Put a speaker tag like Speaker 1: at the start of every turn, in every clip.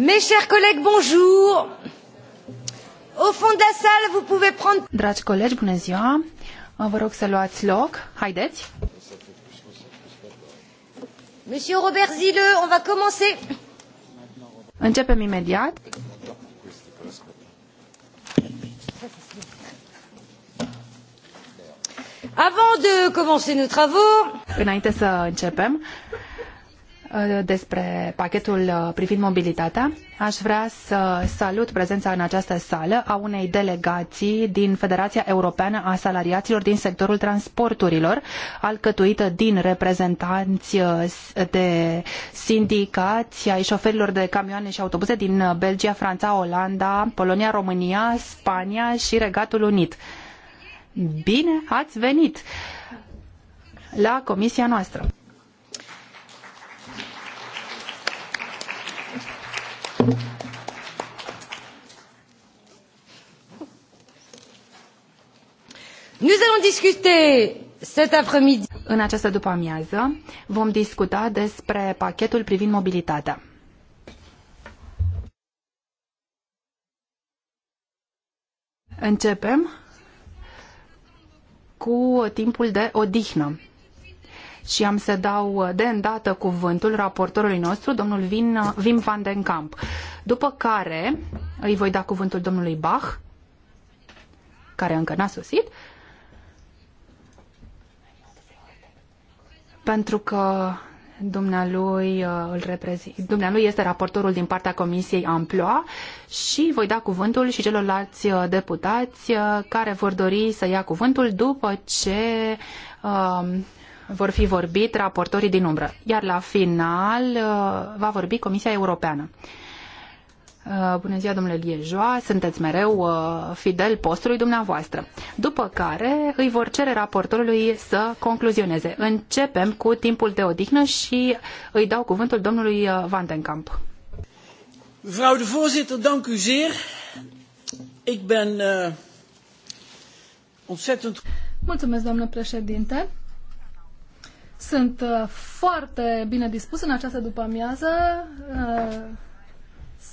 Speaker 1: Mes chers collègues, bonjour.
Speaker 2: Au fond de la salle, vous pouvez prendre... Dragi colegi, bună ziua. Vă rog să luați loc. Haideți.
Speaker 1: Monsieur Robert Zile, on va commencer.
Speaker 2: Începem imediat. Avant de commencer nos travaux, Înainte să începem, Uh, despre pachetul uh, privind mobilitatea, aș vrea să salut prezența în această sală a unei delegații din Federația Europeană a Salariaților din sectorul transporturilor, alcătuită din reprezentanți uh, de sindicați ai șoferilor de camioane și autobuze din Belgia, Franța, Olanda, Polonia, România, Spania și Regatul Unit. Bine ați venit la comisia noastră! Nous allons discuter cet après-midi. În această după-amiază vom discuta despre pachetul privind mobilitatea. Începem cu timpul de odihnă și am să dau de îndată cuvântul raportorului nostru, domnul Vin, Wim van den Kamp. După care îi voi da cuvântul domnului Bach, care încă n-a sosit, pentru că dumnealui, uh, îl reprezint, dumnealui este raportorul din partea Comisiei Amploa și voi da cuvântul și celorlalți uh, deputați uh, care vor dori să ia cuvântul după ce uh, vor fi vorbit raportorii din umbră, iar la final uh, va vorbi Comisia Europeană. Uh, bună ziua, domnule Liejoa, sunteți mereu uh, fidel postului dumneavoastră. După care îi vor cere raportorului să concluzioneze. Începem cu timpul de odihnă și îi dau cuvântul domnului
Speaker 1: Van den Kamp. Mevrouw de voorzitter, dank u zeer. Ik ben uh, ontzettend...
Speaker 3: Mulțumesc, doamnă președinte. Sunt uh, foarte bine dispus în această după-amiază. Uh,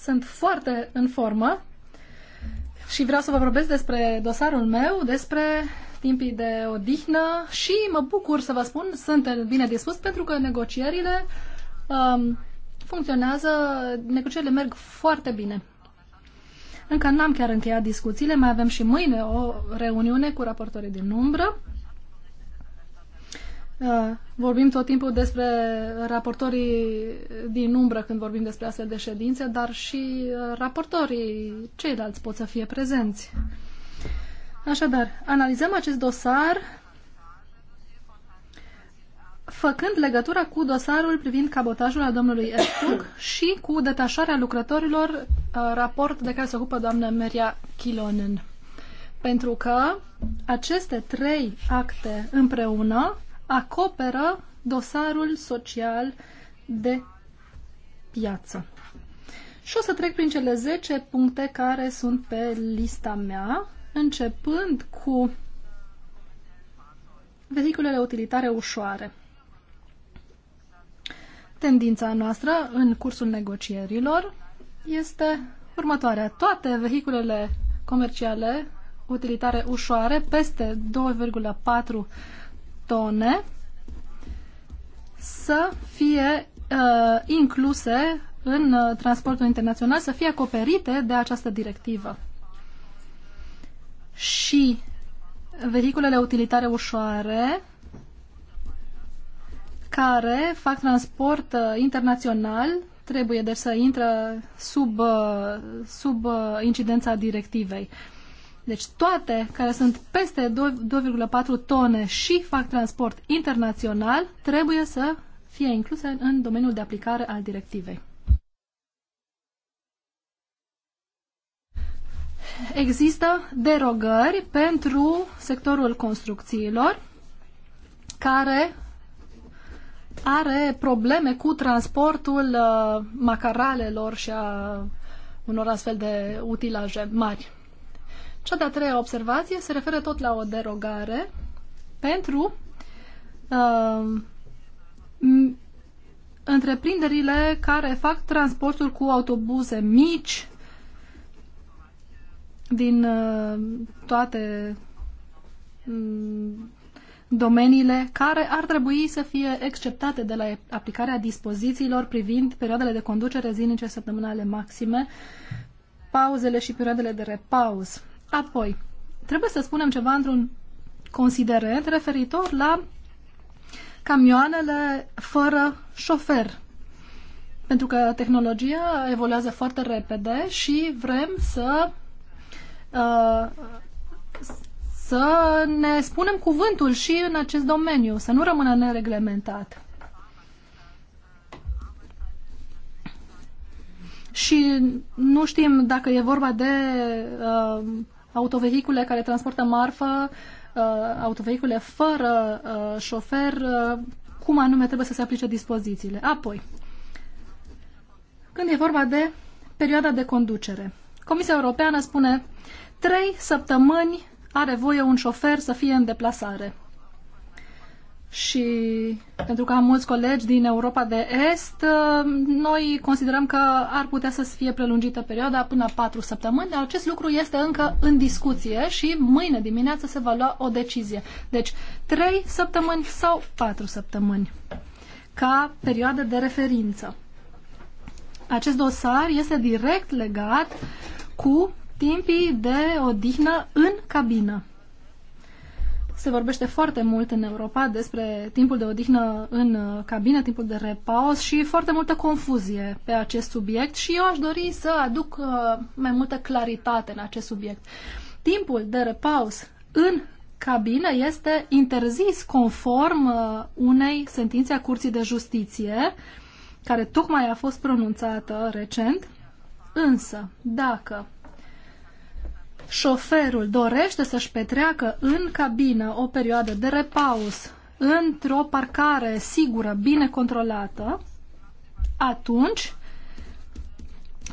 Speaker 3: sunt foarte în formă și vreau să vă vorbesc despre dosarul meu, despre timpii de odihnă și mă bucur să vă spun, sunt bine dispus pentru că negocierile um, funcționează, negocierile merg foarte bine. Încă n-am chiar încheiat discuțiile, mai avem și mâine o reuniune cu raportorii din umbră Uh, vorbim tot timpul despre raportorii din umbră când vorbim despre astfel de ședințe, dar și uh, raportorii ceilalți pot să fie prezenți. Așadar, analizăm acest dosar făcând legătura cu dosarul privind cabotajul al domnului Estuc și cu detașarea lucrătorilor, uh, raport de care se ocupă doamna Meria Kilonen. Pentru că aceste trei acte împreună acoperă dosarul social de piață. Și o să trec prin cele 10 puncte care sunt pe lista mea, începând cu vehiculele utilitare ușoare. Tendința noastră în cursul negocierilor este următoarea. Toate vehiculele comerciale utilitare ușoare, peste 2,4 tone să fie uh, incluse în uh, transportul internațional, să fie acoperite de această directivă. Și vehiculele utilitare ușoare care fac transport uh, internațional trebuie deci să intră sub, uh, sub uh, incidența directivei. Uh, deci toate care sunt peste 2,4 tone și fac transport internațional trebuie să fie incluse în domeniul de aplicare al directivei. Există derogări pentru sectorul construcțiilor care are probleme cu transportul uh, macaralelor și a unor astfel de utilaje mari. Cea de-a treia observație se referă tot la o derogare pentru uh, întreprinderile care fac transportul cu autobuze mici din uh, toate mm, domeniile care ar trebui să fie exceptate de la aplicarea dispozițiilor privind perioadele de conducere zilnice săptămânale maxime, pauzele și perioadele de repaus. Apoi, trebuie să spunem ceva într-un considerent referitor la camioanele fără șofer. Pentru că tehnologia evoluează foarte repede și vrem să uh, să ne spunem cuvântul și în acest domeniu, să nu rămână nereglementat. Și nu știm dacă e vorba de uh, autovehicule care transportă marfă, uh, autovehicule fără uh, șofer, uh, cum anume trebuie să se aplice dispozițiile. Apoi, când e vorba de perioada de conducere, Comisia Europeană spune trei săptămâni are voie un șofer să fie în deplasare și pentru că am mulți colegi din Europa de Est, ă, noi considerăm că ar putea să fie prelungită perioada până patru săptămâni, dar acest lucru este încă în discuție și mâine dimineață se va lua o decizie. Deci trei săptămâni sau patru săptămâni ca perioadă de referință. Acest dosar este direct legat cu timpii de odihnă în cabină. Se vorbește foarte mult în Europa despre timpul de odihnă în uh, cabină, timpul de repaus și foarte multă confuzie pe acest subiect și eu aș dori să aduc uh, mai multă claritate în acest subiect. Timpul de repaus în cabină este interzis conform uh, unei sentințe a Curții de Justiție care tocmai a fost pronunțată recent, însă dacă șoferul dorește să-și petreacă în cabină o perioadă de repaus într-o parcare sigură, bine controlată, atunci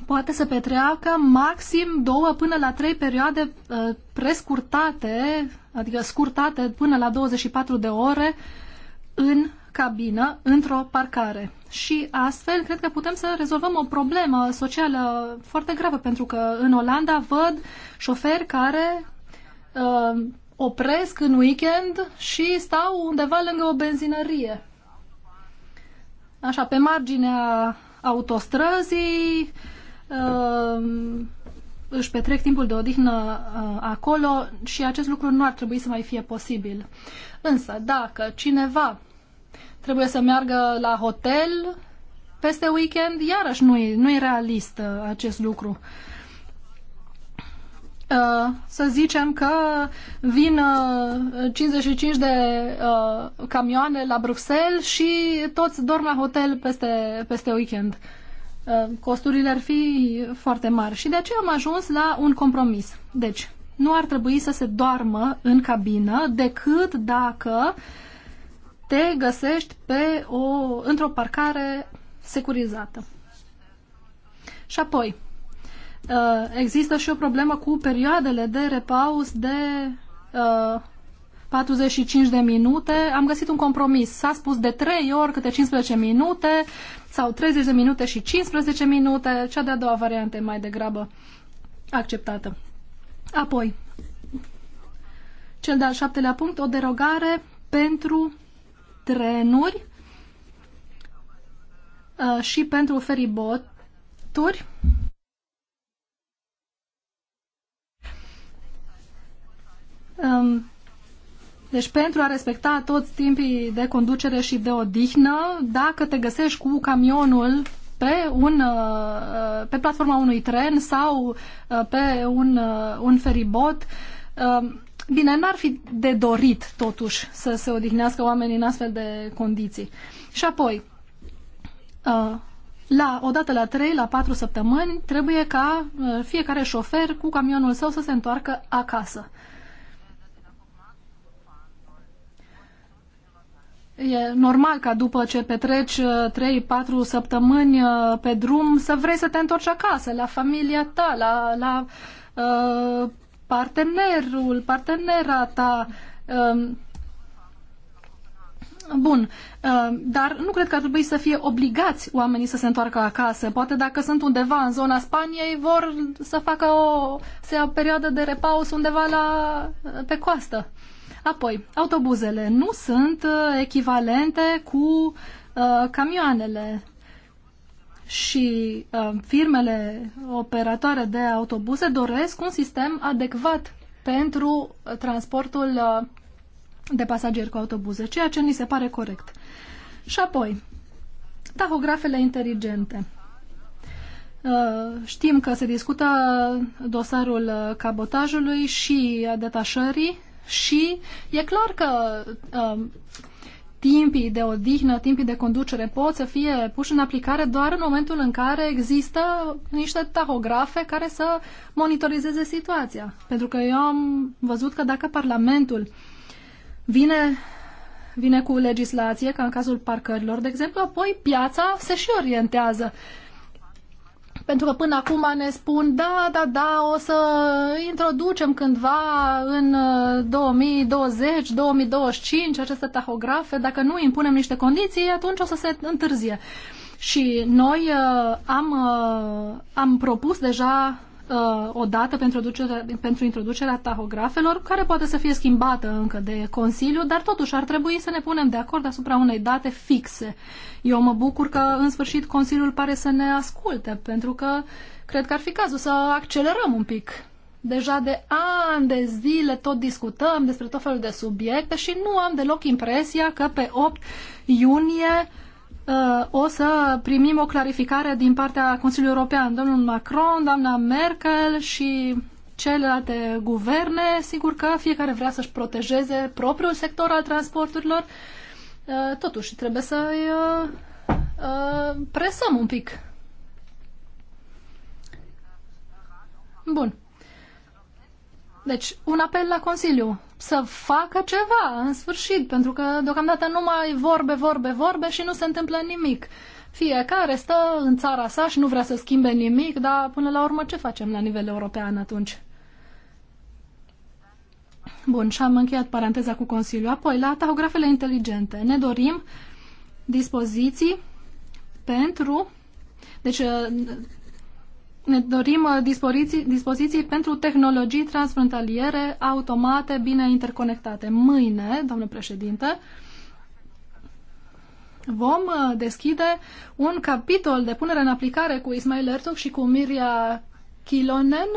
Speaker 3: poate să petreacă maxim două până la trei perioade uh, prescurtate, adică scurtate până la 24 de ore în cabină, într-o parcare și astfel cred că putem să rezolvăm o problemă socială foarte gravă, pentru că în Olanda văd șoferi care uh, opresc în weekend și stau undeva lângă o benzinărie. Așa, pe marginea autostrăzii, uh, își petrec timpul de odihnă uh, acolo și acest lucru nu ar trebui să mai fie posibil. Însă, dacă cineva trebuie să meargă la hotel peste weekend, iarăși nu e, nu e realist uh, acest lucru. Uh, să zicem că vin 55 uh, de camioane la Bruxelles și toți dorm la hotel peste, peste weekend. Costurile ar fi foarte mari și de aceea am ajuns la un compromis. Deci, nu ar trebui să se doarmă în cabină decât dacă uh, te găsești pe o, într-o parcare securizată. Și apoi, uh, există și o problemă cu perioadele de repaus de 45 uh, de minute. Am găsit un compromis. S-a spus de 3 ori câte 15 minute sau 30 de minute și 15 minute. Cea de-a doua variantă e mai degrabă acceptată. Apoi, cel de-al șaptelea punct, o derogare pentru trenuri uh, și pentru feriboturi. Um, deci pentru a respecta toți timpii de conducere și de odihnă, dacă te găsești cu camionul pe, un, uh, pe platforma unui tren sau uh, pe un, un feribot, um, Bine, n-ar fi de dorit totuși să se odihnească oamenii în astfel de condiții. Și apoi, uh, la, odată la 3, la 4 săptămâni, trebuie ca uh, fiecare șofer cu camionul său să se întoarcă acasă. E normal ca după ce petreci 3-4 uh, săptămâni pe drum să vrei să te întorci acasă, la familia ta, la, la uh, partenerul, partenera ta. Um, bun, um, dar nu cred că ar trebui să fie obligați oamenii să se întoarcă acasă. Poate dacă sunt undeva în zona Spaniei, vor să facă o, să ia o perioadă de repaus undeva la, pe coastă. Apoi, autobuzele nu sunt uh, echivalente cu uh, camioanele și uh, firmele operatoare de autobuze doresc un sistem adecvat pentru uh, transportul uh, de pasageri cu autobuze, ceea ce ni se pare corect. Și apoi, tahografele inteligente. Uh, știm că se discută dosarul cabotajului și detașării și e clar că timpii de odihnă, timpii de conducere pot să fie puși în aplicare doar în momentul în care există niște tahografe care să monitorizeze situația. Pentru că eu am văzut că dacă Parlamentul vine, vine cu legislație, ca în cazul parcărilor, de exemplu, apoi piața se și orientează. Pentru că până acum ne spun, da, da, da, o să introducem cândva în 2020-2025 uh, aceste tahografe. Dacă nu impunem niște condiții, atunci o să se întârzie. Și noi uh, am, uh, am propus deja uh, o dată pentru, introducerea, pentru introducerea tahografelor, care poate să fie schimbată încă de Consiliu, dar totuși ar trebui să ne punem de acord asupra unei date fixe. Eu mă bucur că în sfârșit Consiliul pare să ne asculte, pentru că cred că ar fi cazul să accelerăm un pic. Deja de ani de zile tot discutăm despre tot felul de subiecte și nu am deloc impresia că pe 8 iunie uh, Uh, o să primim o clarificare din partea Consiliului European. Domnul Macron, doamna Merkel și celelalte guverne, sigur că fiecare vrea să-și protejeze propriul sector al transporturilor, uh, totuși trebuie să-i uh, presăm un pic. Bun. Deci, un apel la Consiliu să facă ceva în sfârșit, pentru că deocamdată mai vorbe, vorbe, vorbe și nu se întâmplă nimic. Fiecare stă în țara sa și nu vrea să schimbe nimic, dar până la urmă ce facem la nivel european atunci? Bun, și am încheiat paranteza cu Consiliul. Apoi, la tahografele inteligente. Ne dorim dispoziții pentru deci ne dorim uh, dispoziții, dispoziții pentru tehnologii transfrontaliere automate, bine interconectate. Mâine, domnule președinte, vom uh, deschide un capitol de punere în aplicare cu Ismail Ertug și cu Miria Kilonen.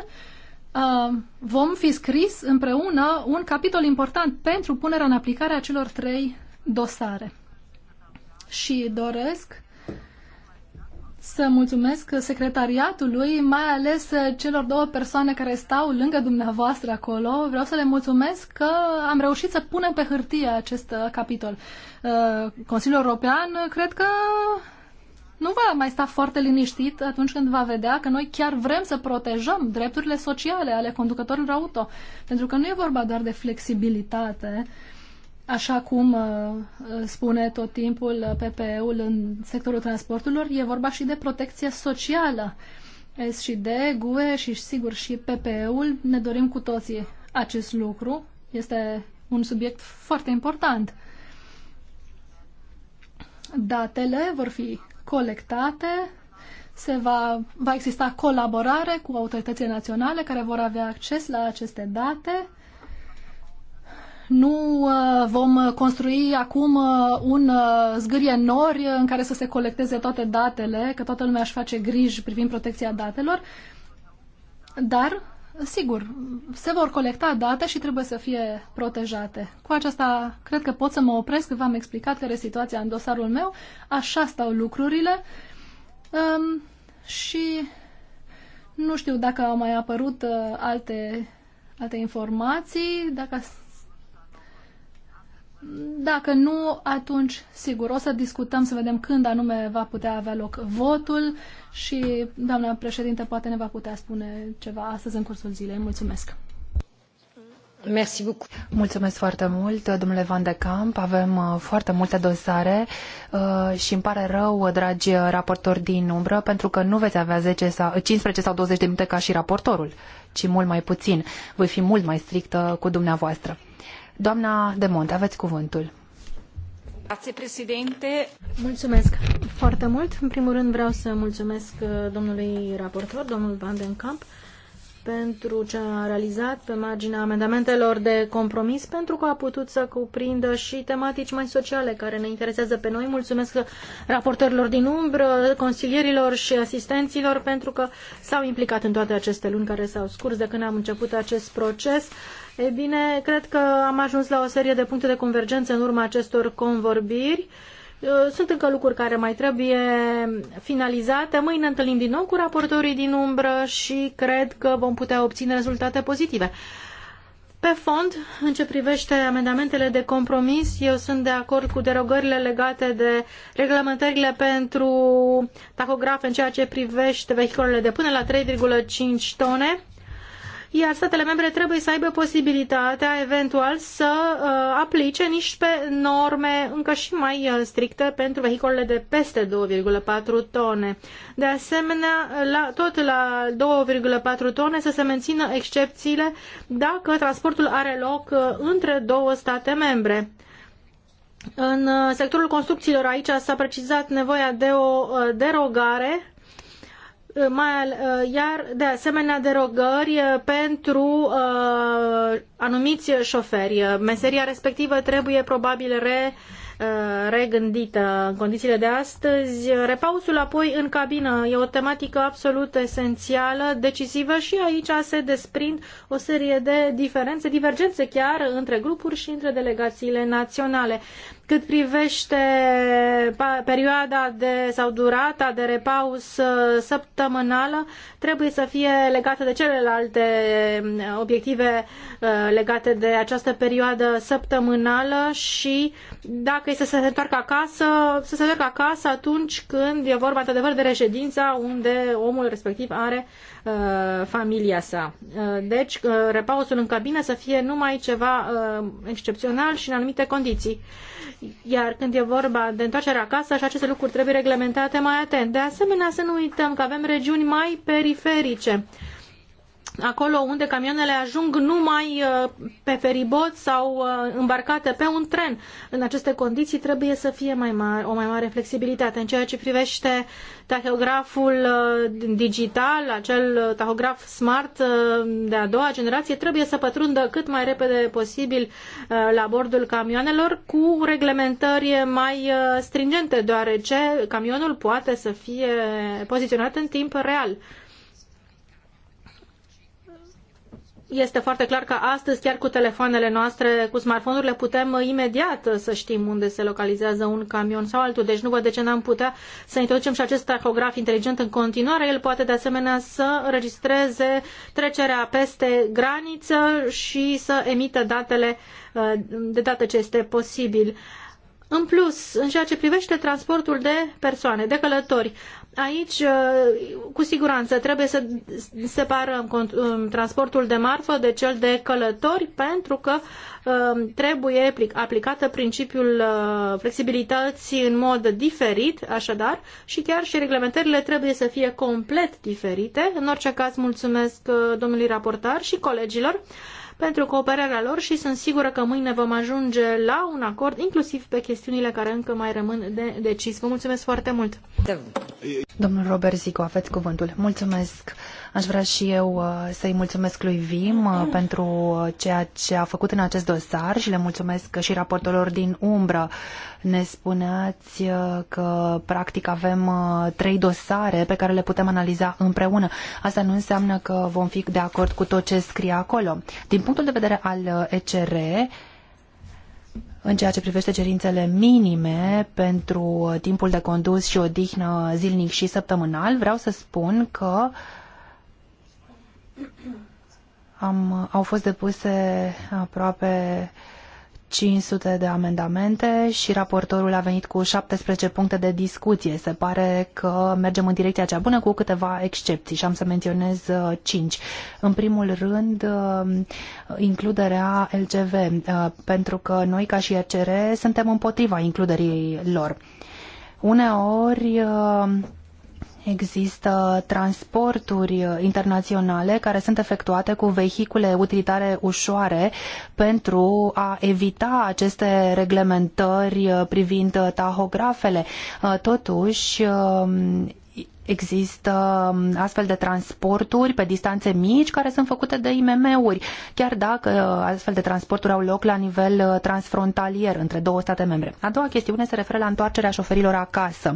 Speaker 3: Uh, vom fi scris împreună un capitol important pentru punerea în aplicare a celor trei dosare. Și doresc să mulțumesc secretariatului, mai ales celor două persoane care stau lângă dumneavoastră acolo. Vreau să le mulțumesc că am reușit să punem pe hârtie acest uh, capitol. Uh, Consiliul European uh, cred că nu va mai sta foarte liniștit atunci când va vedea că noi chiar vrem să protejăm drepturile sociale ale conducătorilor auto. Pentru că nu e vorba doar de flexibilitate, uh, așa cum uh, spune tot timpul uh, PPE-ul în sectorul transporturilor, e vorba și de protecție socială. S și D, GUE și sigur și PPE-ul ne dorim cu toții acest lucru. Este un subiect foarte important. Datele vor fi colectate, se va, va exista colaborare cu autoritățile naționale care vor avea acces la aceste date nu uh, vom construi acum uh, un uh, zgârie nori în care să se colecteze toate datele, că toată lumea își face griji privind protecția datelor, dar Sigur, se vor colecta date și trebuie să fie protejate. Cu aceasta cred că pot să mă opresc, v-am explicat care e situația în dosarul meu, așa stau lucrurile um, și nu știu dacă au mai apărut alte, alte informații, dacă dacă nu, atunci, sigur, o să discutăm să vedem când anume va putea avea loc votul și doamna președinte poate ne va putea spune ceva astăzi în cursul zilei. Mulțumesc!
Speaker 2: Mulțumesc foarte mult, domnule Van de Camp. Avem uh, foarte multe dosare uh, și îmi pare rău, dragi raportori din umbră, pentru că nu veți avea 10 sau, 15 uh, sau 20 de minute ca și raportorul, ci mult mai puțin. Voi fi mult mai strictă cu dumneavoastră. Doamna de aveți cuvântul.
Speaker 4: Mulțumesc foarte mult. În primul rând vreau să mulțumesc uh, domnului raportor, domnul Van den Kamp, pentru ce a realizat pe marginea amendamentelor de compromis, pentru că a putut să cuprindă și tematici mai sociale care ne interesează pe noi. Mulțumesc raportorilor din umbră, consilierilor și asistenților, pentru că s-au implicat în toate aceste luni care s-au scurs de când am început acest proces. E bine, cred că am ajuns la o serie de puncte de convergență în urma acestor convorbiri. Uh, sunt încă lucruri care mai trebuie finalizate. Mâine întâlnim din nou cu raportorii din umbră și cred că vom putea obține rezultate pozitive. Pe fond, în ce privește amendamentele de compromis, eu sunt de acord cu derogările legate de reglementările pentru tacografe în ceea ce privește vehiculele de până la 3,5 tone iar statele membre trebuie să aibă posibilitatea eventual să uh, aplice niște norme încă și mai uh, stricte pentru vehiculele de peste 2,4 tone. De asemenea, la, tot la 2,4 tone să se mențină excepțiile dacă transportul are loc uh, între două state membre. În sectorul construcțiilor aici s-a precizat nevoia de o derogare Uh, mai, uh, iar de asemenea derogări uh, pentru uh, anumiți șoferi. Meseria respectivă trebuie probabil re, uh, regândită în condițiile de astăzi. Repausul apoi în cabină e o tematică absolut esențială, decisivă și aici se desprind o serie de diferențe, divergențe chiar între grupuri și între delegațiile naționale. Cât privește perioada de, sau durata de repaus uh, săptămânală, trebuie să fie legată de celelalte um, obiective uh, legate de această perioadă săptămânală și dacă este să se întoarcă acasă, să se întoarcă acasă atunci când e vorba într-adevăr de reședința unde omul respectiv are uh, Uh, familia sa. Uh, deci, uh, repausul în cabină să fie numai ceva excepțional și în anumite condiții. Iar când e vorba de întoarcerea acasă, și aceste lucruri trebuie reglementate mai atent. De asemenea, să nu uităm că avem regiuni mai periferice acolo unde camioanele ajung numai uh, pe feribot sau uh, îmbarcate pe un tren. În aceste condiții trebuie să fie mai mare, o mai mare flexibilitate. În ceea ce privește tahograful uh, digital, acel tahograf smart de a doua generație, trebuie să pătrundă cât mai repede posibil la bordul camioanelor cu reglementări mai stringente, deoarece camionul poate să fie poziționat în timp real este foarte clar că astăzi, chiar cu telefoanele noastre, cu smartphone-urile, putem imediat să știm unde se localizează un camion sau altul. Deci nu văd de ce n-am putea să introducem și acest tachograf inteligent în continuare. El poate de asemenea să registreze trecerea peste graniță și să emită datele eh, de dată ce este posibil. În plus, în ceea ce privește transportul de persoane, de călători, Aici, uh, cu siguranță, trebuie să separăm um, transportul de marfă de cel de călători pentru că um, trebuie aplicată principiul uh, flexibilității în mod diferit, așadar, și chiar și reglementările trebuie să fie complet diferite. În orice caz, mulțumesc uh, domnului raportar și colegilor pentru cooperarea lor și sunt sigură că mâine vom ajunge la un acord, inclusiv pe chestiunile care încă mai rămân de decis. Vă mulțumesc foarte mult!
Speaker 2: Domnul Robert Zico, aveți cuvântul. Mulțumesc! Aș vrea și eu uh, să-i mulțumesc lui Vim uh, pentru uh, ceea ce a făcut în acest dosar și le mulțumesc și raportorilor din umbră. Ne spuneați că practic avem trei dosare pe care le putem analiza împreună. Asta nu înseamnă că vom fi de acord cu tot ce scrie acolo. Din punctul de vedere al ECR, în ceea ce privește cerințele minime pentru timpul de condus și odihnă zilnic și săptămânal, vreau să spun că uh, am, au fost depuse aproape 500 de amendamente și raportorul a venit cu 17 puncte de discuție. Se pare că mergem în direcția cea bună cu câteva excepții și am să menționez 5. Uh, în primul rând, uh, includerea LGV, uh, pentru că noi ca și RCR suntem împotriva includerii lor. Uneori Există transporturi uh, internaționale care sunt efectuate cu vehicule utilitare ușoare pentru a evita aceste reglementări uh, privind uh, tahografele. Totuși, um, Există um, astfel de transporturi pe distanțe mici care sunt făcute de IMM-uri, chiar dacă astfel de transporturi au loc la nivel transfrontalier între două state membre. A doua chestiune se referă la întoarcerea șoferilor acasă.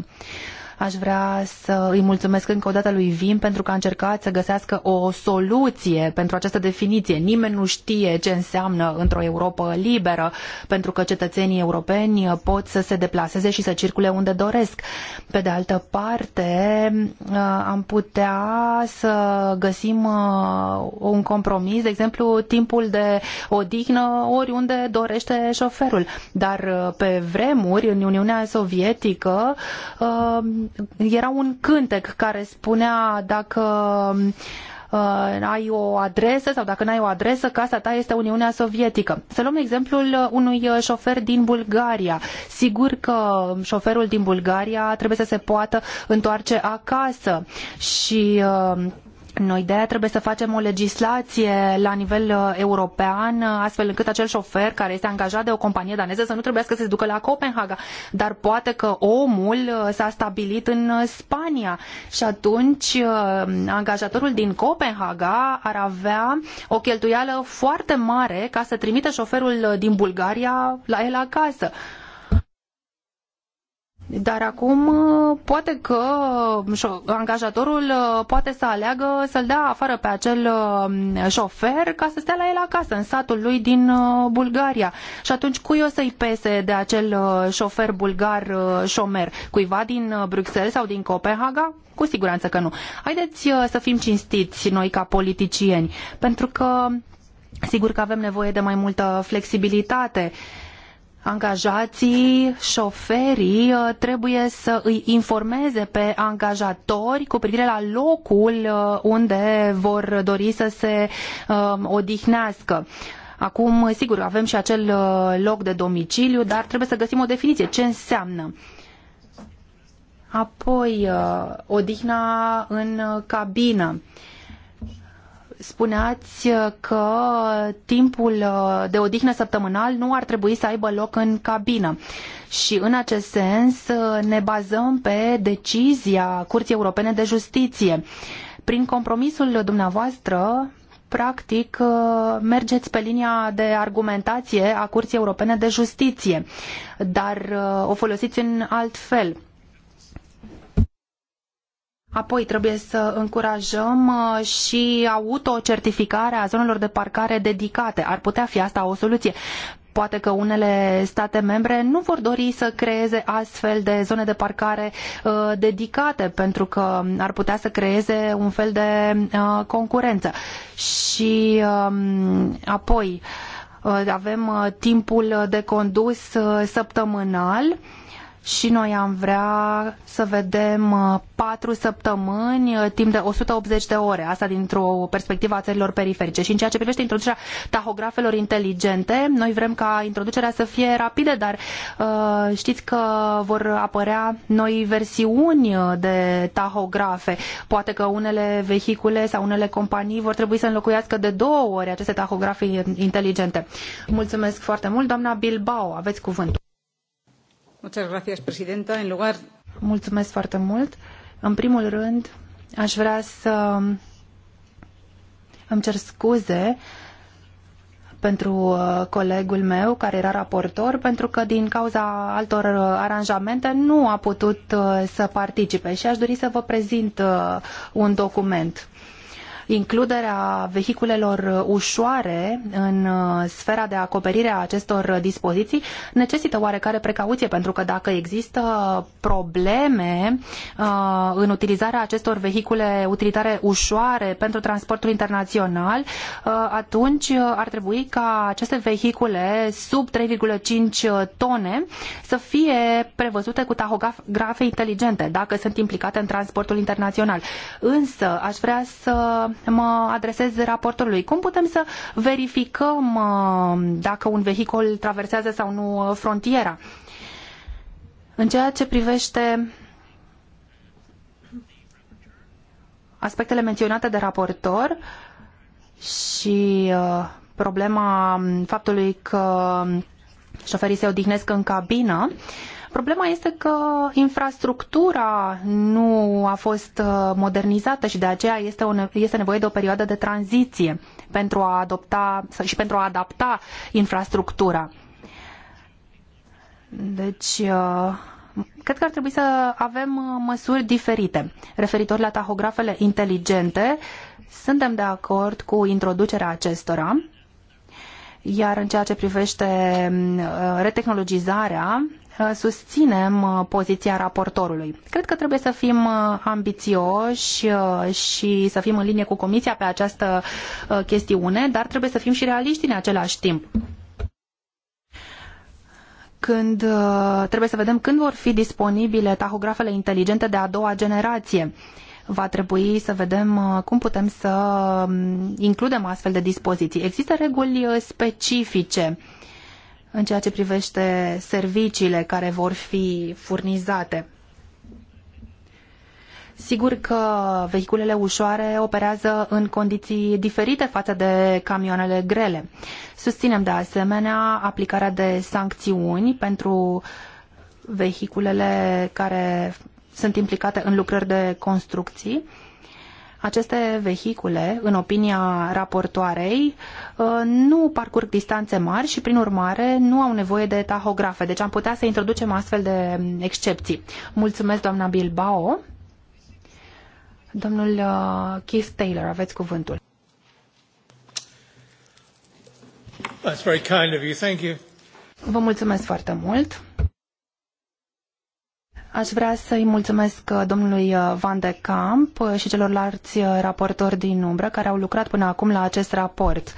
Speaker 2: Aș vrea să îi mulțumesc încă o dată lui Vim pentru că a încercat să găsească o soluție pentru această definiție. Nimeni nu știe ce înseamnă într-o Europa liberă, pentru că cetățenii europeni pot să se deplaseze și să circule unde doresc. Pe de altă parte, uh, am putea să găsim uh, un compromis, de exemplu, timpul de odihnă oriunde dorește șoferul. Dar uh, pe vremuri, în Uniunea Sovietică, era un cântec care spunea dacă uh, ai o adresă sau dacă n-ai o adresă, casa ta este Uniunea Sovietică. Să luăm exemplul uh, unui uh, șofer din Bulgaria. Sigur că șoferul din Bulgaria trebuie să se poată întoarce acasă și noi de trebuie să facem o legislație la nivel uh, european, uh, astfel încât acel șofer care este angajat de o companie daneză să nu trebuiască să se ducă la Copenhaga. Dar poate că omul uh, s-a stabilit în Spania și atunci angajatorul din Copenhaga ar avea o cheltuială foarte mare ca să trimite șoferul din Bulgaria la el acasă. Dar acum uh, poate că uh, angajatorul uh, poate să aleagă să-l dea afară pe acel șofer ca să stea la el acasă, în satul lui din Bulgaria. Și atunci cui o să-i pese de acel șofer bulgar șomer? Cuiva din Bruxelles sau din Copenhaga? Cu siguranță că nu. Haideți să fim cinstiți noi ca politicieni, pentru că sigur că avem nevoie de mai multă flexibilitate. Uh, angajații, șoferii uh, trebuie să îi informeze pe angajatori cu privire la locul uh, unde vor dori să se uh, odihnească. Acum, sigur, avem și acel loc de domiciliu, dar trebuie să găsim o definiție. Ce înseamnă? Apoi, odihna în cabină spuneați uh, că timpul uh, de odihnă săptămânal nu ar trebui să aibă loc în cabină. Și în acest sens uh, ne bazăm pe decizia Curții Europene de Justiție. Prin compromisul dumneavoastră, practic mergeți pe linia de argumentație a Curții Europene de Justiție, dar o folosiți în alt fel. Apoi trebuie să încurajăm uh, și autocertificarea zonelor de parcare dedicate. Ar putea fi asta o soluție. Poate că unele state membre nu vor dori să creeze astfel de zone de parcare uh, dedicate, pentru că ar putea să creeze un fel de uh, concurență. Și um, uh, apoi avem uh, timpul de condus uh, săptămânal și noi am vrea să vedem uh, patru săptămâni uh, timp de 180 de ore, asta dintr-o perspectivă a țărilor periferice. Și în ceea ce privește introducerea tahografelor inteligente, noi vrem ca introducerea să fie rapidă, dar uh, știți că vor apărea noi versiuni de tahografe. Poate că unele vehicule sau unele companii vor trebui să înlocuiască de două ori aceste tahografe inteligente. Mulțumesc foarte mult, doamna Bilbao, aveți cuvântul mult. În primul rând, aș vrea să îmi cer scuze pentru uh, colegul meu care era raportor, pentru că din cauza altor uh, aranjamente nu a putut uh, să participe și aș dori să vă prezint un document. Includerea vehiculelor ușoare în uh, sfera de acoperire a acestor dispoziții necesită oarecare precauție, pentru că dacă există probleme uh, în utilizarea acestor vehicule utilitare ușoare pentru transportul internațional, uh, atunci ar trebui ca aceste vehicule sub 3,5 tone să fie prevăzute cu tahografe inteligente dacă sunt implicate în transportul internațional. Însă aș vrea să mă adresez raportorului. Cum putem să verificăm uh, dacă un vehicul traversează sau nu uh, frontiera? În ceea ce privește aspectele menționate de raportor și uh, problema faptului că șoferii se odihnesc în cabină, Problema este că infrastructura nu a fost uh, modernizată și de aceea este, o, este nevoie de o perioadă de tranziție pentru a adopta și pentru a adapta infrastructura. Deci, uh, cred că ar trebui să avem uh, măsuri diferite. Referitor la tahografele inteligente, suntem de acord cu introducerea acestora iar în ceea ce privește mm, uh, retehnologizarea, uh, susținem uh, poziția raportorului. Cred că trebuie să fim ambițioși și să fim în linie cu Comisia pe această chestiune, dar trebuie să fim și realiști în același timp când trebuie să vedem când vor fi disponibile tahografele inteligente de a doua generație va trebui să vedem uh, cum putem să um, includem astfel de dispoziții. Există reguli uh, specifice în ceea ce privește serviciile care vor fi furnizate. Sigur că vehiculele ușoare operează în condiții diferite față de camioanele grele. Susținem de asemenea aplicarea de sancțiuni pentru vehiculele care sunt implicate în lucrări de construcții. Aceste vehicule, în opinia raportoarei, uh, nu parcurg distanțe mari și, prin urmare, nu au nevoie de tahografe. Deci am putea să introducem astfel de excepții. Mulțumesc, doamna Bilbao. Domnul uh, Keith Taylor, aveți cuvântul.
Speaker 1: That's very kind of you. Thank you.
Speaker 2: Vă mulțumesc foarte mult. Aș vrea să-i mulțumesc uh, domnului uh, Van de Camp uh, și celorlalți raportori din umbră care au lucrat până acum la acest raport.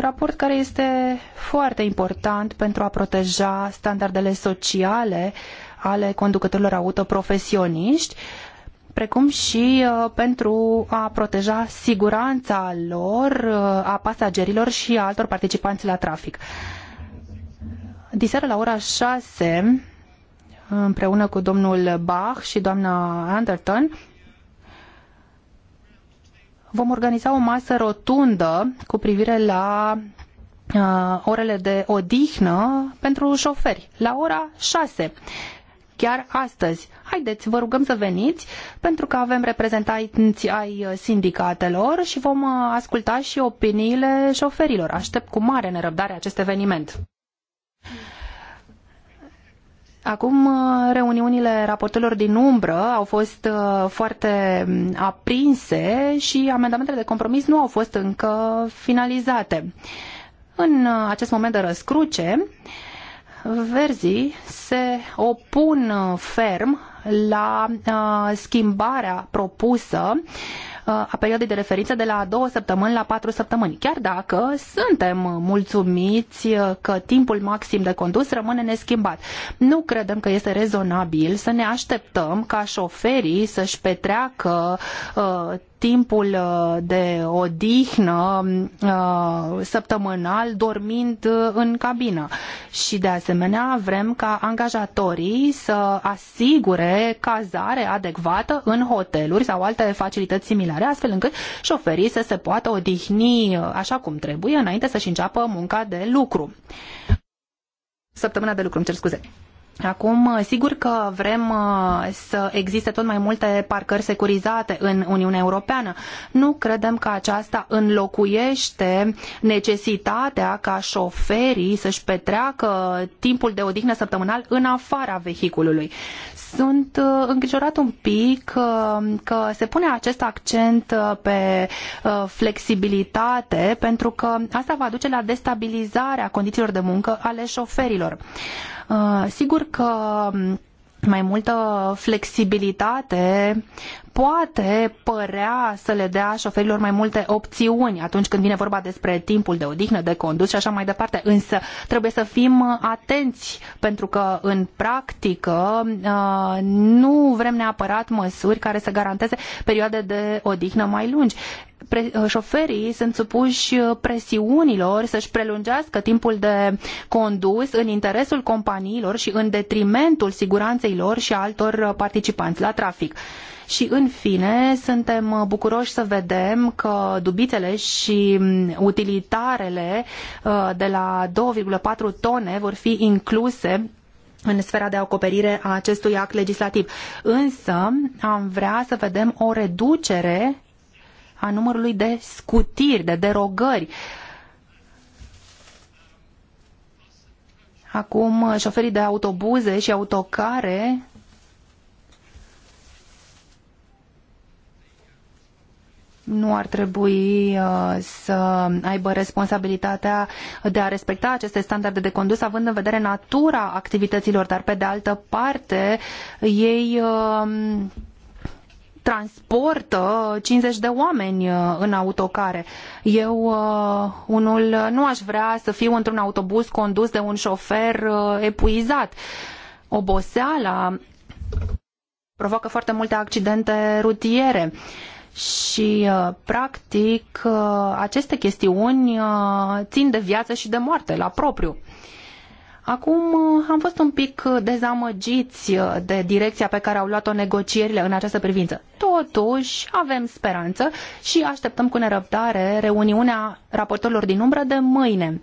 Speaker 2: Raport care este foarte important pentru a proteja standardele sociale ale conducătorilor auto profesioniști, precum și pentru a proteja siguranța lor, a pasagerilor și a altor participanți la trafic. Diseară la ora 6 împreună cu domnul Bach și doamna Anderton, vom organiza o masă rotundă cu privire la uh, orele de odihnă pentru șoferi, la ora 6, chiar astăzi. Haideți, vă rugăm să veniți, pentru că avem reprezentanți ai sindicatelor și vom uh, asculta și opiniile șoferilor. Aștept cu mare nerăbdare acest eveniment. Acum, uh, reuniunile raportelor din umbră au fost uh, foarte mm, aprinse și amendamentele de compromis nu au fost încă finalizate. În uh, acest moment de răscruce, verzii se opun ferm la schimbarea propusă a perioadei de referință de la două săptămâni la patru săptămâni, chiar dacă suntem mulțumiți că timpul maxim de condus rămâne neschimbat. Nu credem că este rezonabil să ne așteptăm ca șoferii să-și petreacă uh, timpul uh, de odihnă uh, săptămânal dormind uh, în cabină. Și de asemenea vrem ca angajatorii să asigure cazare adecvată în hoteluri sau alte facilități similare, astfel încât șoferii să se poată odihni așa cum trebuie înainte să-și înceapă munca de lucru. Săptămâna de lucru, îmi cer scuze. Acum, uh, sigur că vrem uh, să existe tot mai multe parcări securizate în Uniunea Europeană. Nu credem că aceasta înlocuiește necesitatea ca șoferii să-și petreacă timpul de odihnă săptămânal în afara vehiculului. Sunt uh, îngrijorat un pic că se pune acest accent pe flexibilitate pentru că asta va duce la destabilizarea condițiilor de muncă ale șoferilor. Sigur sigur că mai multă flexibilitate poate părea să le dea șoferilor mai multe opțiuni atunci când vine vorba despre timpul de odihnă, de condus și așa mai departe, însă trebuie să fim atenți pentru că în practică uh, nu vrem neapărat măsuri care să garanteze perioade de odihnă mai lungi pre- uh, șoferii sunt supuși presiunilor să-și prelungească timpul de condus în interesul companiilor și în detrimentul siguranței lor și a altor participanți la trafic. Și în fine, suntem uh, bucuroși să vedem că dubitele și mm, utilitarele uh, de la 2,4 tone vor fi incluse în sfera de acoperire a acestui act legislativ. Însă am vrea să vedem o reducere a numărului de scutiri, de derogări. Acum șoferii de autobuze și autocare nu ar trebui uh, să aibă responsabilitatea de a respecta aceste standarde de condus, având în vedere natura activităților, dar pe de altă parte ei um, transportă 50 de oameni uh, în autocare. Eu, uh, unul, nu aș vrea să fiu într-un autobuz condus de un șofer epuizat. Oboseala provoacă foarte multe accidente rutiere. Uh, și, uh, practic, uh, aceste chestiuni uh, țin de viață și de moarte la propriu. Acum am fost un pic dezamăgiți de direcția pe care au luat-o negocierile în această privință. Totuși, avem speranță și așteptăm cu nerăbdare reuniunea raportorilor din umbră de mâine.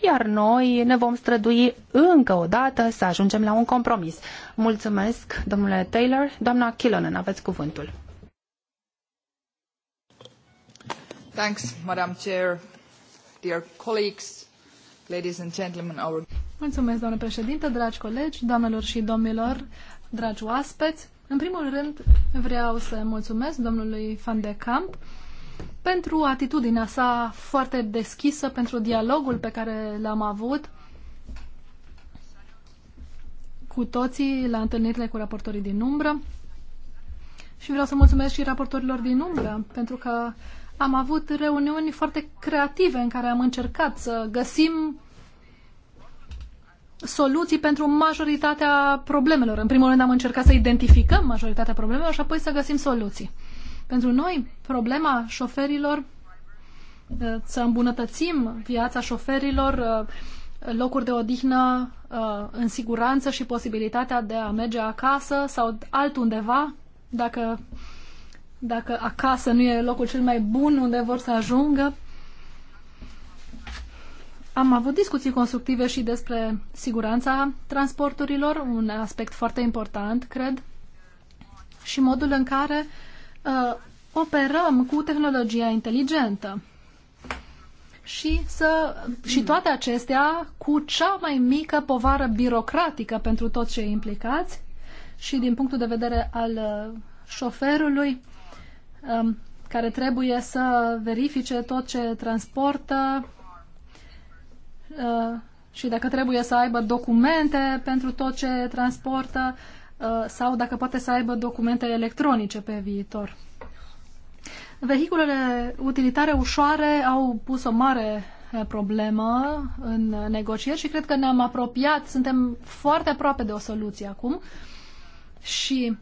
Speaker 2: Iar noi ne vom strădui încă o dată să ajungem la un compromis. Mulțumesc, domnule Taylor. Doamna Killonen, aveți cuvântul.
Speaker 1: Mulțumesc,
Speaker 3: doamnă președinte, dragi colegi, doamnelor și domnilor, dragi oaspeți. În primul rând, vreau să mulțumesc domnului Van de Camp pentru atitudinea sa foarte deschisă, pentru dialogul pe care l-am avut cu toții la întâlnirile cu raportorii din umbră. Și vreau să mulțumesc și raportorilor din umbră, pentru că am avut reuniuni foarte creative în care am încercat să găsim soluții pentru majoritatea problemelor. În primul rând am încercat să identificăm majoritatea problemelor și apoi să găsim soluții. Pentru noi, problema șoferilor, uh, să îmbunătățim viața șoferilor, uh, locuri de odihnă uh, în siguranță și posibilitatea de a merge acasă sau altundeva, dacă dacă acasă nu e locul cel mai bun unde vor să ajungă. Am avut discuții constructive și despre siguranța transporturilor, un aspect foarte important, cred, și modul în care uh, operăm cu tehnologia inteligentă. Și, să, și toate acestea cu cea mai mică povară birocratică pentru toți cei implicați și din punctul de vedere al uh, șoferului, Um, care trebuie să verifice tot ce transportă uh, și dacă trebuie să aibă documente pentru tot ce transportă uh, sau dacă poate să aibă documente electronice pe viitor. Vehiculele utilitare ușoare au pus o mare uh, problemă în negocieri și cred că ne-am apropiat, suntem foarte aproape de o soluție acum și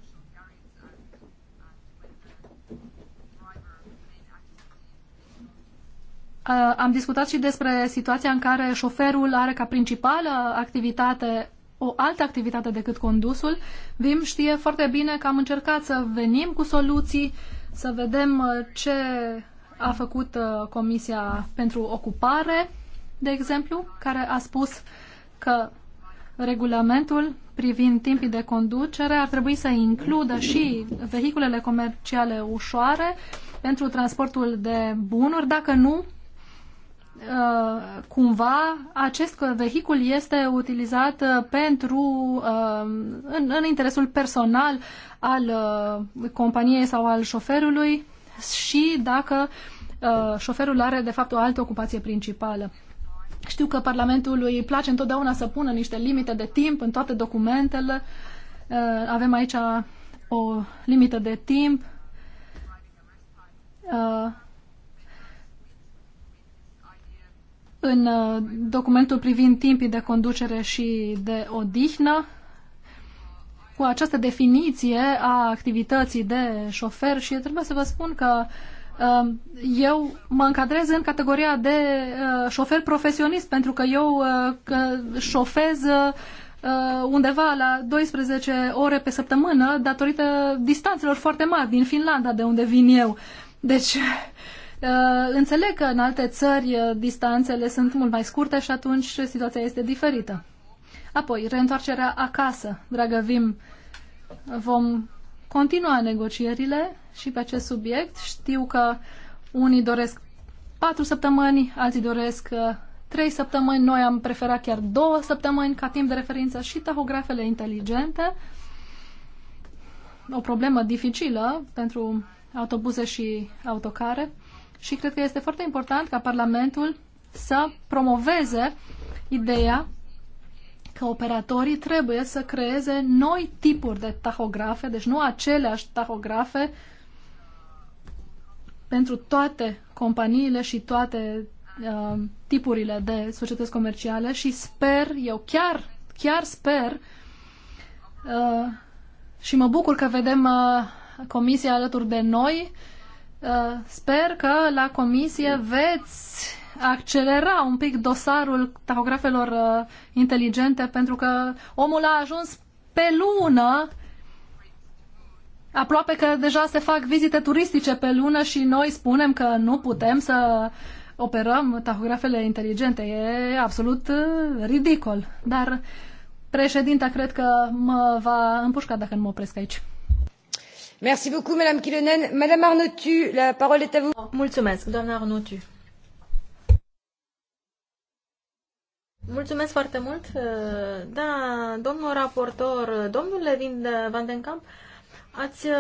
Speaker 3: Uh, am discutat și despre situația în care șoferul are ca principală activitate o altă activitate decât condusul. Vim știe foarte bine că am încercat să venim cu soluții, să vedem uh, ce a făcut uh, Comisia pentru Ocupare, de exemplu, care a spus că regulamentul privind timpii de conducere ar trebui să includă și vehiculele comerciale ușoare pentru transportul de bunuri, dacă nu, Uh, cumva acest vehicul este utilizat uh, pentru uh, în, în interesul personal al companiei sau al șoferului și dacă șoferul are de fapt o altă ocupație principală. Știu că Parlamentul îi place întotdeauna să pună niște limite de timp în toate documentele. Avem aici o limită de timp În uh, documentul privind timpii de conducere și de odihnă, cu această definiție a activității de șofer și trebuie să vă spun că uh, eu mă încadrez în categoria de uh, șofer profesionist pentru că eu șofez undeva la 12 ore pe săptămână datorită distanțelor foarte mari din Finlanda de unde vin eu. Deci Uh, înțeleg că în alte țări uh, distanțele sunt mult mai scurte și atunci situația este diferită. Apoi, reîntoarcerea acasă. Dragă Vim, vom continua negocierile și pe acest subiect. Știu că unii doresc patru săptămâni, alții doresc uh, trei săptămâni, noi am preferat chiar două săptămâni ca timp de referință și tahografele inteligente. O problemă dificilă pentru autobuze și autocare și cred că este foarte important ca Parlamentul să promoveze ideea că operatorii trebuie să creeze noi tipuri de tahografe, deci nu aceleași tahografe pentru toate companiile și toate uh, tipurile de societăți comerciale și sper, eu chiar, chiar sper uh, și mă bucur că vedem uh, comisia alături de noi uh, Uh, sper că la comisie veți accelera un pic dosarul tahografelor uh, inteligente pentru că omul a ajuns pe lună aproape că deja se fac vizite turistice pe lună și noi spunem că nu putem să operăm tahografele inteligente. E absolut uh, ridicol. Dar președinta cred că mă va împușca dacă nu mă opresc aici.
Speaker 4: Merci beaucoup, Madame Mulțumesc, doamna Arnotu. Mulțumesc foarte mult. Da, domnul raportor, domnule Vin Van den Camp, ați uh,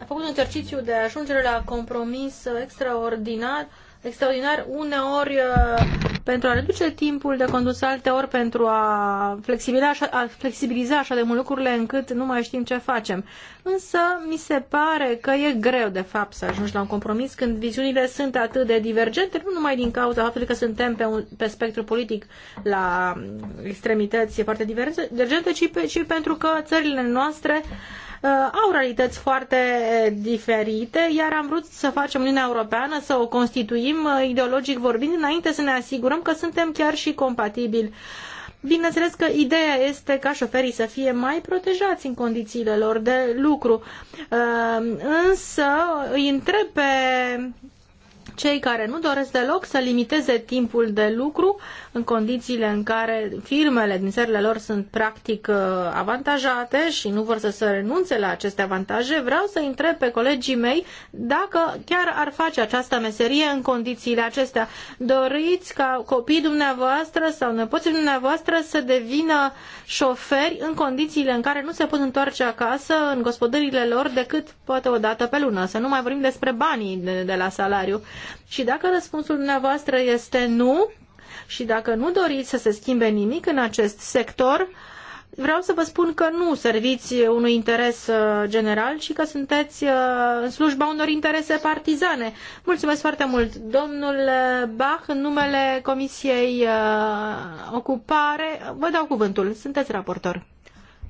Speaker 4: a făcut un exercițiu de ajungere la compromis extraordinar extraordinar, uneori uh, pentru a reduce timpul de condus, alteori pentru a flexibiliza, a flexibiliza așa de mult lucrurile încât nu mai știm ce facem. Însă mi se pare că e greu de fapt să ajungi la un compromis când viziunile sunt atât de divergente, nu numai din cauza faptului că suntem pe, un, pe spectru politic la extremități foarte divergente, ci, pe, ci pentru că țările noastre uh, Uh, au realități foarte uh, diferite, iar am vrut să facem Uniunea Europeană, să o constituim uh, ideologic vorbind, înainte să ne asigurăm că suntem chiar și compatibili. Bineînțeles că ideea este ca șoferii să fie mai protejați în condițiile lor de lucru, însă îi întreb pe cei care nu doresc deloc să limiteze timpul de lucru în condițiile în care firmele din țările lor sunt practic uh, avantajate și nu vor să se renunțe la aceste avantaje, vreau să întreb pe colegii mei dacă chiar ar face această meserie în condițiile acestea. Doriți ca copiii dumneavoastră sau nepoții dumneavoastră să devină șoferi în condițiile în care nu se pot întoarce acasă în gospodările lor decât poate o dată pe lună. Să nu mai vorbim despre banii de, de la salariu. Și dacă răspunsul dumneavoastră este nu, și dacă nu doriți să se schimbe nimic în acest sector, vreau să vă spun că nu serviți unui interes uh, general, ci că sunteți uh, în slujba unor interese partizane. Mulțumesc foarte mult, domnul Bach, în numele Comisiei uh, Ocupare. Vă dau cuvântul, sunteți raportor.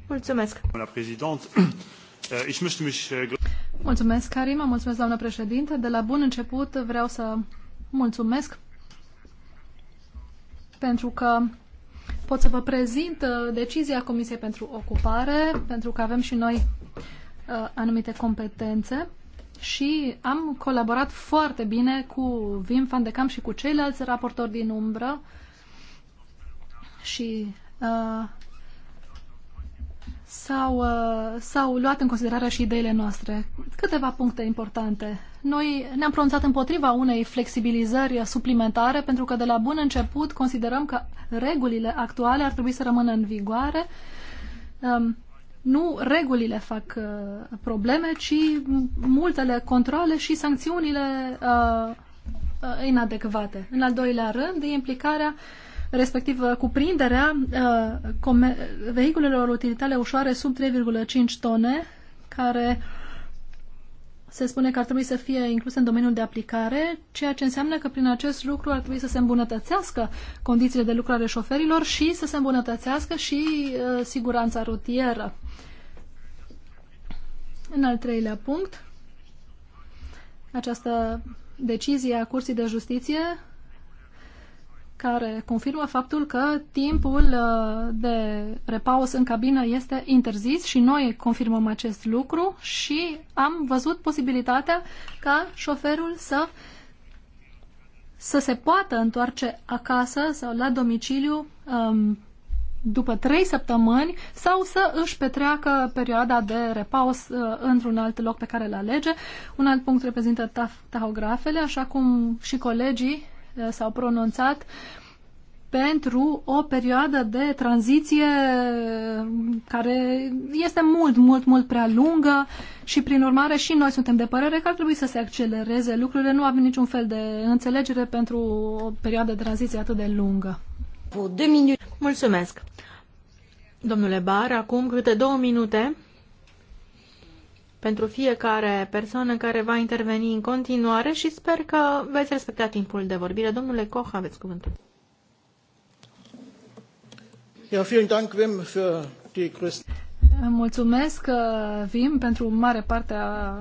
Speaker 3: Mulțumesc. Mulțumesc, Karima, mulțumesc, doamnă președinte. De la bun început vreau să mulțumesc pentru că pot să vă prezint uh, decizia Comisiei pentru Ocupare, pentru că avem și noi uh, anumite competențe și am colaborat foarte bine cu Vim Van de Camp și cu ceilalți raportori din umbră și uh, s-au, uh, s-au luat în considerare și ideile noastre. Câteva puncte importante. Noi ne-am pronunțat împotriva unei flexibilizări suplimentare pentru că de la bun început considerăm că regulile actuale ar trebui să rămână în vigoare. Um, nu regulile fac uh, probleme, ci multele controle și sancțiunile uh, inadecvate. În al doilea rând, implicarea uh, respectiv uh, cuprinderea uh, vehiculelor utilitare ușoare sub 3,5 tone, care se spune că ar trebui să fie incluse în domeniul de aplicare, ceea ce înseamnă că prin acest lucru ar trebui să se îmbunătățească condițiile de lucru șoferilor și să se îmbunătățească și uh, siguranța rutieră. În al treilea punct, această decizie a Curții de Justiție care confirmă faptul că timpul uh, de repaus în cabină este interzis și noi confirmăm acest lucru și am văzut posibilitatea ca șoferul să să se poată întoarce acasă sau la domiciliu um, după trei săptămâni sau să își petreacă perioada de repaus uh, într-un alt loc pe care îl alege. Un alt punct reprezintă tahografele, așa cum și colegii Uh, s-au pronunțat pentru o perioadă de tranziție uh, care este mult, mult, mult prea lungă și, prin urmare, și noi suntem de părere că ar trebui să se accelereze lucrurile. Nu avem niciun fel de înțelegere pentru o perioadă de tranziție atât de lungă.
Speaker 4: Mulțumesc! Domnule Bar, acum câte două minute pentru fiecare persoană care va interveni în continuare și sper că veți respecta
Speaker 3: timpul de vorbire. Domnule Koch, aveți cuvântul.
Speaker 1: Ja, vielen Dank, Wim, für die größten...
Speaker 3: Mulțumesc, Vim, uh, pentru mare parte a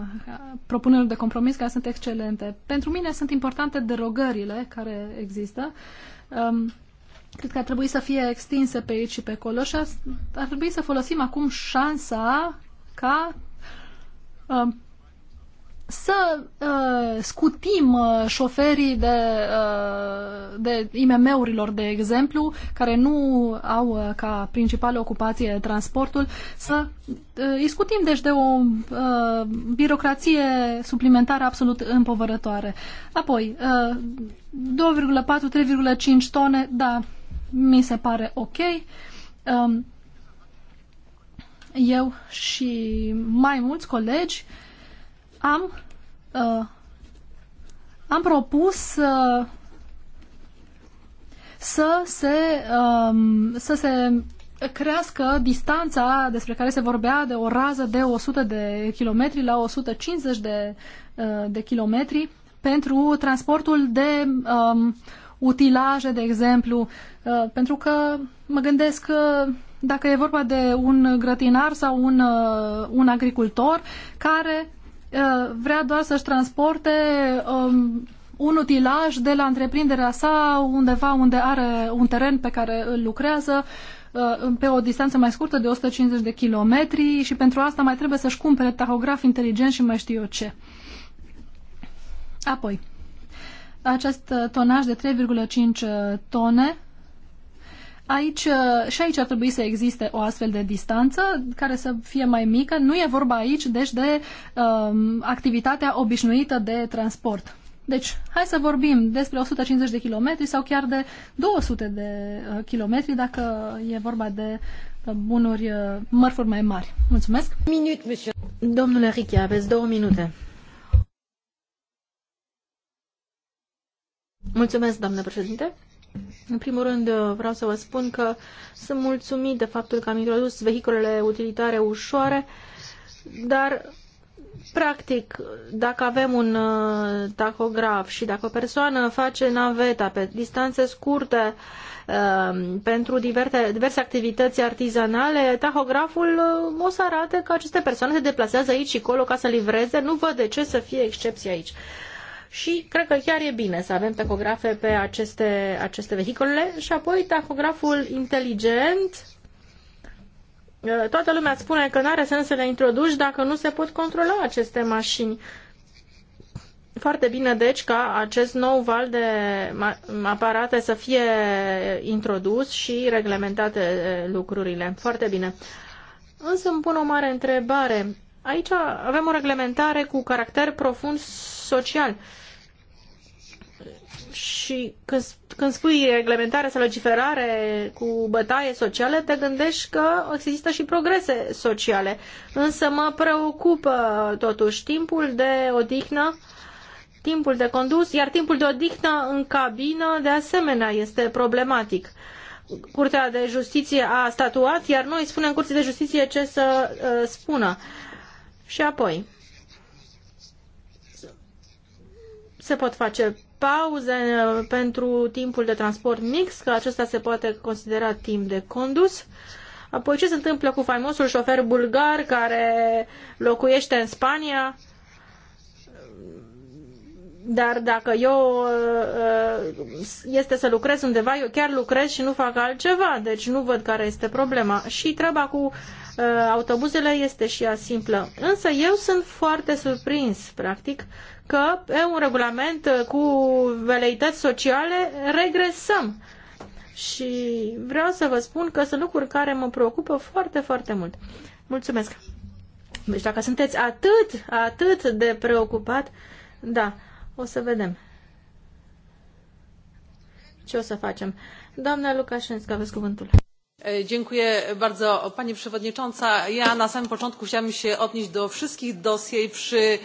Speaker 3: propunerilor de compromis, care sunt excelente. Pentru mine sunt importante derogările care există. Um, cred că ar trebui să fie extinse pe aici și pe acolo și ar trebui să folosim acum șansa ca Um, să uh, scutim uh, șoferii de, uh, de IMM-urilor, de exemplu, care nu au uh, ca principală ocupație transportul, să uh, îi scutim deci de o uh, birocrație suplimentară absolut împovărătoare. Apoi, uh, 2,4-3,5 tone, da, mi se pare ok. Uh, um, eu și mai mulți colegi am, uh, am propus uh, să se, um, să se crească distanța despre care se vorbea de o rază de 100 de kilometri la 150 de, uh, de kilometri pentru transportul de um, utilaje, de exemplu, uh, pentru că mă gândesc că dacă e vorba de un grătinar sau un, uh, un agricultor care uh, vrea doar să-și transporte um, un utilaj de la întreprinderea sa undeva unde are un teren pe care îl lucrează uh, pe o distanță mai scurtă de 150 de kilometri și pentru asta mai trebuie să-și cumpere tahograf inteligent și mai știu eu ce. Apoi, acest tonaj de 3,5 tone Aici, uh, și aici ar trebui să existe o astfel de distanță care să fie mai mică. Nu e vorba aici, deci, de um, activitatea obișnuită de transport. Deci, hai să vorbim despre 150 de kilometri sau chiar de 200 de uh, kilometri dacă e vorba de uh, bunuri, mărfuri mai mari. Mulțumesc. Minut, monsieur. Domnule Riche, aveți două minute.
Speaker 4: Mulțumesc, doamnă președinte. În primul rând, uh, vreau să vă spun că sunt mulțumit de faptul că am introdus vehiculele utilitare ușoare, dar practic, dacă avem un uh, tachograf și dacă o persoană face naveta pe distanțe scurte uh, pentru diverse, diverse activități artizanale, tahograful o să arate că aceste persoane se deplasează aici și acolo ca să livreze. Nu văd de ce să fie excepție aici și cred că chiar e bine să avem tacografe pe aceste, aceste vehicule și apoi tacograful inteligent. Toată lumea spune că nu are sens să le introduci dacă nu se pot controla aceste mașini. Foarte bine, deci, ca acest nou val de aparate să fie introdus și reglementate lucrurile. Foarte bine. Însă îmi pun o mare întrebare. Aici avem o reglementare cu caracter profund social și când, când spui reglementare sau legiferare cu bătaie socială, te gândești că există și progrese sociale. Însă mă preocupă totuși timpul de odihnă, timpul de condus, iar timpul de odihnă în cabină de asemenea este problematic. Curtea de Justiție a statuat, iar noi spunem Curții de Justiție ce să uh, spună. Și apoi, se pot face pauze uh, pentru timpul de transport mix, că acesta se poate considera timp de condus. Apoi ce se întâmplă cu faimosul șofer bulgar care locuiește în Spania? Dar dacă eu uh, este să lucrez undeva, eu chiar lucrez și nu fac altceva, deci nu văd care este problema. Și treaba cu uh, autobuzele este și ea simplă. Însă eu sunt foarte surprins, practic, că pe un regulament uh, cu veleități sociale regresăm. Și vreau să vă spun că sunt lucruri care mă preocupă foarte, foarte mult. Mulțumesc! Deci dacă sunteți atât, atât de preocupat, da, o să vedem. Ce o să facem? Doamna Lukaszenska, aveți cuvântul.
Speaker 3: Dziękuję bardzo Pani Przewodnicząca. Ja na samym początku chciałabym się odnieść do wszystkich
Speaker 1: dossier przy...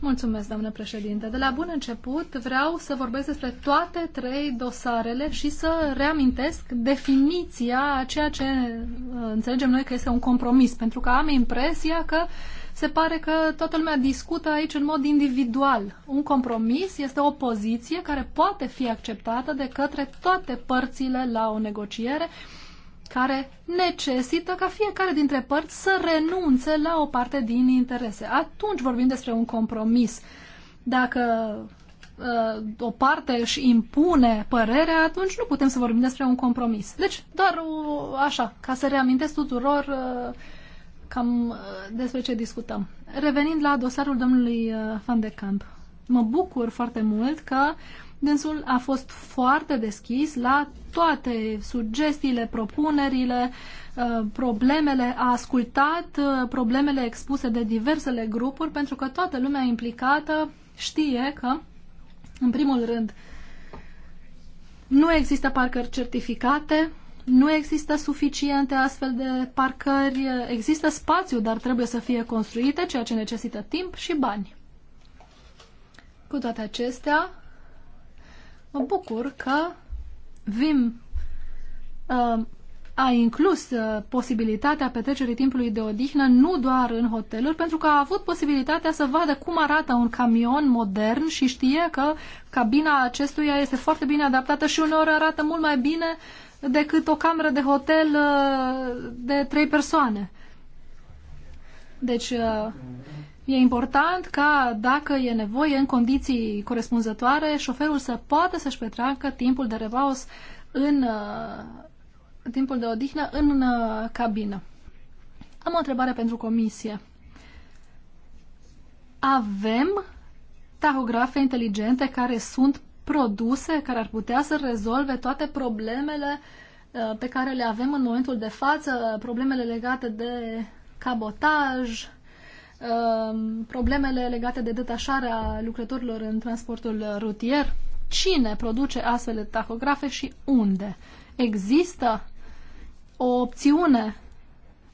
Speaker 3: Mulțumesc, doamnă președinte. De la bun început vreau să vorbesc despre toate trei dosarele și să reamintesc definiția a ceea ce uh, înțelegem noi că este un compromis, pentru că am impresia că se pare că toată lumea discută aici în mod individual. Un compromis este o poziție care poate fi acceptată de către toate părțile la o negociere care necesită ca fiecare dintre părți să renunțe la o parte din interese. Atunci vorbim despre un compromis. Dacă uh, o parte își impune părerea, atunci nu putem să vorbim despre un compromis. Deci, doar uh, așa, ca să reamintesc tuturor uh, cam despre ce discutăm. Revenind la dosarul domnului Van de Camp, mă bucur foarte mult că uh, Dânsul a fost foarte deschis la toate sugestiile, propunerile, uh, problemele, a ascultat uh, problemele expuse de diversele grupuri, pentru că toată lumea implicată știe că, în primul rând, nu există parcări certificate, nu există suficiente astfel de parcări, există spațiu, dar trebuie să fie construite, ceea ce necesită timp și bani. Cu toate acestea, Mă bucur că VIM uh, a inclus uh, posibilitatea petrecerii timpului de odihnă nu doar în hoteluri, pentru că a avut posibilitatea să vadă cum arată un camion modern și știe că cabina acestuia este foarte bine adaptată și uneori arată mult mai bine decât o cameră de hotel uh, de trei persoane. Deci, uh, E important ca, dacă e nevoie, în condiții corespunzătoare, șoferul să poată să-și petreacă timpul de repaus în uh, timpul de odihnă în uh, cabină. Am o întrebare pentru comisie. Avem tahografe inteligente care sunt produse, care ar putea să rezolve toate problemele uh, pe care le avem în momentul de față, problemele legate de cabotaj, Ehm, problemele legate de detașarea lucrătorilor în transportul rutier, cine produce astfel de tahografe și unde. Există o opțiune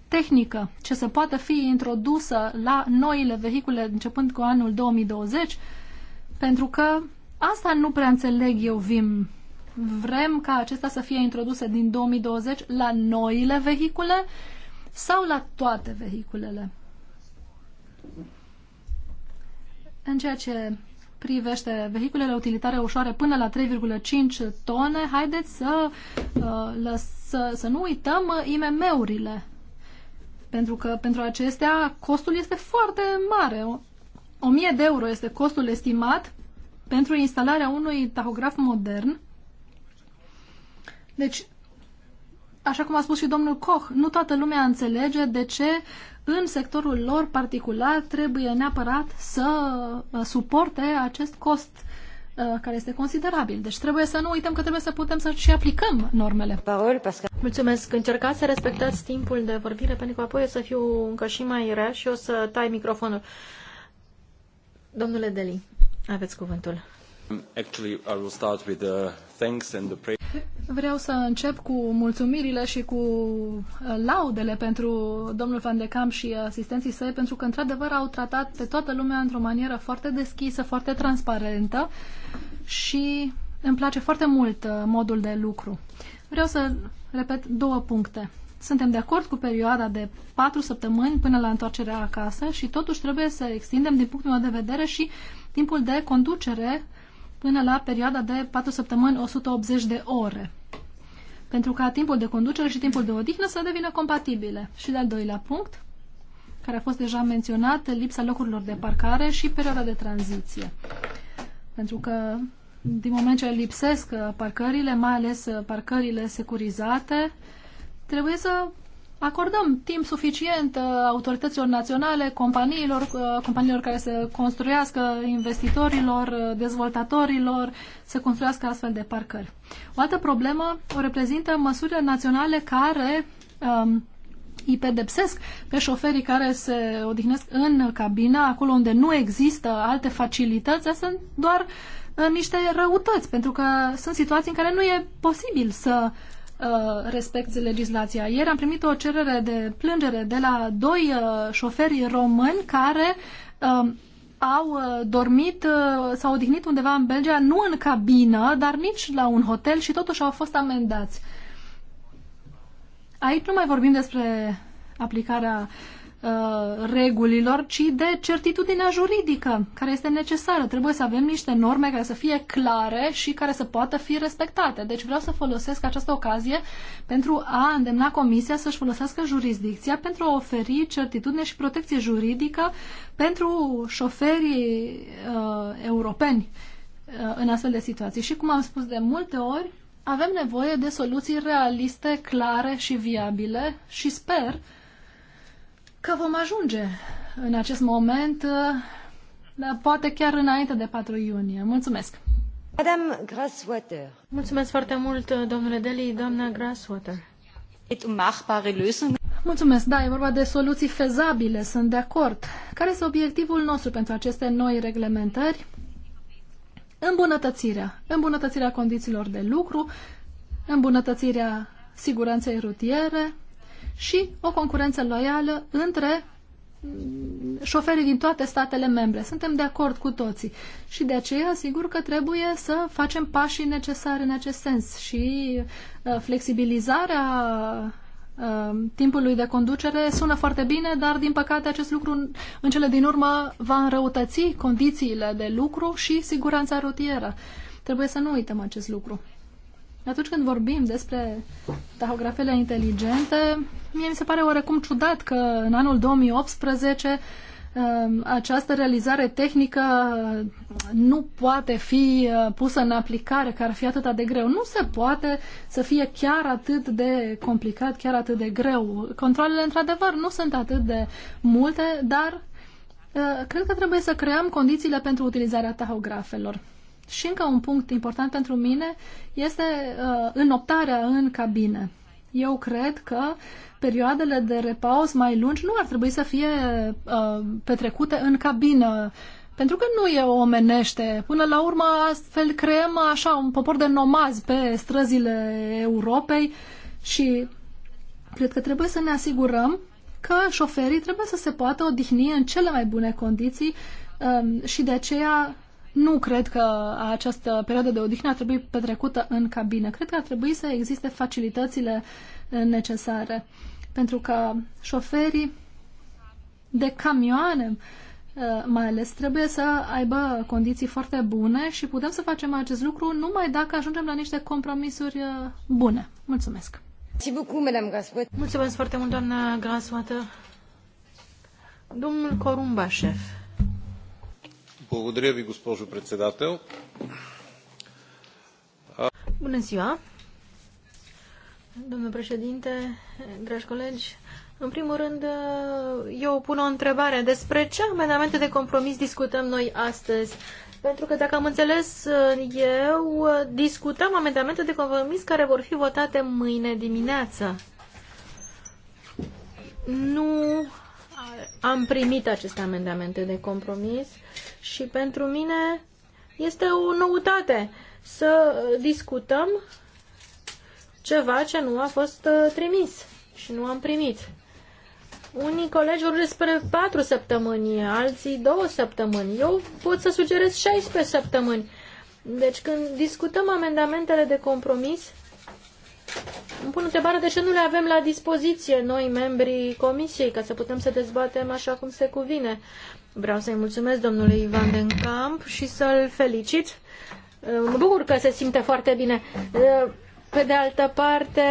Speaker 3: tehnică ce să poată fi introdusă la noile vehicule începând cu anul 2020, pentru că asta nu prea înțeleg eu, Vim. Vrem ca acesta să fie introdusă din 2020 la noile vehicule sau la toate vehiculele? În ceea ce privește vehiculele utilitare ușoare până la 3,5 tone, haideți să, uh, să, să nu uităm uh, IMM-urile. Pentru că pentru acestea costul este foarte mare. 1000 de euro este costul estimat pentru instalarea unui tahograf modern. Deci, așa cum a spus și domnul Koch, nu toată lumea înțelege de ce în sectorul lor particular trebuie neapărat să uh, suporte acest cost uh, care este considerabil. Deci trebuie să nu uităm că trebuie să putem să și aplicăm normele. Mulțumesc. Încercați
Speaker 4: să respectați timpul de vorbire pentru că apoi o să fiu încă și mai rea și o să tai microfonul.
Speaker 3: Domnule Deli, aveți cuvântul.
Speaker 1: Actually, I will start with the thanks and the praise.
Speaker 3: Vreau să încep cu mulțumirile și cu uh, laudele pentru domnul Van de Camp și asistenții săi, pentru că, într-adevăr, au tratat pe toată lumea într-o manieră foarte deschisă, foarte transparentă și îmi place foarte mult uh, modul de lucru. Vreau să repet două puncte. Suntem de acord cu perioada de patru săptămâni până la întoarcerea acasă și totuși trebuie să extindem din punctul meu de vedere și timpul de conducere până la perioada de 4 săptămâni 180 de ore. Pentru ca timpul de conducere și timpul de odihnă să devină compatibile. Și de-al doilea punct, care a fost deja menționat, lipsa locurilor de parcare și perioada de tranziție. Pentru că din moment ce lipsesc uh, parcările, mai ales uh, parcările securizate, trebuie să acordăm timp suficient uh, autorităților naționale, companiilor, uh, companiilor care se construiască, investitorilor, uh, dezvoltatorilor, să construiască astfel de parcări. O altă problemă o reprezintă măsurile naționale care um, îi pedepsesc pe șoferii care se odihnesc în cabina, acolo unde nu există alte facilități, astea sunt doar niște răutăți, pentru că sunt situații în care nu e posibil să uh, Uh, respecti legislația. Ieri am primit o cerere de plângere de la doi uh, șoferi români care um, uh, au dormit, uh, s-au odihnit undeva în Belgia, nu în cabină, dar nici la un hotel și totuși au fost amendați. Aici nu mai vorbim despre aplicarea uh, Uh, regulilor, ci de certitudinea juridică care este necesară. Trebuie să avem niște norme care să fie clare și care să poată fi respectate. Deci vreau să folosesc această ocazie pentru a îndemna Comisia să-și folosească jurisdicția pentru a oferi certitudine și protecție juridică pentru șoferii uh, europeni uh, în astfel de situații. Și cum am spus de multe ori, avem nevoie de soluții realiste, clare și viabile și sper că vom ajunge în acest moment, uh, poate chiar înainte de 4 iunie. Mulțumesc! Madame
Speaker 4: Grasswater. Mulțumesc foarte mult, uh, domnule Deli, doamna Grasswater.
Speaker 3: Mulțumesc, da, e vorba de soluții fezabile, sunt de acord. Care este obiectivul nostru pentru aceste noi reglementări? Îmbunătățirea. Îmbunătățirea condițiilor de lucru, îmbunătățirea siguranței rutiere, și o concurență loială între șoferii din toate statele membre. Suntem de acord cu toții și de aceea sigur că trebuie să facem pașii necesari în acest sens și uh, flexibilizarea uh, timpului de conducere sună foarte bine, dar din păcate acest lucru în cele din urmă va înrăutăți condițiile de lucru și siguranța rutieră. Trebuie să nu uităm acest lucru atunci când vorbim despre tahografele inteligente, mie mi se pare oarecum ciudat că în anul 2018 um, această realizare tehnică uh, nu poate fi uh, pusă în aplicare, că ar fi atât de greu. Nu se poate să fie chiar atât de complicat, chiar atât de greu. Controlele, într-adevăr, nu sunt atât de multe, dar uh, cred că trebuie să creăm condițiile pentru utilizarea tahografelor. Și încă un punct important pentru mine este uh, înoptarea în cabine. Eu cred că perioadele de repaus mai lungi nu ar trebui să fie uh, petrecute în cabină, pentru că nu e omenește. Până la urmă, astfel creăm așa un popor de nomazi pe străzile Europei și cred că trebuie să ne asigurăm că șoferii trebuie să se poată odihni în cele mai bune condiții um, și de aceea nu cred că această perioadă de odihnă ar trebui petrecută în cabină. Cred că ar trebui să existe facilitățile necesare. Pentru că șoferii de camioane uh, mai ales trebuie să aibă condiții foarte bune și putem să facem acest lucru numai dacă ajungem la niște compromisuri uh, bune. Mulțumesc! Mulțumesc foarte mult, doamna Grasoată! Domnul Corumba, șef.
Speaker 4: Bună ziua! Domnule președinte, dragi colegi, în primul rând, eu pun o întrebare. Despre ce amendamente de compromis discutăm noi astăzi? Pentru că, dacă am înțeles eu, discutăm amendamente de compromis care vor fi votate mâine dimineață. Nu am primit aceste amendamente de compromis și pentru mine este o noutate să discutăm ceva ce nu a fost uh, trimis și nu am primit. Unii colegi vor despre 4 săptămâni, alții 2 săptămâni. Eu pot să sugerez 16 săptămâni. Deci când discutăm amendamentele de compromis, îmi pun întrebarea de ce nu le avem la dispoziție noi, membrii comisiei, ca să putem să dezbatem așa cum se cuvine. Vreau să-i mulțumesc domnului Ivan Denkamp Camp și să-l felicit. Uh, mă bucur că se simte foarte bine. Uh, pe de altă parte,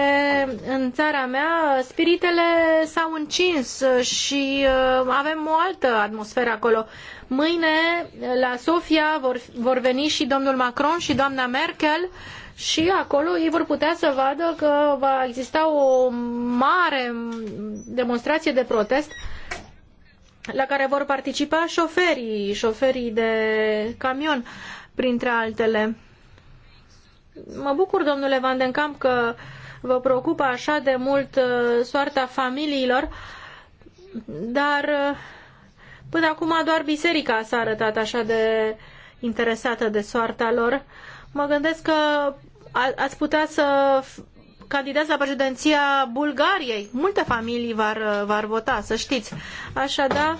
Speaker 4: în țara mea, spiritele s-au încins și uh, avem o altă atmosferă acolo. Mâine, la Sofia, vor, vor veni și domnul Macron și doamna Merkel și acolo ei vor putea să vadă că va exista o mare demonstrație de protest la care vor participa șoferii, șoferii de camion, printre altele. Mă bucur, domnule Van den Kamp, că vă preocupă așa de mult uh, soarta familiilor, dar uh, până acum doar biserica s-a arătat așa de interesată de soarta lor. Mă gândesc că ați putea să candidați la președinția Bulgariei. Multe familii vor, vor vota, să știți. Așadar,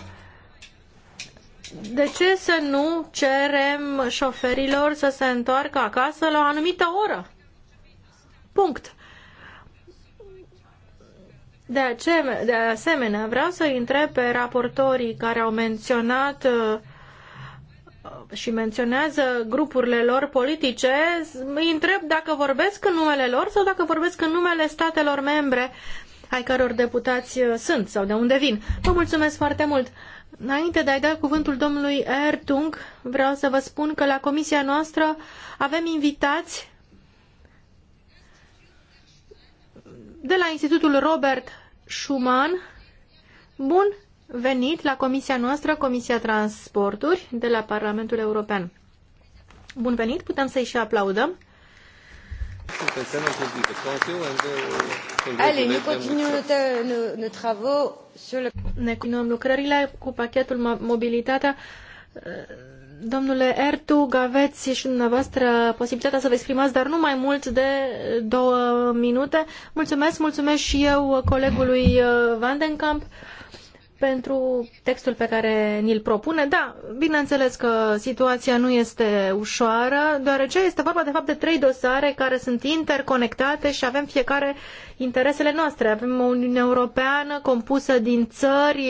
Speaker 4: de ce să nu cerem șoferilor să se întoarcă acasă la o anumită oră? Punct. De, ace- de asemenea, vreau să întreb pe raportorii care au menționat uh, Uh, și menționează grupurile lor politice, îi întreb dacă vorbesc în numele lor sau dacă vorbesc în numele statelor membre ai căror deputați uh, sunt sau de unde vin. Vă mulțumesc foarte mult! Înainte de a-i da cuvântul domnului Ertung, vreau să vă spun că la comisia noastră avem invitați de la Institutul Robert Schuman. Bun, venit la comisia noastră, Comisia Transporturi, de la Parlamentul European. Bun venit, putem să-i și aplaudăm. sur Ne continuăm lucrările cu pachetul mobilitatea. Domnule Ertug, aveți și dumneavoastră posibilitatea să vă exprimați, dar nu mai mult de două minute. Mulțumesc, mulțumesc și eu colegului uh, Vandenkamp. Camp pentru textul pe care ni-l propune. Da, bineînțeles că situația nu este ușoară, deoarece este vorba de fapt de trei dosare care sunt interconectate și avem fiecare interesele noastre. Avem o Uniune Europeană compusă din țări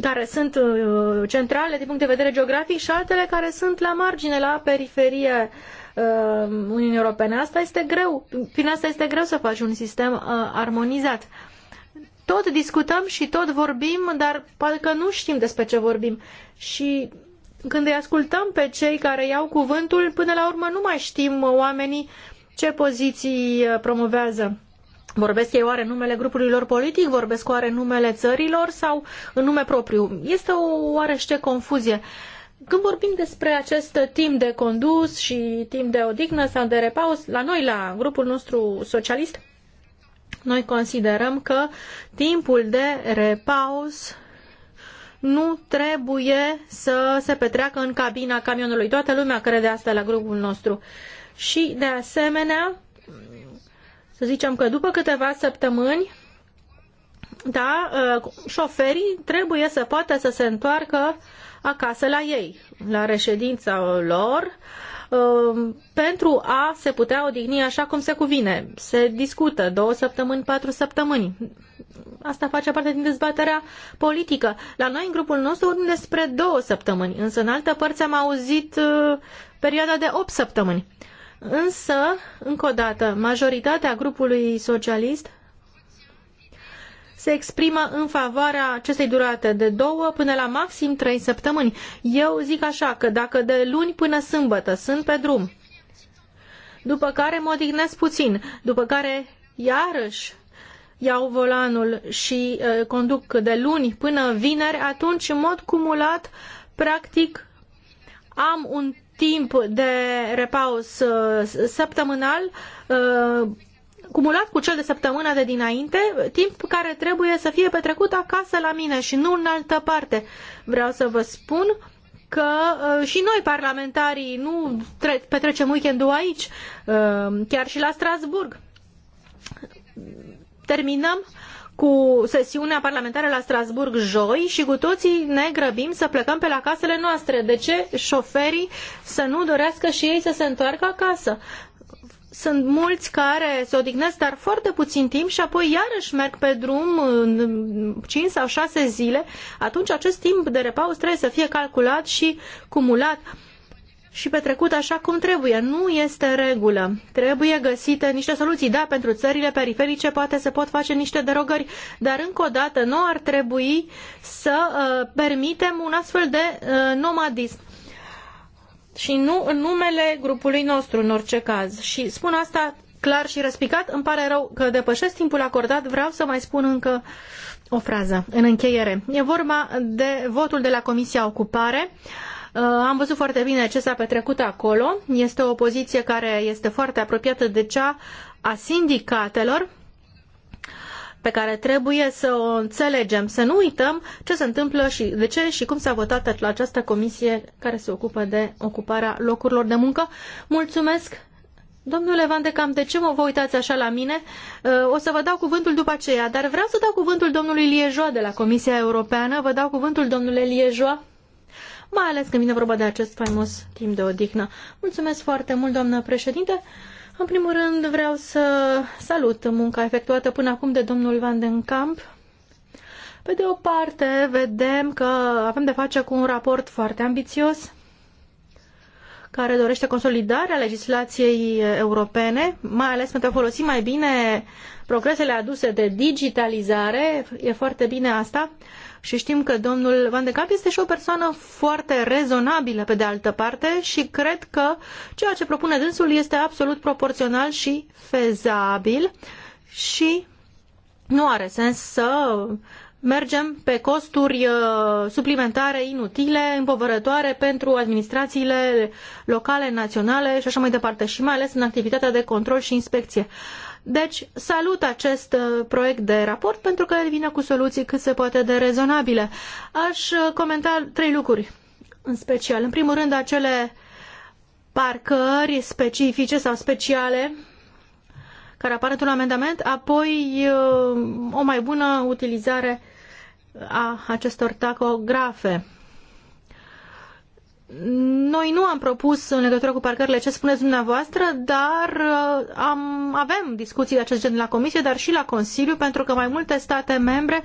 Speaker 4: care sunt uh, centrale din punct de vedere geografic și altele care sunt la margine, la periferie. Uh, Uniunii Europene. Asta este greu. Prin asta este greu să faci un sistem uh, armonizat tot discutăm și tot vorbim, dar parcă nu știm despre ce vorbim. Și când îi ascultăm pe cei care iau cuvântul, până la urmă nu mai știm oamenii ce poziții uh, promovează. Vorbesc ei oare numele grupului lor politic, vorbesc oare numele țărilor sau în nume propriu. Este o oarește confuzie. Când vorbim despre acest timp de condus și timp de odihnă sau de repaus, la noi, la grupul nostru socialist, noi considerăm că timpul de repaus nu trebuie să se petreacă în cabina camionului. Toată lumea crede asta la grupul nostru. Și, de asemenea, să zicem că după câteva săptămâni, da, uh, șoferii trebuie să poată să se întoarcă acasă la ei, la reședința lor, Um, pentru a se putea odihni așa cum se cuvine. Se discută două săptămâni, patru săptămâni. Asta face parte din dezbaterea politică. La noi, în grupul nostru, urmă despre două săptămâni, însă în altă părți am auzit uh, perioada de opt săptămâni. Însă, încă o dată, majoritatea grupului socialist se exprimă în favoarea acestei durate de două până la maxim trei săptămâni. Eu zic așa că dacă de luni până sâmbătă sunt pe drum, după care mă odihnesc puțin, după care iarăși iau volanul și uh, conduc de luni până vineri, atunci în mod cumulat, practic, am un timp de repaus uh, săptămânal uh, cumulat cu cel de săptămână de dinainte, timp care trebuie să fie petrecut acasă la mine și nu în altă parte. Vreau să vă spun că uh, și noi parlamentarii nu petrecem weekendul aici, uh, chiar și la Strasburg. Terminăm cu sesiunea parlamentară la Strasburg joi și cu toții ne grăbim să plecăm pe la casele noastre. De ce șoferii să nu dorească și ei să se întoarcă acasă? sunt mulți care se odihnesc, dar foarte puțin timp și apoi iarăși merg pe drum în 5 sau 6 zile, atunci acest timp de repaus trebuie să fie calculat și cumulat și petrecut așa cum trebuie. Nu este regulă. Trebuie găsite niște soluții. Da, pentru țările periferice poate se pot face niște derogări, dar încă o dată nu ar trebui să uh, permitem un astfel de uh, nomadism și nu în numele grupului nostru în orice caz. Și spun asta clar și răspicat, îmi pare rău că depășesc timpul acordat, vreau să mai spun încă o frază în încheiere. E vorba de votul de la Comisia Ocupare. Uh, am văzut foarte bine ce s-a petrecut acolo. Este o poziție care este foarte apropiată de cea a sindicatelor pe care trebuie să o înțelegem, să nu uităm ce se întâmplă și de ce și cum s-a votat la această comisie care se ocupă de ocuparea locurilor de muncă. Mulțumesc! Domnule Van de Cam, de ce mă vă uitați așa la mine? Uh, o să vă dau cuvântul după aceea, dar vreau să dau cuvântul domnului Liejoa de la Comisia Europeană. Vă dau cuvântul domnule Liejoa, mai ales când vine vorba de acest faimos timp de odihnă. Mulțumesc foarte mult, doamnă președinte. În primul rând vreau să salut munca efectuată până acum de domnul Van den Kamp. Pe de o parte, vedem că avem de face cu un raport foarte ambițios care dorește consolidarea legislației europene, mai ales pentru a folosi mai bine progresele aduse de digitalizare. E foarte bine asta și știm că domnul Van de Camp este și o persoană foarte rezonabilă pe de altă parte și cred că ceea ce propune dânsul este absolut proporțional și fezabil și nu are sens să mergem pe costuri uh, suplimentare inutile, împovărătoare pentru administrațiile locale, naționale și așa mai departe și mai ales în activitatea de control și inspecție. Uh, deci, salut acest uh, proiect de raport pentru că el vine cu soluții cât se poate de rezonabile. Aș uh, comenta trei lucruri în special. În primul rând, acele parcări specifice sau speciale care apar într-un amendament, apoi uh, o mai bună utilizare a acestor tacografe noi nu am propus în legătură cu parcările ce spuneți dumneavoastră, dar uh, am, avem discuții de acest gen la Comisie, dar și la Consiliu, pentru că mai multe state membre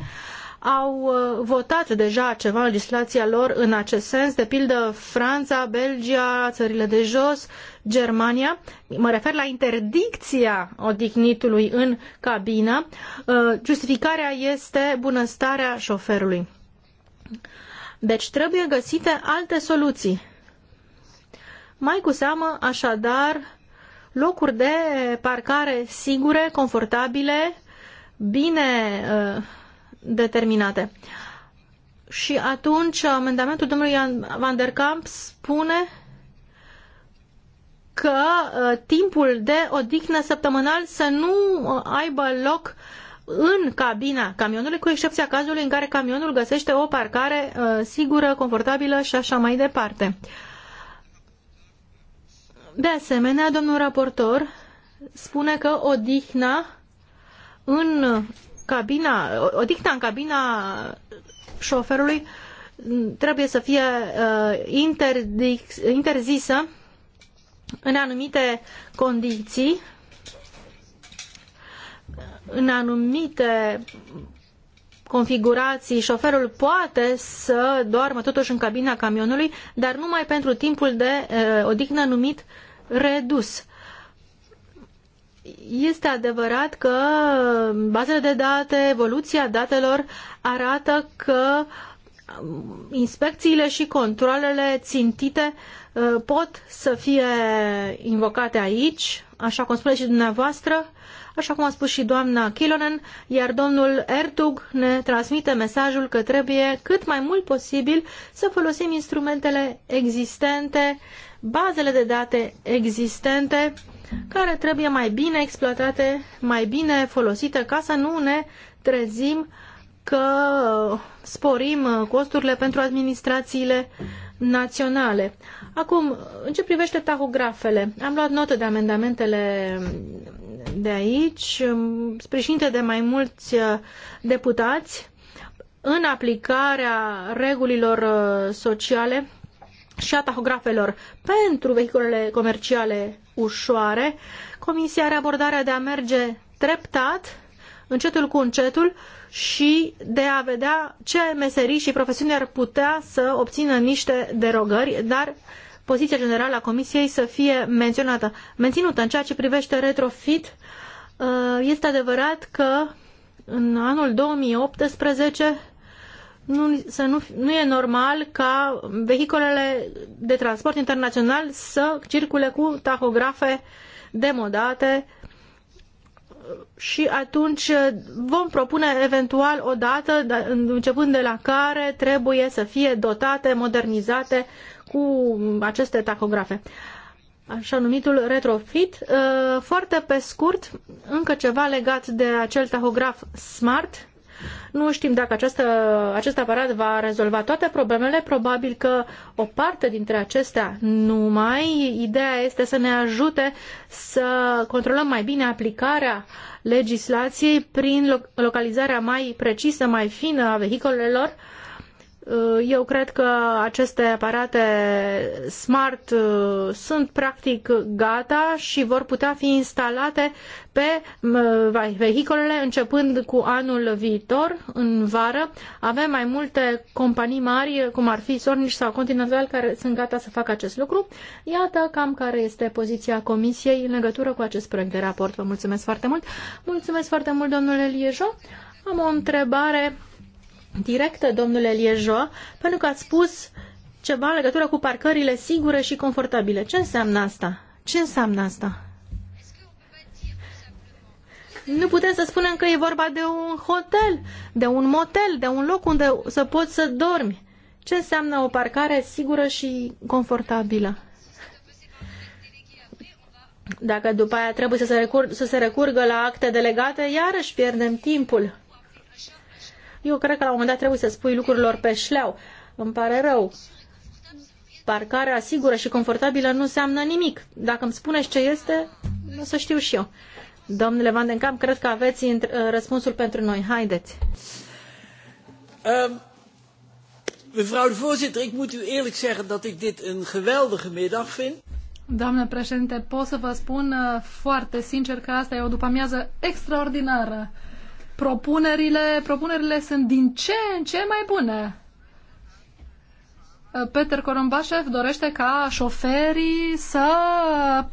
Speaker 4: au uh, votat deja ceva în legislația lor în acest sens, de pildă Franța, Belgia, țările de jos, Germania. Mă refer la interdicția odihnitului în cabină. Uh, justificarea este bunăstarea șoferului. Deci trebuie găsite alte soluții. Mai cu seamă, așadar, locuri de parcare sigure, confortabile, bine uh, determinate. Și atunci amendamentul domnului Van der Kamp spune că uh, timpul de odihnă săptămânal să nu uh, aibă loc uh, în cabina camionului, cu excepția cazului în care camionul găsește o parcare uh, sigură, confortabilă și așa mai departe. De asemenea, domnul raportor spune că odihna în cabina, odihna în cabina șoferului trebuie să fie uh, interzisă în anumite condiții în anumite configurații șoferul poate să doarmă totuși în cabina camionului, dar numai pentru timpul de uh, odihnă numit redus. Este adevărat că bazele de date, evoluția datelor arată că mm, inspecțiile și controlele țintite eh, pot să fie invocate aici, așa cum spuneți și dumneavoastră, așa cum a spus și doamna Kilonen, iar domnul Ertug ne transmite mesajul că trebuie cât mai mult posibil să folosim instrumentele existente, bazele de date existente, care trebuie mai bine exploatate, mai bine folosite, ca să nu ne trezim că sporim costurile pentru administrațiile naționale. Acum, în ce privește tahografele, am luat notă de amendamentele de aici, um, sprijinite de mai mulți uh, deputați, în aplicarea regulilor uh, sociale și a tahografelor pentru vehiculele comerciale ușoare, Comisia are abordarea de a merge treptat, încetul cu încetul și de a vedea ce meserii și profesiuni ar putea să obțină niște derogări, dar uh, poziția generală a Comisiei să fie menționată, menținută în ceea ce privește retrofit. Uh, este adevărat că în anul 2018 nu, să nu, nu e normal ca vehiculele de transport internațional să circule cu tahografe demodate și atunci vom propune eventual o dată, da, începând de la care trebuie să fie dotate, modernizate cu aceste tacografe. Așa numitul retrofit. Uh, foarte pe scurt, încă ceva legat de acel tahograf smart. Nu știm dacă această, acest aparat va rezolva toate problemele, probabil că o parte dintre acestea numai. Ideea este să ne ajute să controlăm mai bine aplicarea legislației prin localizarea mai precisă, mai fină a vehiculelor Uh, eu cred că aceste aparate smart uh, sunt practic gata și vor putea fi instalate pe uh, vehiculele începând cu anul viitor, în vară. Avem mai multe companii mari, cum ar fi Sornici sau Continental, care sunt gata să facă acest lucru. Iată cam care este poziția Comisiei în legătură cu acest proiect de raport. Vă mulțumesc foarte mult. Mulțumesc foarte mult, domnule Liejo. Am o întrebare directă, domnule Liejoa, pentru că ați spus ceva în legătură cu parcările sigure și confortabile. Ce înseamnă asta? Ce înseamnă asta? Nu putem să spunem că e vorba de un hotel, de un motel, de un loc unde să poți să dormi. Ce înseamnă o parcare sigură și confortabilă? Dacă după aia trebuie să se, recur- să se recurgă la acte delegate, iarăși pierdem timpul. Eu cred că la un moment dat trebuie să spui lucrurilor pe șleau. Îmi pare rău. Parcarea sigură și confortabilă nu înseamnă nimic. Dacă îmi spuneți ce este, o să știu și eu. Domnule Van den Kamp, cred că aveți uh, răspunsul pentru noi.
Speaker 1: Haideți. Um, mevrouw de voorzitter, ik moet u eerlijk zeggen dat ik dit een geweldige middag
Speaker 3: vind. președinte, pot să vă spun uh, foarte sincer că asta e o după-amiază extraordinară propunerile, propunerile sunt din ce în ce mai bune. Peter Corombașev dorește ca șoferii să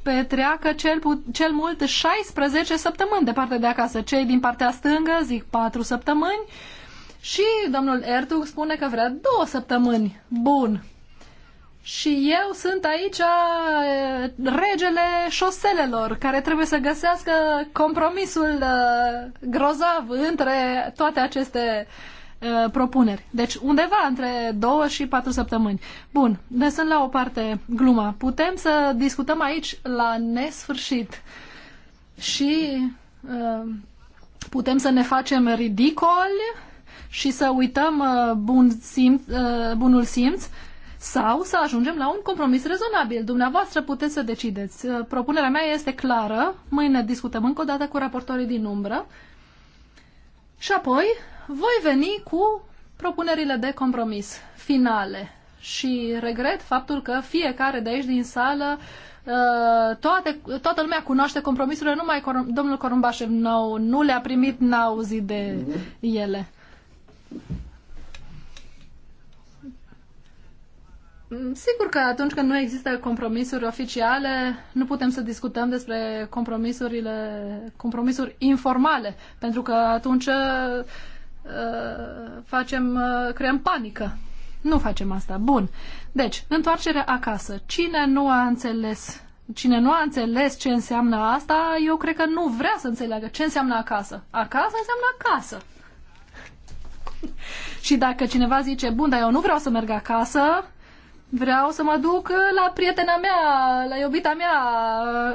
Speaker 3: petreacă cel, cel mult 16 săptămâni departe de acasă. Cei din partea stângă zic 4 săptămâni și domnul Ertug spune că vrea 2 săptămâni. Bun. Și eu sunt aici regele șoselelor, care trebuie să găsească compromisul grozav între toate aceste propuneri. Deci undeva între două și patru săptămâni. Bun, ne sunt la o parte gluma, putem să discutăm aici la nesfârșit și putem să ne facem ridicoli și să uităm bun simț, bunul simț sau să ajungem la un compromis rezonabil. Dumneavoastră puteți să decideți. Uh, propunerea mea este clară. Mâine discutăm încă o dată cu raportorii din umbră. Și apoi voi veni cu propunerile de compromis finale. Și regret faptul că fiecare de aici din sală uh, toate, toată lumea cunoaște compromisurile, numai domnul Corumbașev nu, nu le-a primit, n-a auzit de ele. Mm, sigur că atunci când nu există compromisuri oficiale, nu putem să discutăm despre compromisurile, compromisuri informale, pentru că atunci uh, facem, uh, creăm panică. Nu facem asta. Bun. Deci, întoarcerea acasă. Cine nu a înțeles Cine nu a înțeles ce înseamnă asta, eu cred că nu vrea să înțeleagă ce înseamnă acasă. Acasă înseamnă acasă. Și dacă cineva zice, bun, dar eu nu vreau să merg acasă, Vreau să mă duc la prietena mea, la iubita mea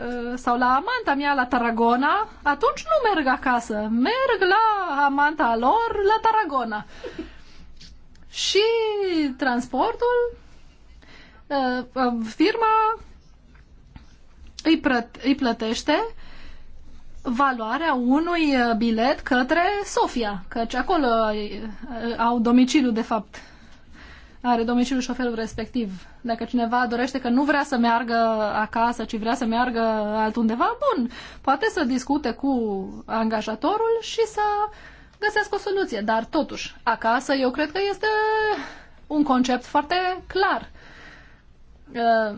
Speaker 3: uh, sau la amanta mea la Tarragona, atunci nu merg acasă. Merg la amanta lor la Tarragona. Și transportul, uh, uh, firma îi plătește valoarea unui bilet către Sofia, căci acolo au domiciliu de fapt are domiciliul șoferul respectiv. Dacă cineva dorește că nu vrea să meargă acasă, ci vrea să meargă altundeva, bun, poate să discute cu angajatorul și să găsească o soluție. Dar totuși, acasă eu cred că este un concept foarte clar. Uh,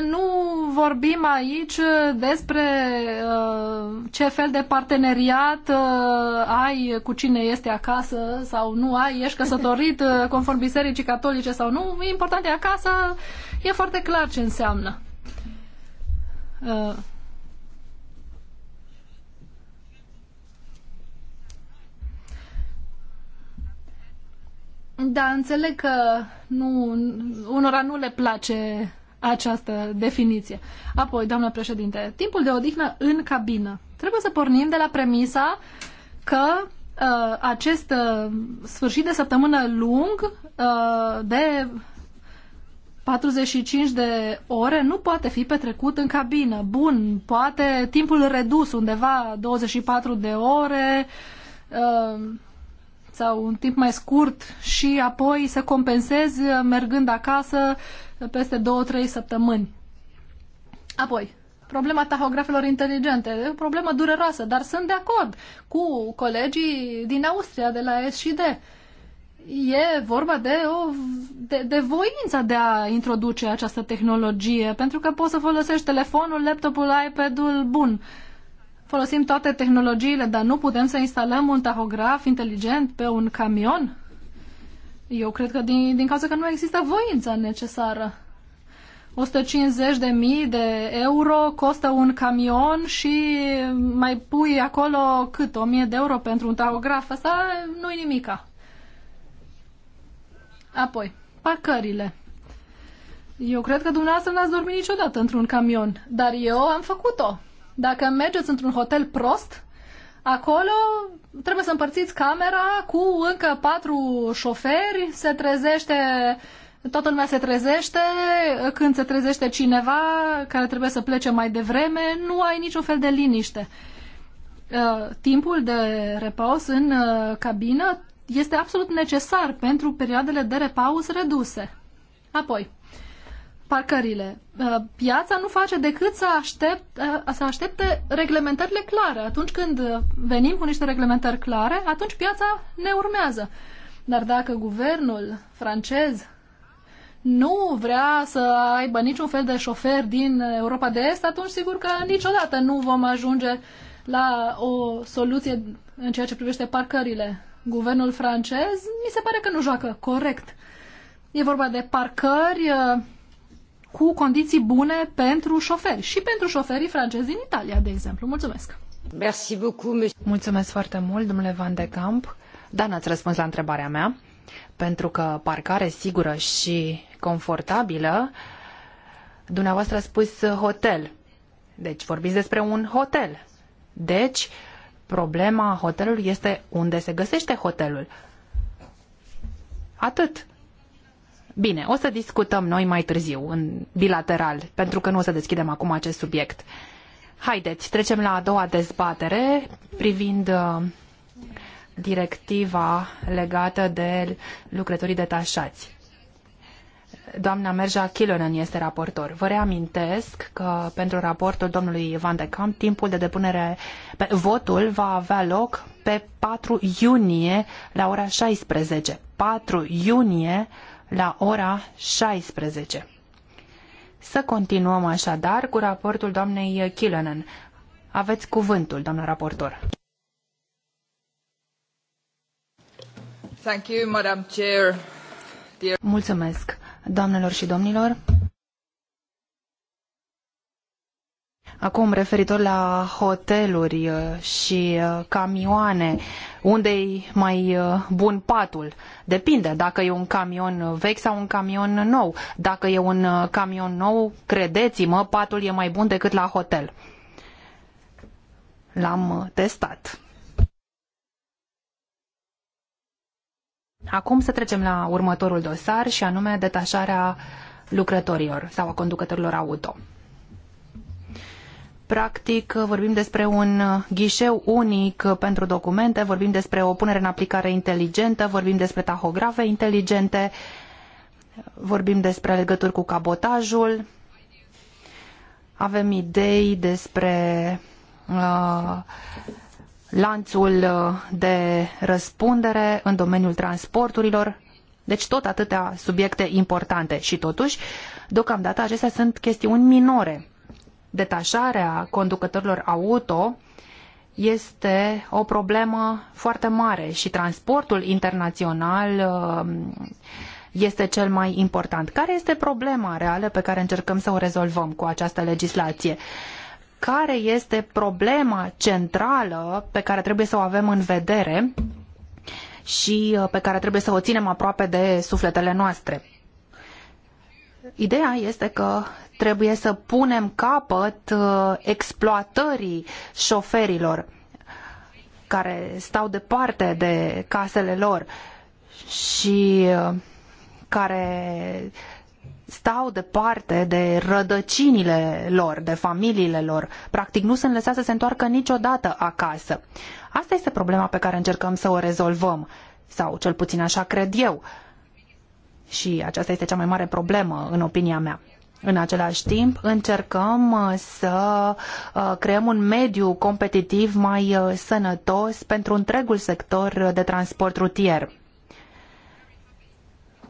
Speaker 3: nu vorbim aici despre uh, ce fel de parteneriat uh, ai cu cine este acasă sau nu ai, ești căsătorit uh, conform bisericii catolice sau nu. E important e acasă, e foarte clar ce înseamnă. Da, înțeleg că nu, unora nu le place această definiție. Apoi, doamnă președinte, timpul de odihnă în cabină. Trebuie să pornim de la premisa că uh, acest uh, sfârșit de săptămână lung uh, de 45 de ore nu poate fi petrecut în cabină. Bun, poate timpul redus undeva 24 de ore. Uh, sau un timp mai scurt și apoi să compensezi uh, mergând acasă uh, peste 2-3 săptămâni. Apoi, problema tahografelor inteligente. E o problemă dureroasă, dar sunt de acord cu colegii din Austria, de la SD. E vorba de, o, de, de voința de a introduce această tehnologie, pentru că poți să folosești telefonul, laptopul, iPad-ul, bun. Uh, folosim toate tehnologiile, dar nu putem să instalăm un tahograf inteligent pe un camion? Eu cred că din, din cauza că nu există voința necesară. 150 de mii de euro costă un camion și mai pui acolo cât? 1000 de euro pentru un tahograf? Asta nu i nimica. Apoi, parcările. Eu cred că dumneavoastră n-ați dormit niciodată într-un camion, dar eu am făcut-o. Dacă mergeți într-un hotel prost, acolo trebuie să împărțiți camera cu încă patru șoferi, se trezește toată lumea se trezește, când se trezește cineva care trebuie să plece mai devreme, nu ai niciun fel de liniște. Uh, timpul de repaus în uh, cabină este absolut necesar pentru perioadele de repaus reduse. Apoi, parcările. Uh, piața nu face decât să, aștept, uh, să aștepte reglementările clare. Atunci când venim cu niște reglementări clare, atunci piața ne urmează. Dar dacă guvernul francez nu vrea să aibă niciun fel de șofer din Europa de Est, atunci sigur că niciodată nu vom ajunge la o soluție în ceea ce privește parcările. Guvernul francez mi se pare că nu joacă corect. E vorba de parcări uh, cu condiții bune pentru șoferi și pentru șoferii francezi din Italia, de exemplu. Mulțumesc!
Speaker 2: Merci beaucoup, Mulțumesc foarte mult, domnule Van de Camp. Dan, ați răspuns la întrebarea mea, pentru că parcare sigură și confortabilă, dumneavoastră a spus hotel. Deci vorbiți despre un hotel. Deci, problema hotelului este unde se găsește hotelul. Atât. Bine, o să discutăm noi mai târziu, în bilateral, pentru că nu o să deschidem acum acest subiect. Haideți, trecem la a doua dezbatere privind uh, directiva legată de lucrătorii detașați. Doamna Merja Kilonen este raportor. Vă reamintesc că pentru raportul domnului Van de Camp, timpul de depunere, pe, votul va avea loc pe 4 iunie la ora 16. 4 iunie la ora 16. Să continuăm așadar cu raportul doamnei Killenen. Aveți cuvântul, doamnă raportor.
Speaker 1: Thank you, Madam Chair. Dear...
Speaker 2: Mulțumesc, doamnelor și domnilor. Acum, referitor la hoteluri uh, și uh, camioane, unde e mai uh, bun patul? Depinde dacă e un camion vechi sau un camion nou. Dacă e un camion nou, credeți-mă, patul e mai bun decât la hotel. L-am testat. Acum să trecem la următorul dosar și anume detașarea lucrătorilor sau a conducătorilor auto. Practic, vorbim despre un ghișeu unic pentru documente, vorbim despre o punere în aplicare inteligentă, vorbim despre tahografe inteligente, vorbim despre legături cu cabotajul, avem idei despre uh, lanțul de răspundere în domeniul transporturilor, deci tot atâtea subiecte importante și totuși, deocamdată acestea sunt chestiuni minore detașarea conducătorilor auto este o problemă foarte mare și transportul internațional um, este cel mai important. Care este problema reală pe care încercăm să o rezolvăm cu această legislație? Care este problema centrală pe care trebuie să o avem în vedere și uh, pe care trebuie să o ținem aproape de sufletele noastre? Ideea este că Trebuie să punem capăt uh, exploatării șoferilor care stau departe de casele lor și uh, care stau departe de rădăcinile lor, de familiile lor. Practic nu sunt lăsați să se întoarcă niciodată acasă. Asta este problema pe care încercăm să o rezolvăm, sau cel puțin așa cred eu. Și aceasta este cea mai mare problemă, în opinia mea. În același timp, încercăm uh, să uh, creăm un mediu competitiv mai uh, sănătos pentru întregul sector de transport rutier.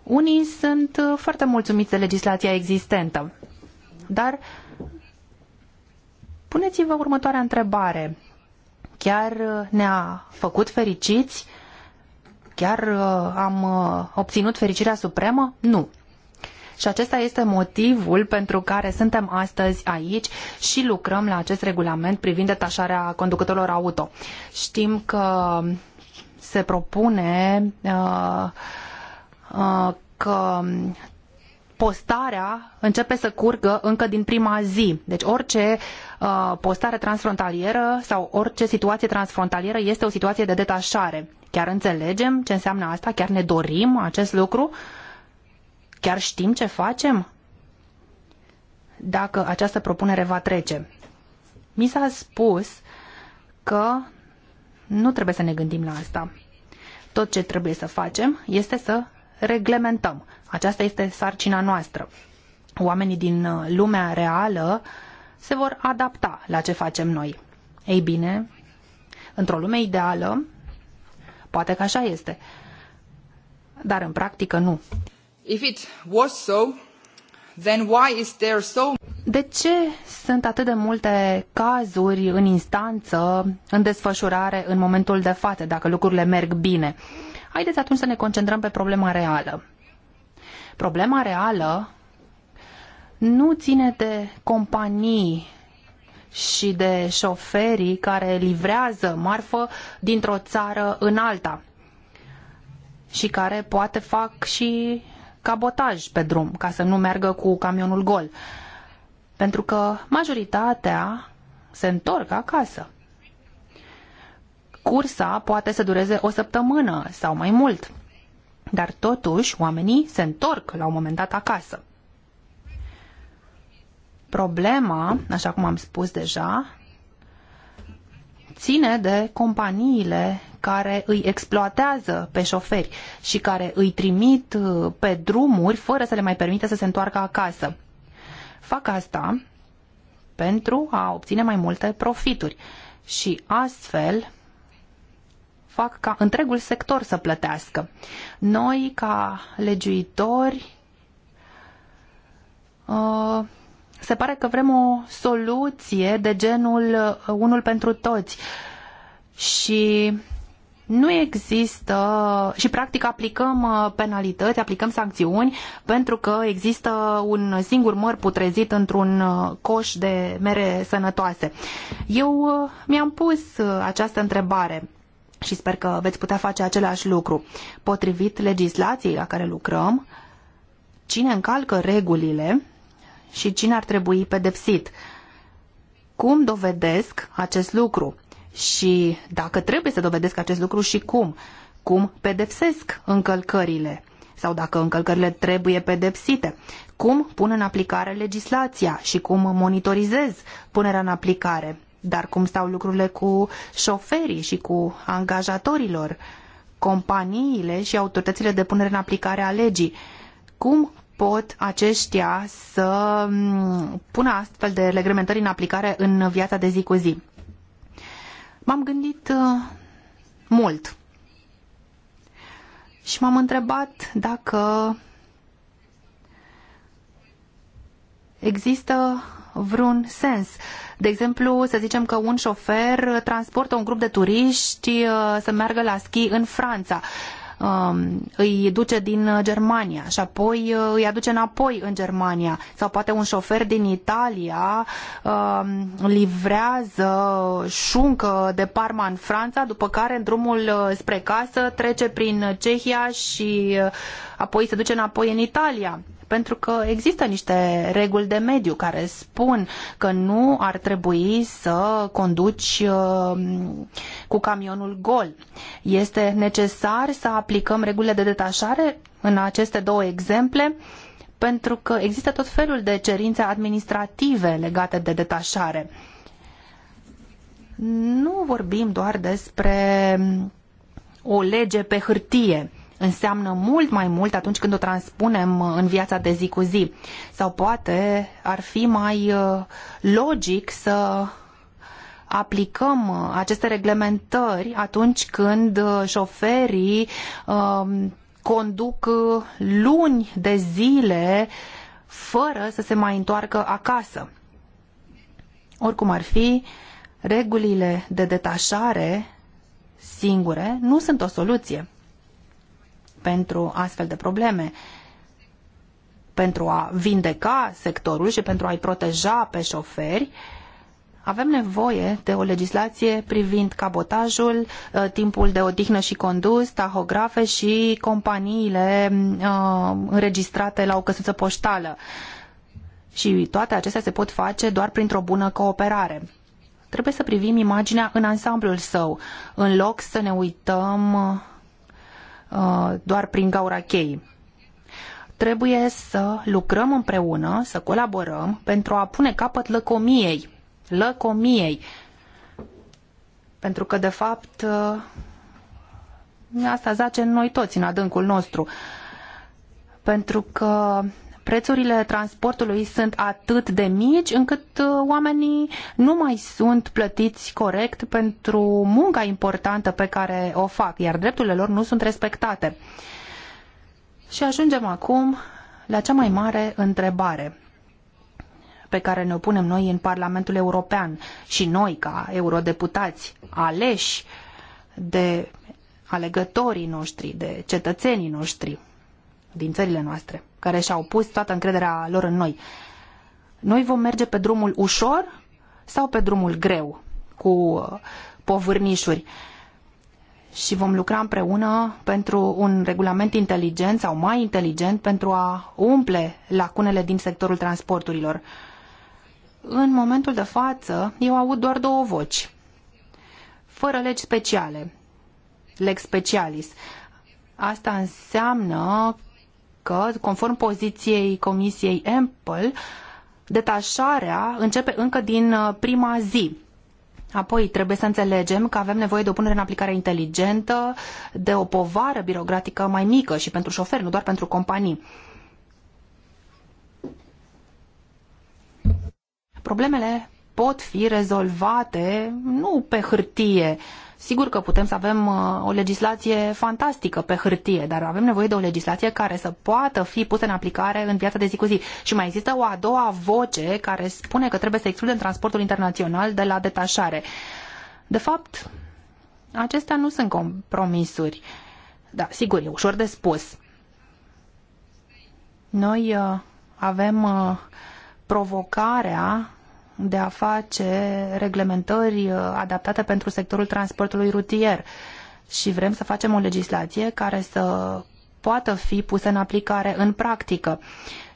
Speaker 2: Unii sunt foarte mulțumiți de legislația existentă, dar puneți-vă următoarea întrebare. Chiar ne-a făcut fericiți? Chiar am obținut fericirea supremă? Nu. Și acesta este motivul pentru care suntem astăzi aici și lucrăm la acest regulament privind detașarea conducătorilor auto. Știm că se propune uh, uh, că postarea începe să curgă încă din prima zi. Deci orice uh, postare transfrontalieră sau orice situație transfrontalieră este o situație de detașare. Chiar înțelegem ce înseamnă asta, chiar ne dorim acest lucru. Uh, Chiar știm ce facem? Dacă această propunere va trece. Mi s-a spus că nu trebuie să ne gândim la asta. Tot ce trebuie să facem este să reglementăm. Aceasta este sarcina noastră. Oamenii din uh, lumea reală se vor adapta la ce facem noi. Ei bine, într-o lume ideală, poate că așa este, dar în practică nu de ce sunt atât de multe cazuri în instanță, în desfășurare, în momentul de față, dacă lucrurile merg bine? Haideți atunci să ne concentrăm pe problema reală. Problema reală nu ține de companii și de șoferii care livrează marfă dintr-o țară în alta și care poate fac și cabotaj pe drum, ca să nu meargă cu camionul gol. Pentru că majoritatea se întorc acasă. Cursa poate să dureze o săptămână sau mai mult, dar totuși oamenii se întorc la un moment dat acasă. Problema, așa cum am spus deja, ține de companiile care îi exploatează pe șoferi și care îi trimit uh, pe drumuri fără să le mai permită să se întoarcă acasă. Fac asta pentru a obține mai multe profituri și astfel fac ca întregul sector să plătească. Noi, ca legiuitori, uh, se pare că vrem o soluție de genul uh, unul pentru toți. Și nu există și practic aplicăm uh, penalități, aplicăm sancțiuni pentru că există un singur măr putrezit într-un uh, coș de mere sănătoase. Eu mi-am pus această întrebare și sper că veți putea face același lucru. Potrivit legislației la care lucrăm, cine încalcă regulile și cine ar trebui pedepsit. Cum dovedesc acest lucru? Și dacă trebuie să dovedesc acest lucru și cum? Cum pedepsesc încălcările? Sau dacă încălcările trebuie pedepsite? Cum pun în aplicare legislația și cum monitorizez punerea în aplicare? Dar cum stau lucrurile cu șoferii și cu angajatorilor? companiile și autoritățile de punere în aplicare a legii. Cum pot aceștia să mm, pună astfel de reglementări în aplicare în viața de zi cu zi. M-am gândit uh, mult și m-am întrebat dacă există vreun sens. De exemplu, să zicem că un șofer transportă un grup de turiști uh, să meargă la schi în Franța Um, îi duce din uh, Germania și apoi uh, îi aduce înapoi în Germania sau poate un șofer din Italia um, livrează șuncă de Parma în Franța, după care în drumul uh, spre casă trece prin Cehia și apoi se duce înapoi în Italia pentru că există niște reguli de mediu care spun că nu ar trebui să conduci uh, cu camionul gol. Este necesar să aplicăm regulile de detașare în aceste două exemple pentru că există tot felul de cerințe administrative legate de detașare. Nu vorbim doar despre o lege pe hârtie înseamnă mult mai mult atunci când o transpunem uh, în viața de zi cu zi. Sau poate ar fi mai uh, logic să aplicăm uh, aceste reglementări atunci când șoferii um, conduc luni de zile fără să se mai întoarcă acasă. Oricum ar fi, regulile de detașare singure nu sunt o soluție pentru astfel de probleme pentru a vindeca sectorul și pentru a-i proteja pe șoferi, avem nevoie de o legislație privind cabotajul, uh, timpul de odihnă și condus, tahografe și companiile uh, înregistrate la o căsuță poștală. Și toate acestea se pot face doar printr-o bună cooperare. Trebuie să privim imaginea în ansamblul său, în loc să ne uităm Uh, doar prin gaura cheii. Trebuie să lucrăm împreună, să colaborăm pentru a pune capăt lăcomiei. Lăcomiei. Pentru că, de fapt, uh, asta zace în noi toți, în adâncul nostru. Pentru că prețurile transportului sunt atât de mici încât uh, oamenii nu mai sunt plătiți corect pentru munca importantă pe care o fac, iar drepturile lor nu sunt respectate. Și ajungem acum la cea mai mare întrebare pe care ne-o punem noi în Parlamentul European și noi ca eurodeputați aleși de alegătorii noștri, de cetățenii noștri din țările noastre care și-au pus toată încrederea lor în noi. Noi vom merge pe drumul ușor sau pe drumul greu, cu uh, povârnișuri și vom lucra împreună pentru un regulament inteligent sau mai inteligent pentru a umple lacunele din sectorul transporturilor. În momentul de față, eu aud doar două voci. Fără legi speciale. Lex specialis. Asta înseamnă că, conform poziției Comisiei Ample, detașarea începe încă din uh, prima zi. Apoi trebuie să înțelegem că avem nevoie de o punere în aplicare inteligentă, de o povară birocratică mai mică și pentru șoferi, nu doar pentru companii. Problemele pot fi rezolvate nu pe hârtie, Sigur că putem să avem uh, o legislație fantastică pe hârtie, dar avem nevoie de o legislație care să poată fi pusă în aplicare în viața de zi cu zi. Și mai există o a doua voce care spune că trebuie să excludem transportul internațional de la detașare. De fapt, acestea nu sunt compromisuri. Da, sigur, e ușor de spus. Noi uh, avem uh, provocarea de a face reglementări uh, adaptate pentru sectorul transportului rutier și vrem să facem o legislație care să poată fi pusă în aplicare în practică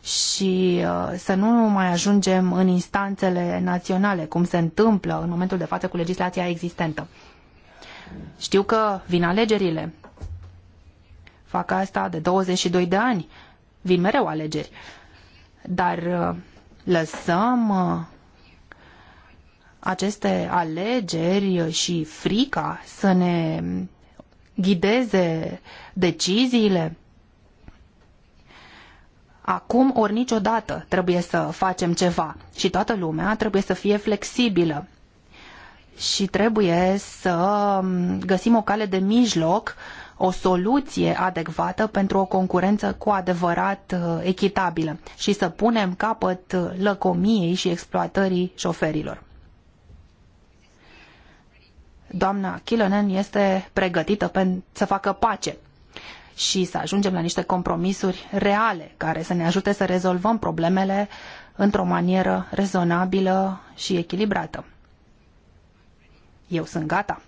Speaker 2: și uh, să nu mai ajungem în instanțele naționale, cum se întâmplă în momentul de față cu legislația existentă. Știu că vin alegerile. Fac asta de 22 de ani. Vin mereu alegeri. Dar uh, lăsăm aceste alegeri și frica să ne ghideze deciziile? Acum ori niciodată trebuie să facem ceva și toată lumea trebuie să fie flexibilă și trebuie să găsim o cale de mijloc, o soluție adecvată pentru o concurență cu adevărat uh, echitabilă și să punem capăt uh, lăcomiei și exploatării șoferilor doamna Kilonen este pregătită pentru să facă pace și să ajungem la niște compromisuri reale care să ne ajute să rezolvăm problemele într-o manieră rezonabilă și echilibrată. Eu sunt gata.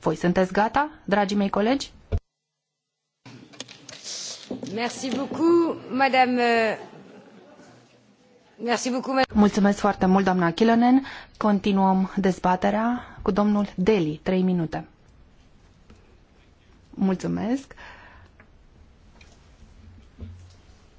Speaker 2: Voi sunteți gata, dragii mei colegi?
Speaker 3: Merci beaucoup,
Speaker 4: madame. Euh, merci beaucoup,
Speaker 2: Mulțumesc foarte mult, doamna Kilonen. Continuăm dezbaterea cu domnul Deli, trei minute. Mulțumesc.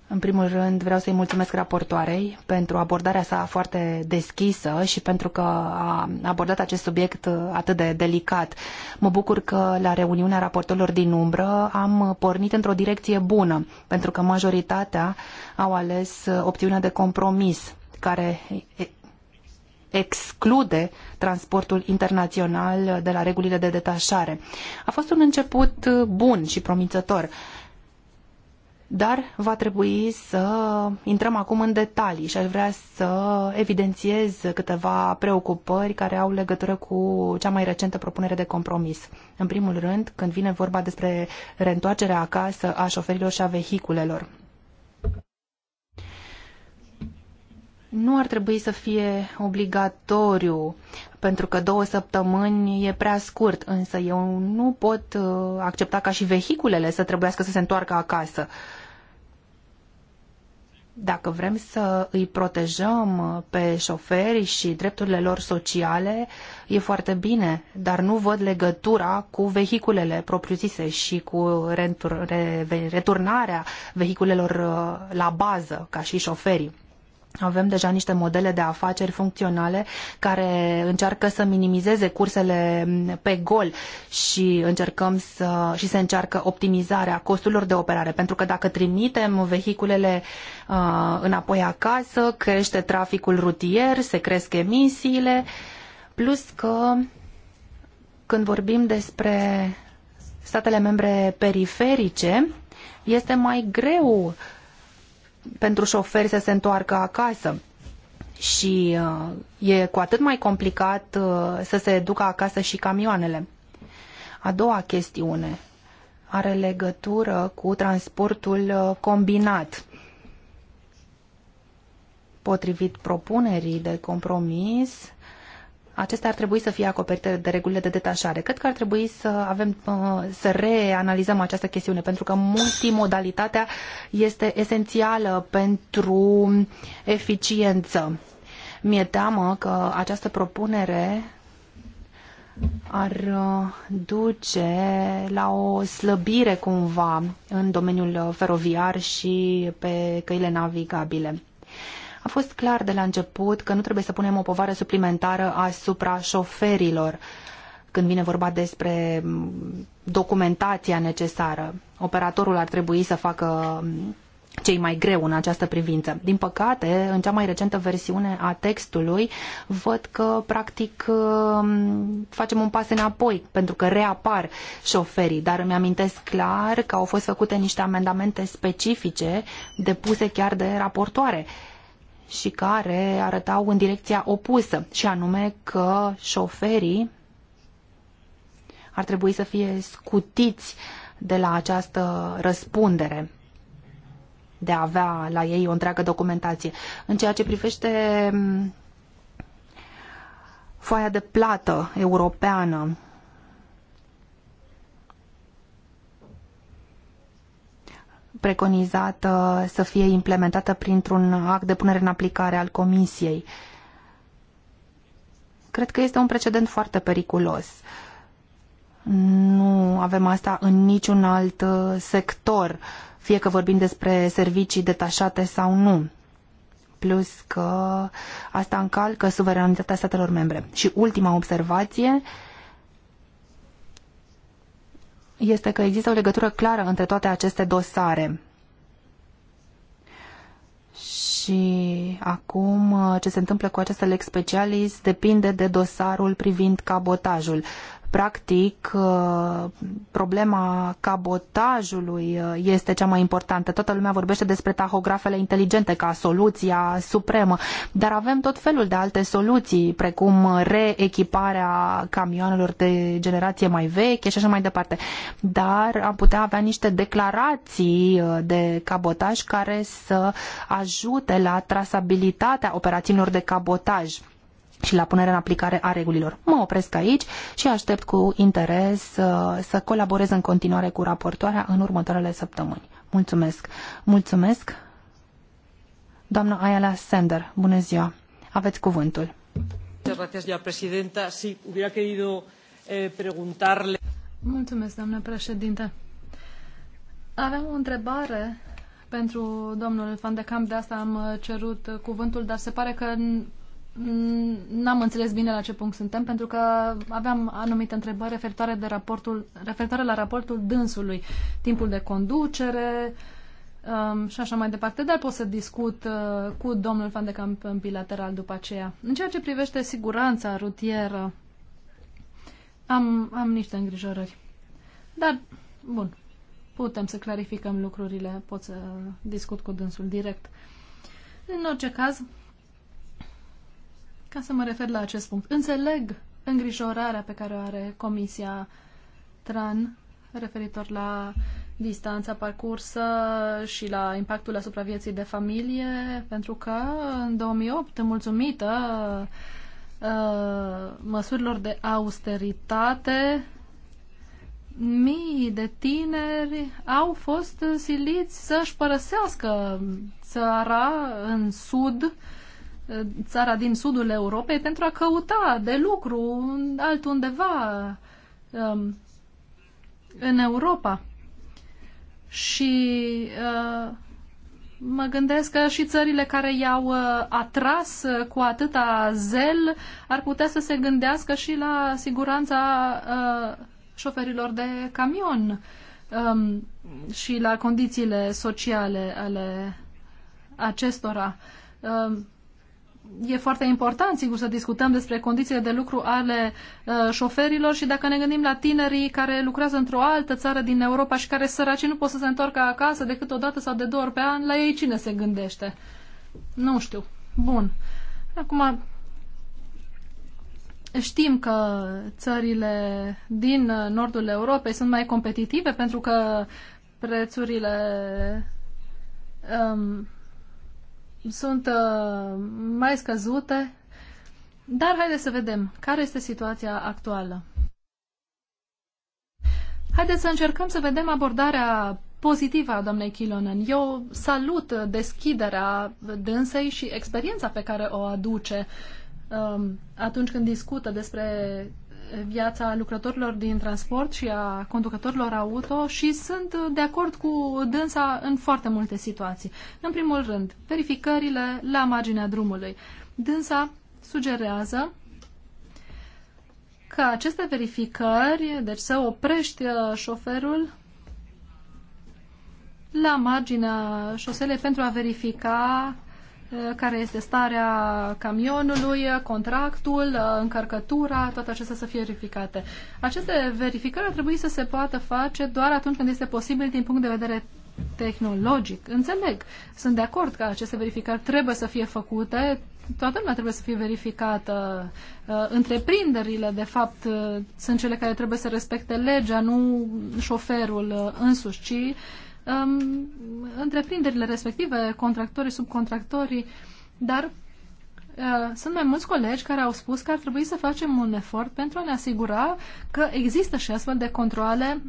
Speaker 2: În primul rând, vreau să-i mulțumesc raportoarei pentru abordarea sa foarte deschisă și pentru că a abordat acest subiect atât de delicat. Mă bucur că la reuniunea raportorilor din umbră am pornit într-o direcție bună, pentru că majoritatea au ales opțiunea de compromis care exclude transportul internațional de la regulile de detașare. A fost un început bun și promițător, dar va trebui să intrăm acum în detalii și aș vrea să evidențiez câteva preocupări care au legătură cu cea mai recentă propunere de compromis. În primul rând, când vine vorba despre reîntoarcerea acasă a șoferilor și a vehiculelor nu ar trebui să fie obligatoriu, pentru că două săptămâni e prea scurt, însă eu nu pot uh, accepta ca și vehiculele să trebuiască să se întoarcă acasă. Dacă vrem să îi protejăm uh, pe șoferi și drepturile lor sociale, e foarte bine, dar nu văd legătura cu vehiculele propriu-zise și cu returnarea vehiculelor uh, la bază, ca și șoferii avem deja niște modele de afaceri funcționale care încearcă să minimizeze cursele pe gol și încercăm să și se încearcă optimizarea costurilor de operare, pentru că dacă trimitem vehiculele uh, înapoi acasă, crește traficul rutier, se cresc emisiile, plus că când vorbim despre statele membre periferice, este mai greu uh, pentru șoferi să se întoarcă acasă. Și uh, e cu atât mai complicat uh, să se ducă acasă și camioanele. A doua chestiune are legătură cu transportul uh, combinat. Potrivit propunerii de compromis, acestea ar trebui să fie acoperite de regulile de detașare. Cred că ar trebui să avem uh, să reanalizăm această chestiune, pentru că multimodalitatea este esențială pentru eficiență. Mi-e teamă că această propunere ar uh, duce la o slăbire cumva în domeniul feroviar și pe căile navigabile. A fost clar de la început că nu trebuie să punem o povară suplimentară asupra șoferilor când vine vorba despre documentația necesară. Operatorul ar trebui să facă cei mai greu în această privință. Din păcate, în cea mai recentă versiune a textului, văd că practic facem un pas înapoi, pentru că reapar șoferii, dar îmi amintesc clar că au fost făcute niște amendamente specifice depuse chiar de raportoare și care arătau în direcția opusă, și anume că șoferii ar trebui să fie scutiți de la această răspundere de a avea la ei o întreagă documentație. În ceea ce privește mm, foaia de plată europeană, preconizată să fie implementată printr-un act de punere în aplicare al Comisiei. Cred că este un precedent foarte periculos. Nu avem asta în niciun alt uh, sector, fie că vorbim despre servicii detașate sau nu. Plus că asta încalcă suveranitatea statelor membre. Și ultima observație, uh, este că există o legătură clară între toate aceste dosare. Și acum ce se întâmplă cu aceste lex specialis depinde de dosarul privind cabotajul. Practic, uh, problema cabotajului uh, este cea mai importantă. Toată lumea vorbește despre tahografele inteligente ca soluția supremă, dar avem tot felul de alte soluții, precum reechiparea camioanelor de generație mai veche și așa mai departe. Dar am putea avea niște declarații uh, de cabotaj care să ajute la trasabilitatea operațiunilor de cabotaj și la punerea în aplicare a regulilor. Mă opresc aici și aștept cu interes uh, să colaborez în continuare cu raportoarea în următoarele săptămâni. Mulțumesc! Mulțumesc! Doamna Ayala Sender, bună ziua! Aveți cuvântul.
Speaker 1: Eh,
Speaker 3: Mulțumesc, doamnă președinte. Aveam o întrebare pentru domnul Van de Camp, de asta am cerut cuvântul, dar se pare că Mm, n-am înțeles bine la ce punct suntem, pentru că aveam anumite întrebări referitoare, de raportul, referitoare la raportul dânsului, timpul de conducere um, și așa mai departe, dar pot să discut uh, cu domnul Van de Camp în bilateral după aceea. În ceea ce privește siguranța rutieră, am, am niște îngrijorări. Dar, bun, putem să clarificăm lucrurile, pot să discut cu dânsul direct. În orice caz, ca să mă refer la acest punct. Înțeleg îngrijorarea pe care o are Comisia TRAN referitor la distanța parcursă și la impactul asupra vieții de familie, pentru că în 2008, mulțumită uh, măsurilor de austeritate, mii de tineri au fost siliți să-și părăsească țara în sud țara din sudul Europei pentru a căuta de lucru altundeva um, în Europa. Și uh, mă gândesc că și țările care i-au uh, atras uh, cu atâta zel ar putea să se gândească și la siguranța uh, șoferilor de camion um, și la condițiile sociale ale acestora. Um, e foarte important, sigur, să discutăm despre condițiile de lucru ale uh, șoferilor și dacă ne gândim la tinerii care lucrează într-o altă țară din Europa și care săraci nu pot să se întoarcă acasă decât o dată sau de două ori pe an, la ei cine se gândește? Nu știu. Bun. Acum, știm că țările din uh, nordul Europei sunt mai competitive pentru că prețurile um, sunt uh, mai scăzute, dar haideți să vedem care este situația actuală. Haideți să încercăm să vedem abordarea pozitivă a doamnei Kilonen. Eu salut deschiderea dânsei și experiența pe care o aduce um, atunci când discută despre viața lucrătorilor din transport și a conducătorilor auto și sunt de acord cu dânsa în foarte multe situații. În primul rând, verificările la marginea drumului. Dânsa sugerează că aceste verificări, deci să oprești uh, șoferul la marginea șoselei pentru a verifica Eh, care este starea camionului, eh, contractul, eh, încărcătura, toate acestea să fie verificate. Aceste verificări ar trebui să se poată face doar atunci când este posibil din punct de vedere tehnologic. Înțeleg, sunt de acord că aceste verificări trebuie să fie făcute, toată lumea trebuie să fie verificată. Întreprinderile, de fapt, sunt cele care trebuie să respecte legea, nu șoferul însuși, ci um, întreprinderile respective, contractorii, subcontractorii, dar uh, sunt mai mulți colegi care au spus că ar trebui să facem un efort pentru a ne asigura că există și astfel de controle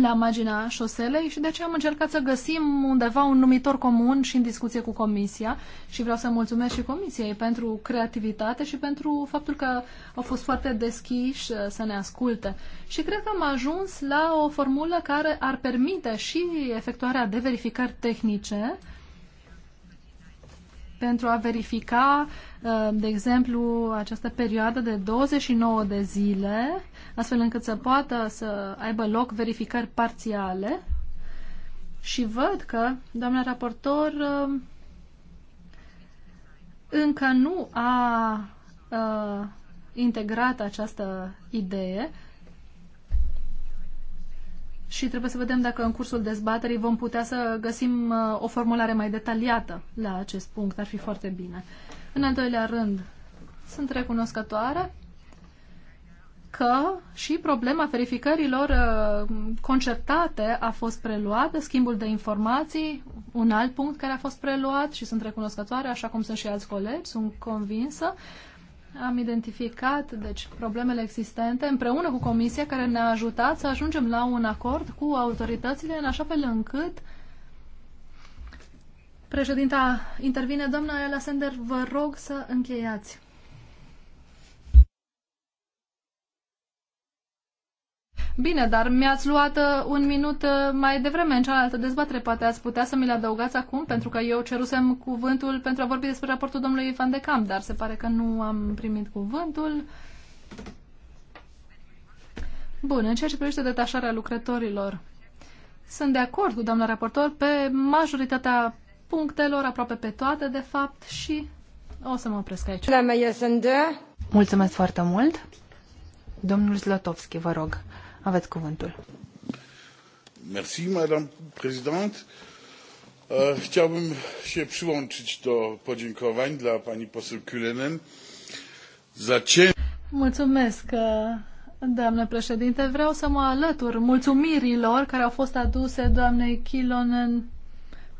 Speaker 3: la marginea șoselei și de aceea am încercat să găsim undeva un numitor comun și în discuție cu Comisia și vreau să mulțumesc și Comisiei pentru creativitate și pentru faptul că au fost foarte deschiși să ne asculte. Și cred că am ajuns la o formulă care ar permite și efectuarea de verificări tehnice pentru a verifica, uh, de exemplu, această perioadă de 29 de zile, astfel încât să poată să aibă loc verificări parțiale. Și văd că doamna raportor uh, încă nu a uh, integrat această idee și trebuie să vedem dacă în cursul dezbaterii vom putea să găsim uh, o formulare mai detaliată la acest punct. Ar fi foarte bine. În al doilea rând, sunt recunoscătoare că și problema verificărilor uh, concertate a fost preluată, schimbul de informații, un alt punct care a fost preluat și sunt recunoscătoare, așa cum sunt și alți colegi, sunt convinsă am identificat deci, problemele existente împreună cu Comisia care ne-a ajutat să ajungem la un acord cu autoritățile în așa fel încât președinta intervine. Doamna Ela Sender, vă rog să încheiați. Bine, dar mi-ați luat uh, un minut uh, mai devreme în cealaltă dezbatere. Poate ați putea să mi-l adăugați acum, pentru că eu cerusem cuvântul pentru a vorbi despre raportul domnului Van de Camp, dar se pare că nu am primit cuvântul. Bun, în ceea ce privește detașarea lucrătorilor, sunt de acord cu doamna raportor pe majoritatea punctelor, aproape pe toate, de fapt, și o să mă opresc aici.
Speaker 2: Mulțumesc foarte mult. Domnul Zlotovski, vă rog. Aveți cuvântul. Mersi, madame prezident. Euh, chciałbym się przyłączyć do podziękowań dla pani poseł Kulenen
Speaker 1: za cię.
Speaker 3: Mulțumesc, doamnă președinte. Vreau să mă alătur mulțumirilor care au fost aduse doamnei Kilonen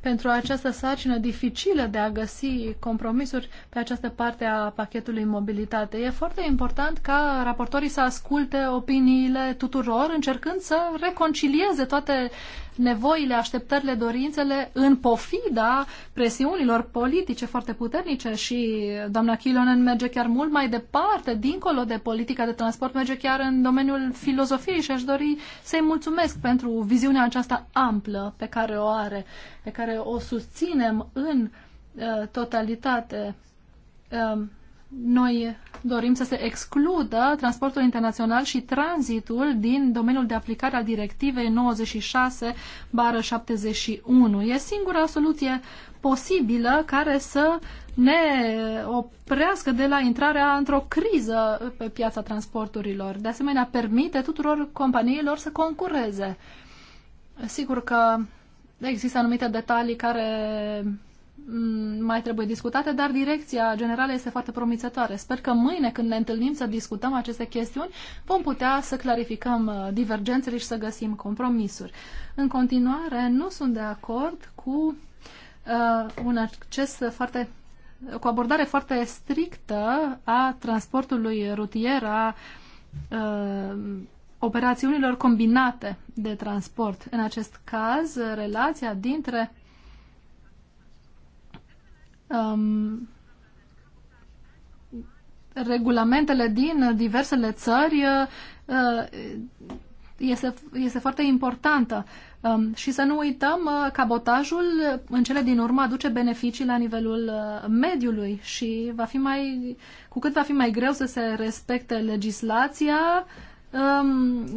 Speaker 3: pentru această sarcină dificilă de a găsi compromisuri pe această parte a pachetului mobilitate. E foarte important ca raportorii să asculte opiniile tuturor, încercând să reconcilieze toate nevoile, așteptările, dorințele în pofida presiunilor politice foarte puternice și doamna Chilonen merge chiar mult mai departe, dincolo de politica de transport, merge chiar în domeniul filozofiei și aș dori să-i mulțumesc pentru viziunea aceasta amplă pe care o are, pe care o susținem în uh, totalitate. Uh, noi dorim să se excludă transportul internațional și tranzitul din domeniul de aplicare al directivei 96-71. E singura soluție posibilă care să ne oprească de la intrarea într-o criză pe piața transporturilor. De asemenea, permite tuturor companiilor să concureze. Sigur că există anumite detalii care Mm, mai trebuie discutate, dar direcția generală este foarte promițătoare. Sper că mâine, când ne întâlnim să discutăm aceste chestiuni, vom putea să clarificăm uh, divergențele și să găsim compromisuri. În continuare, nu sunt de acord cu uh, un acces foarte cu abordare foarte strictă a transportului rutier, a uh, operațiunilor combinate de transport. În acest caz, relația dintre um, regulamentele din diversele țări uh, uh, este, este foarte importantă. Um, și să nu uităm, uh, cabotajul uh, în cele din urmă aduce beneficii la nivelul uh, mediului și va fi mai, cu cât va fi mai greu să se respecte legislația, uh,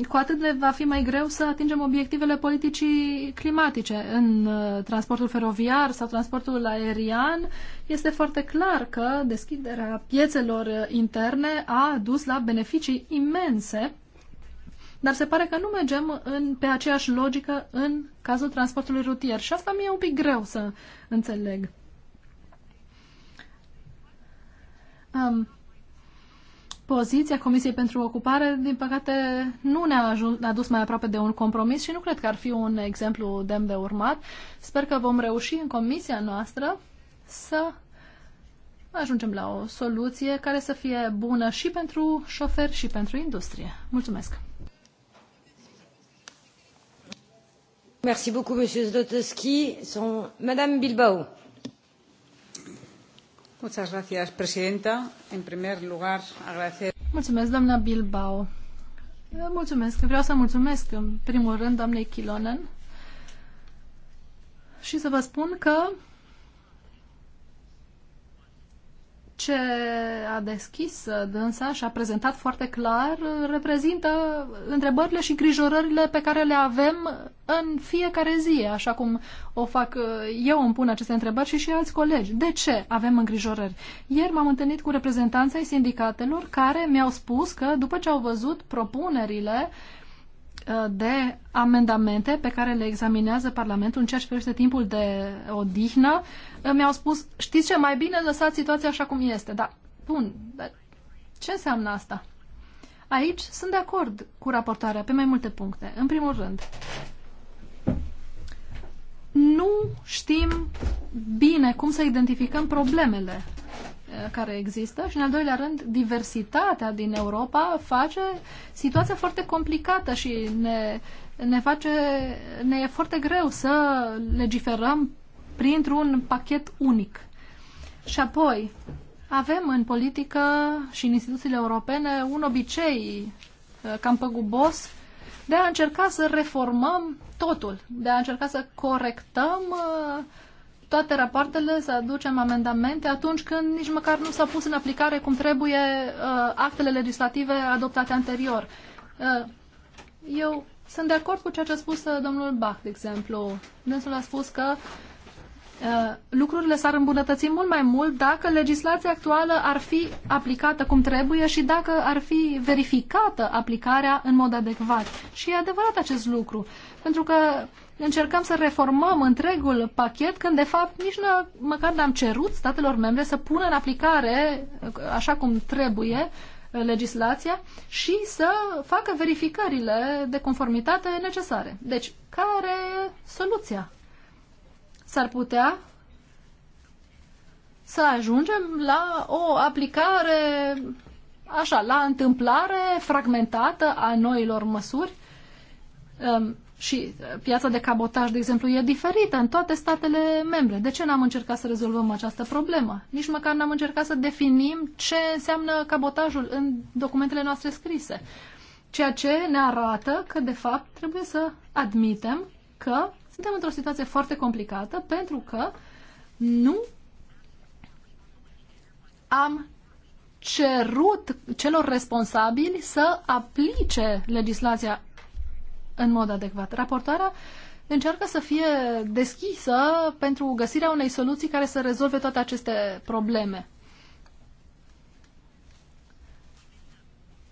Speaker 3: cu atât le va fi mai greu să atingem obiectivele politicii climatice. În uh, transportul feroviar sau transportul aerian este foarte clar că deschiderea piețelor uh, interne a dus la beneficii imense, dar se pare că nu mergem în, pe aceeași logică în cazul transportului rutier și asta mi-e un pic greu să înțeleg. Um, Poziția Comisiei pentru Ocupare, din păcate, nu ne-a adus mai aproape de un compromis și nu cred că ar fi un exemplu demn de urmat. Sper că vom reuși în comisia noastră să ajungem la o soluție care să fie bună și pentru șofer și pentru industrie. Mulțumesc!
Speaker 1: Merci beaucoup, Monsieur Zlotowski. Madame Bilbao. Muchas gracias,
Speaker 3: Mulțumesc, doamna Bilbao. Mulțumesc. Vreau să mulțumesc, în primul rând, doamnei kilonen. și să vă spun că ce a deschis uh, dânsa și a prezentat foarte clar uh, reprezintă întrebările și grijorările pe care le avem în fiecare zi, așa cum o fac uh, eu, îmi pun aceste întrebări și și alți colegi. De ce avem îngrijorări? Ieri m-am întâlnit cu reprezentanții sindicatelor care mi-au spus că după ce au văzut propunerile uh, de amendamente pe care le examinează Parlamentul în ceea ce privește timpul de odihnă, mi-au spus, știți ce, mai bine lăsați situația așa cum este. Dar, bun, dar ce înseamnă asta? Aici sunt de acord cu raportarea pe mai multe puncte. În primul rând, nu știm bine cum să identificăm problemele care există și, în al doilea rând, diversitatea din Europa face situația foarte complicată și ne, ne face, ne e foarte greu să legiferăm printr-un pachet unic. Și apoi, avem în politică și în instituțiile europene un obicei uh, cam păgubos de a încerca să reformăm totul, de a încerca să corectăm uh, toate rapoartele, să aducem amendamente atunci când nici măcar nu s-au pus în aplicare cum trebuie uh, actele legislative adoptate anterior. Uh, eu sunt de acord cu ceea ce a spus uh, domnul Bach, de exemplu. Dânsul a spus că uh, lucrurile s-ar îmbunătăți mult mai mult dacă legislația actuală ar fi aplicată cum trebuie și dacă ar fi verificată aplicarea în mod adecvat. Și e adevărat acest lucru, pentru că încercăm să reformăm întregul pachet când de fapt nici nu, măcar n-am cerut statelor membre să pună în aplicare așa cum trebuie legislația și să facă verificările de conformitate necesare. Deci, care soluția? S-ar putea să ajungem la o aplicare așa, la întâmplare fragmentată a noilor măsuri. Um, și uh, piața de cabotaj, de exemplu, e diferită în toate statele membre. De ce n-am încercat să rezolvăm această problemă? Nici măcar n-am încercat să definim ce înseamnă cabotajul în documentele noastre scrise. Ceea ce ne arată că, de fapt, trebuie să admitem că suntem într-o situație foarte complicată pentru că nu am cerut celor responsabili să aplice legislația în mod adecvat. Raportarea încearcă să fie deschisă pentru găsirea unei soluții care să rezolve toate aceste probleme.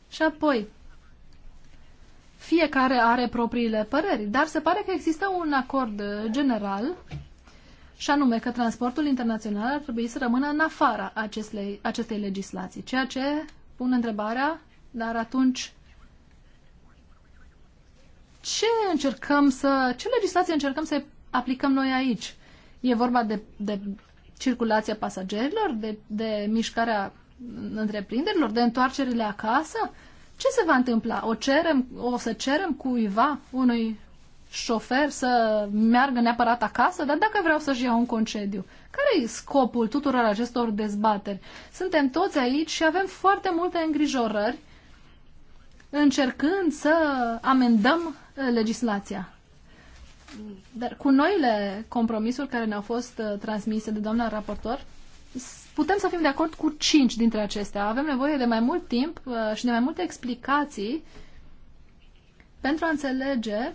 Speaker 3: Și apoi, fiecare are propriile păreri, dar se pare că există un acord general și anume că transportul internațional ar trebui să rămână în afara acestei, acestei legislații, ceea ce pun întrebarea, dar atunci ce încercăm să, ce legislație încercăm să aplicăm noi aici? E vorba de, de circulația pasagerilor, de, de mișcarea întreprinderilor, de întoarcerile acasă? Ce se va întâmpla? O, cerem, o să cerem cuiva, unui șofer să meargă neapărat acasă, dar dacă vreau să-și iau un concediu, care e scopul tuturor acestor dezbateri? Suntem toți aici și avem foarte multe îngrijorări încercând să amendăm uh, legislația. Dar cu noile compromisuri care ne-au fost uh, transmise de doamna raportor, putem să fim de acord cu cinci dintre acestea. Avem nevoie de mai mult timp uh, și de mai multe explicații pentru a înțelege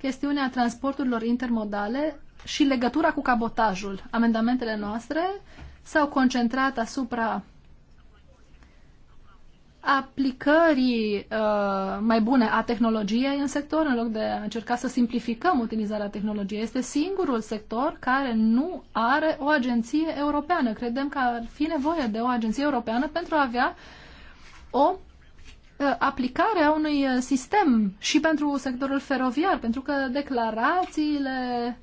Speaker 3: chestiunea transporturilor intermodale și legătura cu cabotajul. Amendamentele noastre s-au concentrat asupra aplicării uh, mai bune a tehnologiei în sector, în loc de a încerca să simplificăm utilizarea tehnologiei. Este singurul sector care nu are o agenție europeană. Credem că ar fi nevoie de o agenție europeană pentru a avea o uh, aplicare a unui uh, sistem și pentru sectorul feroviar, pentru că declarațiile,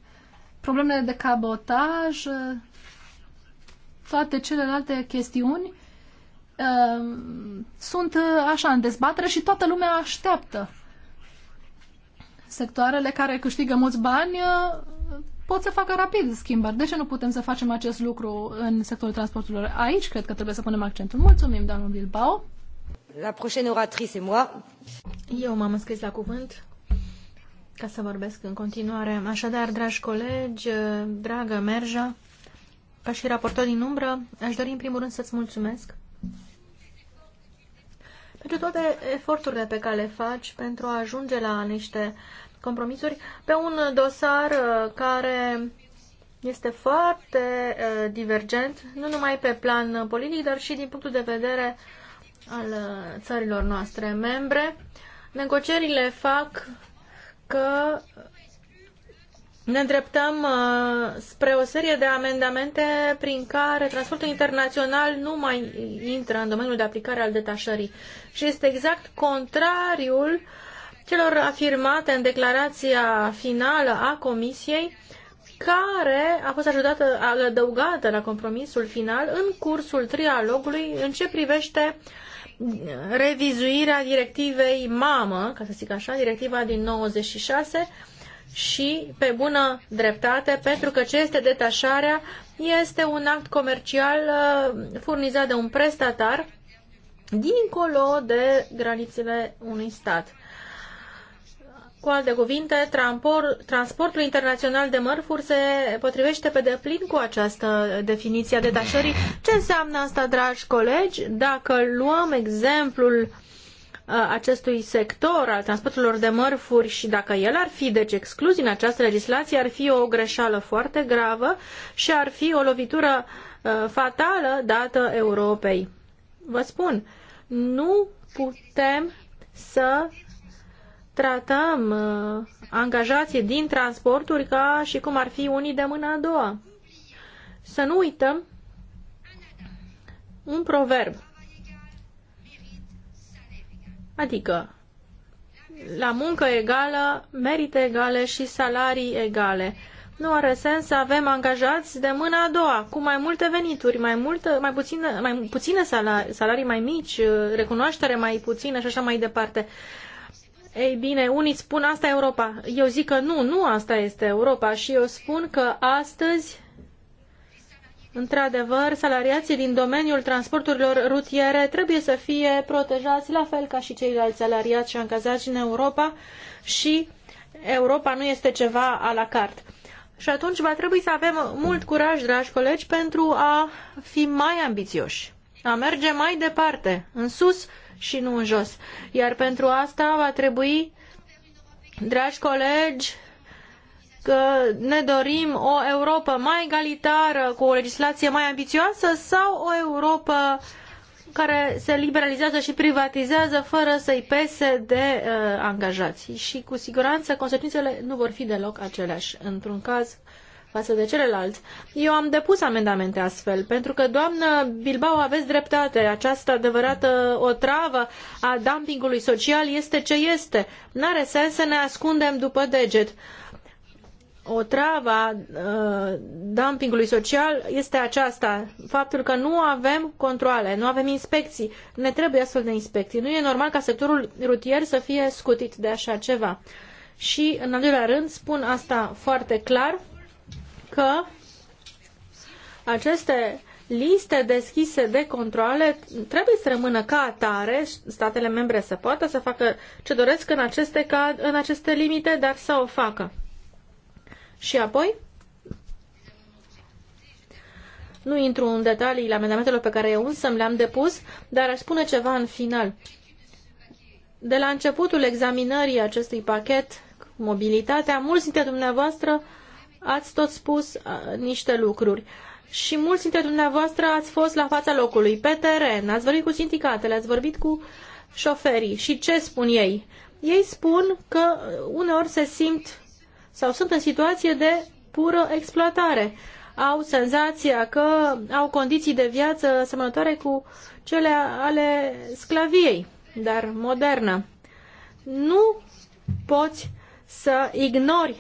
Speaker 3: problemele de cabotaj, uh, toate celelalte chestiuni Ehm, sunt uh, așa în dezbatere și toată lumea așteaptă. Sectoarele care câștigă mulți bani uh, pot să facă rapid schimbări. De ce nu putem să facem acest lucru în sectorul transporturilor? Aici cred că trebuie să punem accentul. Mulțumim, doamnă Bilbao. La prochaine oratrice, moi. Eu m-am înscris la cuvânt
Speaker 4: ca să vorbesc în continuare. Așadar, dragi colegi, dragă Merja, ca și raportor din umbră, aș dori în primul rând să-ți mulțumesc pentru toate eforturile pe care le faci pentru a ajunge la niște compromisuri pe un dosar uh, care este foarte uh, divergent, nu numai pe plan politic, dar și din punctul de vedere al uh, țărilor noastre membre. Negocierile fac că ne îndreptăm uh, spre o serie de amendamente prin care transportul internațional nu mai intră în domeniul de aplicare al detașării. Și este exact contrariul celor afirmate în declarația finală a Comisiei, care a fost ajutată, adăugată la compromisul final în cursul trialogului în ce privește uh, revizuirea directivei MAMA, ca să zic așa, directiva din 96, și pe bună dreptate, pentru că ce este detașarea este un act comercial uh, furnizat de un prestatar dincolo de granițele unui stat. Cu alte cuvinte, transportul internațional de mărfuri se potrivește pe deplin cu această definiție a detașării. Ce înseamnă asta, dragi colegi? Dacă luăm exemplul uh, Uh, acestui sector al transporturilor de mărfuri și dacă el ar fi deci exclus din această legislație, ar fi o greșeală foarte gravă și ar fi o lovitură uh, fatală dată Europei. Vă spun, nu putem să tratăm uh, angajații din transporturi ca și cum ar fi unii de mâna a doua. Să nu uităm un proverb Adică, la muncă egală, merite egale și salarii egale. Nu are sens să avem angajați de mâna a doua, cu mai multe venituri, mai, multe, mai puține, mai puține salarii, salarii mai mici, recunoaștere mai puțină și așa mai departe. Ei bine, unii spun asta e Europa. Eu zic că nu, nu asta este Europa și eu spun că astăzi Într-adevăr, salariații din domeniul transporturilor rutiere trebuie să fie protejați la fel ca și ceilalți salariați și angajați în Europa și Europa nu este ceva a la carte. Și atunci va trebui să avem mult curaj, dragi colegi, pentru a fi mai ambițioși, a merge mai departe, în sus și nu în jos. Iar pentru asta va trebui, dragi colegi, că ne dorim o Europa mai egalitară, cu o legislație mai ambițioasă sau o Europa care se liberalizează și privatizează fără să-i pese de uh, angajați. Și cu siguranță consecințele nu vor fi deloc aceleași, într-un caz față de celălalt. Eu am depus amendamente astfel, pentru că, doamnă Bilbao, aveți dreptate. Această adevărată otravă a dumpingului social este ce este. N-are sens să ne ascundem după deget. Uh, o travă uh, dumpingului social este aceasta, faptul că nu avem controle, nu avem inspecții, ne trebuie astfel de inspecții. Nu e normal ca sectorul rutier să fie scutit de așa ceva. Și, în al doilea rând, spun asta foarte clar, că aceste liste deschise de controle trebuie să rămână ca atare, statele membre să poată să facă ce doresc în aceste, în aceste limite, dar să o facă. Și apoi, nu intru în detaliile amendamentelor pe care eu însă le-am depus, dar aș spune ceva în final. De la începutul examinării acestui pachet, mobilitatea, mulți dintre dumneavoastră ați tot spus uh, niște lucruri. Și mulți dintre dumneavoastră ați fost la fața locului, pe teren, ați vorbit cu sindicatele, ați vorbit cu șoferii. Și ce spun ei? Ei spun că uh, uneori se simt sau sunt în situație de pură exploatare. Au senzația că au condiții de viață asemănătoare cu cele ale sclaviei, dar modernă. Nu poți să ignori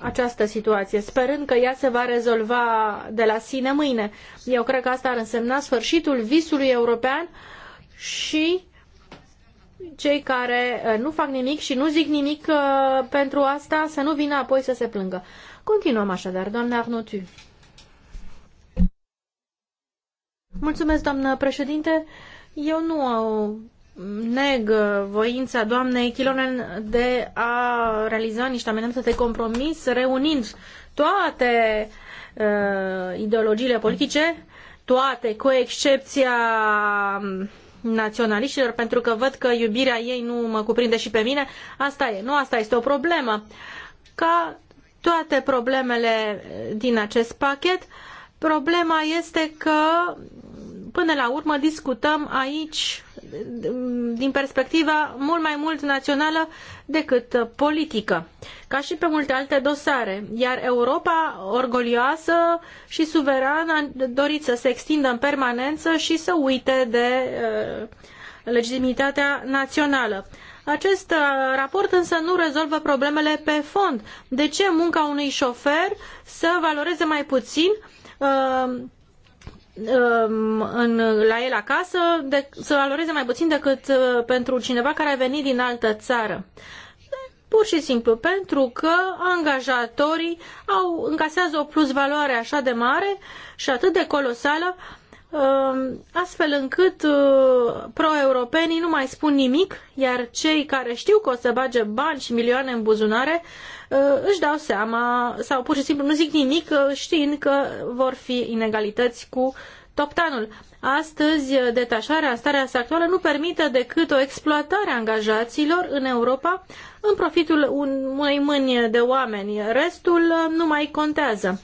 Speaker 4: această situație, sperând că ea se va rezolva de la sine mâine. Eu cred că asta ar însemna sfârșitul visului european și cei care uh, nu fac nimic și nu zic nimic uh, pentru asta să nu vină apoi să se plângă. Continuăm așadar, doamna Arnotu. Mulțumesc, doamnă președinte. Eu nu neg uh, voința doamnei Chilonen de a realiza niște amendamente de compromis reunind toate uh, ideologiile politice, toate, cu excepția um, naționaliștilor, pentru că văd că iubirea ei nu mă cuprinde și pe mine. Asta e, nu asta este o problemă. Ca toate problemele din acest pachet, problema este că până la urmă discutăm aici din perspectiva mult mai mult națională decât uh, politică, ca și pe multe alte dosare. Iar Europa, orgolioasă și suverană, a dorit să se extindă în permanență și să uite de uh, legitimitatea națională. Acest uh, raport însă nu rezolvă problemele pe fond. De ce munca unui șofer să valoreze mai puțin uh, Um, în, la el acasă de, să valoreze mai puțin decât uh, pentru cineva care a venit din altă țară. Pur și simplu pentru că angajatorii au încasează o plus valoare așa de mare și atât de colosală Um, astfel încât uh, pro-europenii nu mai spun nimic, iar cei care știu că o să bage bani și milioane în buzunare uh, își dau seama sau pur și simplu nu zic nimic uh, știind că vor fi inegalități cu toptanul. Astăzi, detașarea în starea sa actuală nu permite decât o exploatare a angajaților în Europa în profitul unei mâini de oameni. Restul nu mai contează.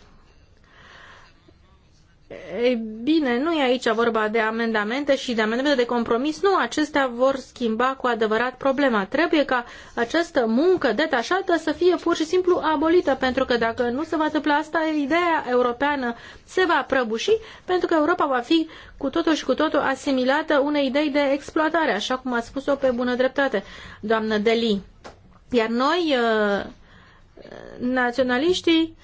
Speaker 4: Ei bine, nu e aici vorba de amendamente și de amendamente de compromis, nu, acestea vor schimba cu adevărat problema. Trebuie ca această muncă detașată să fie pur și simplu abolită, pentru că dacă nu se va întâmpla asta, ideea europeană se va prăbuși, pentru că Europa va fi cu totul și cu totul asimilată unei idei de exploatare, așa cum a spus-o pe bună dreptate, doamnă Deli. Iar noi, uh, naționaliștii,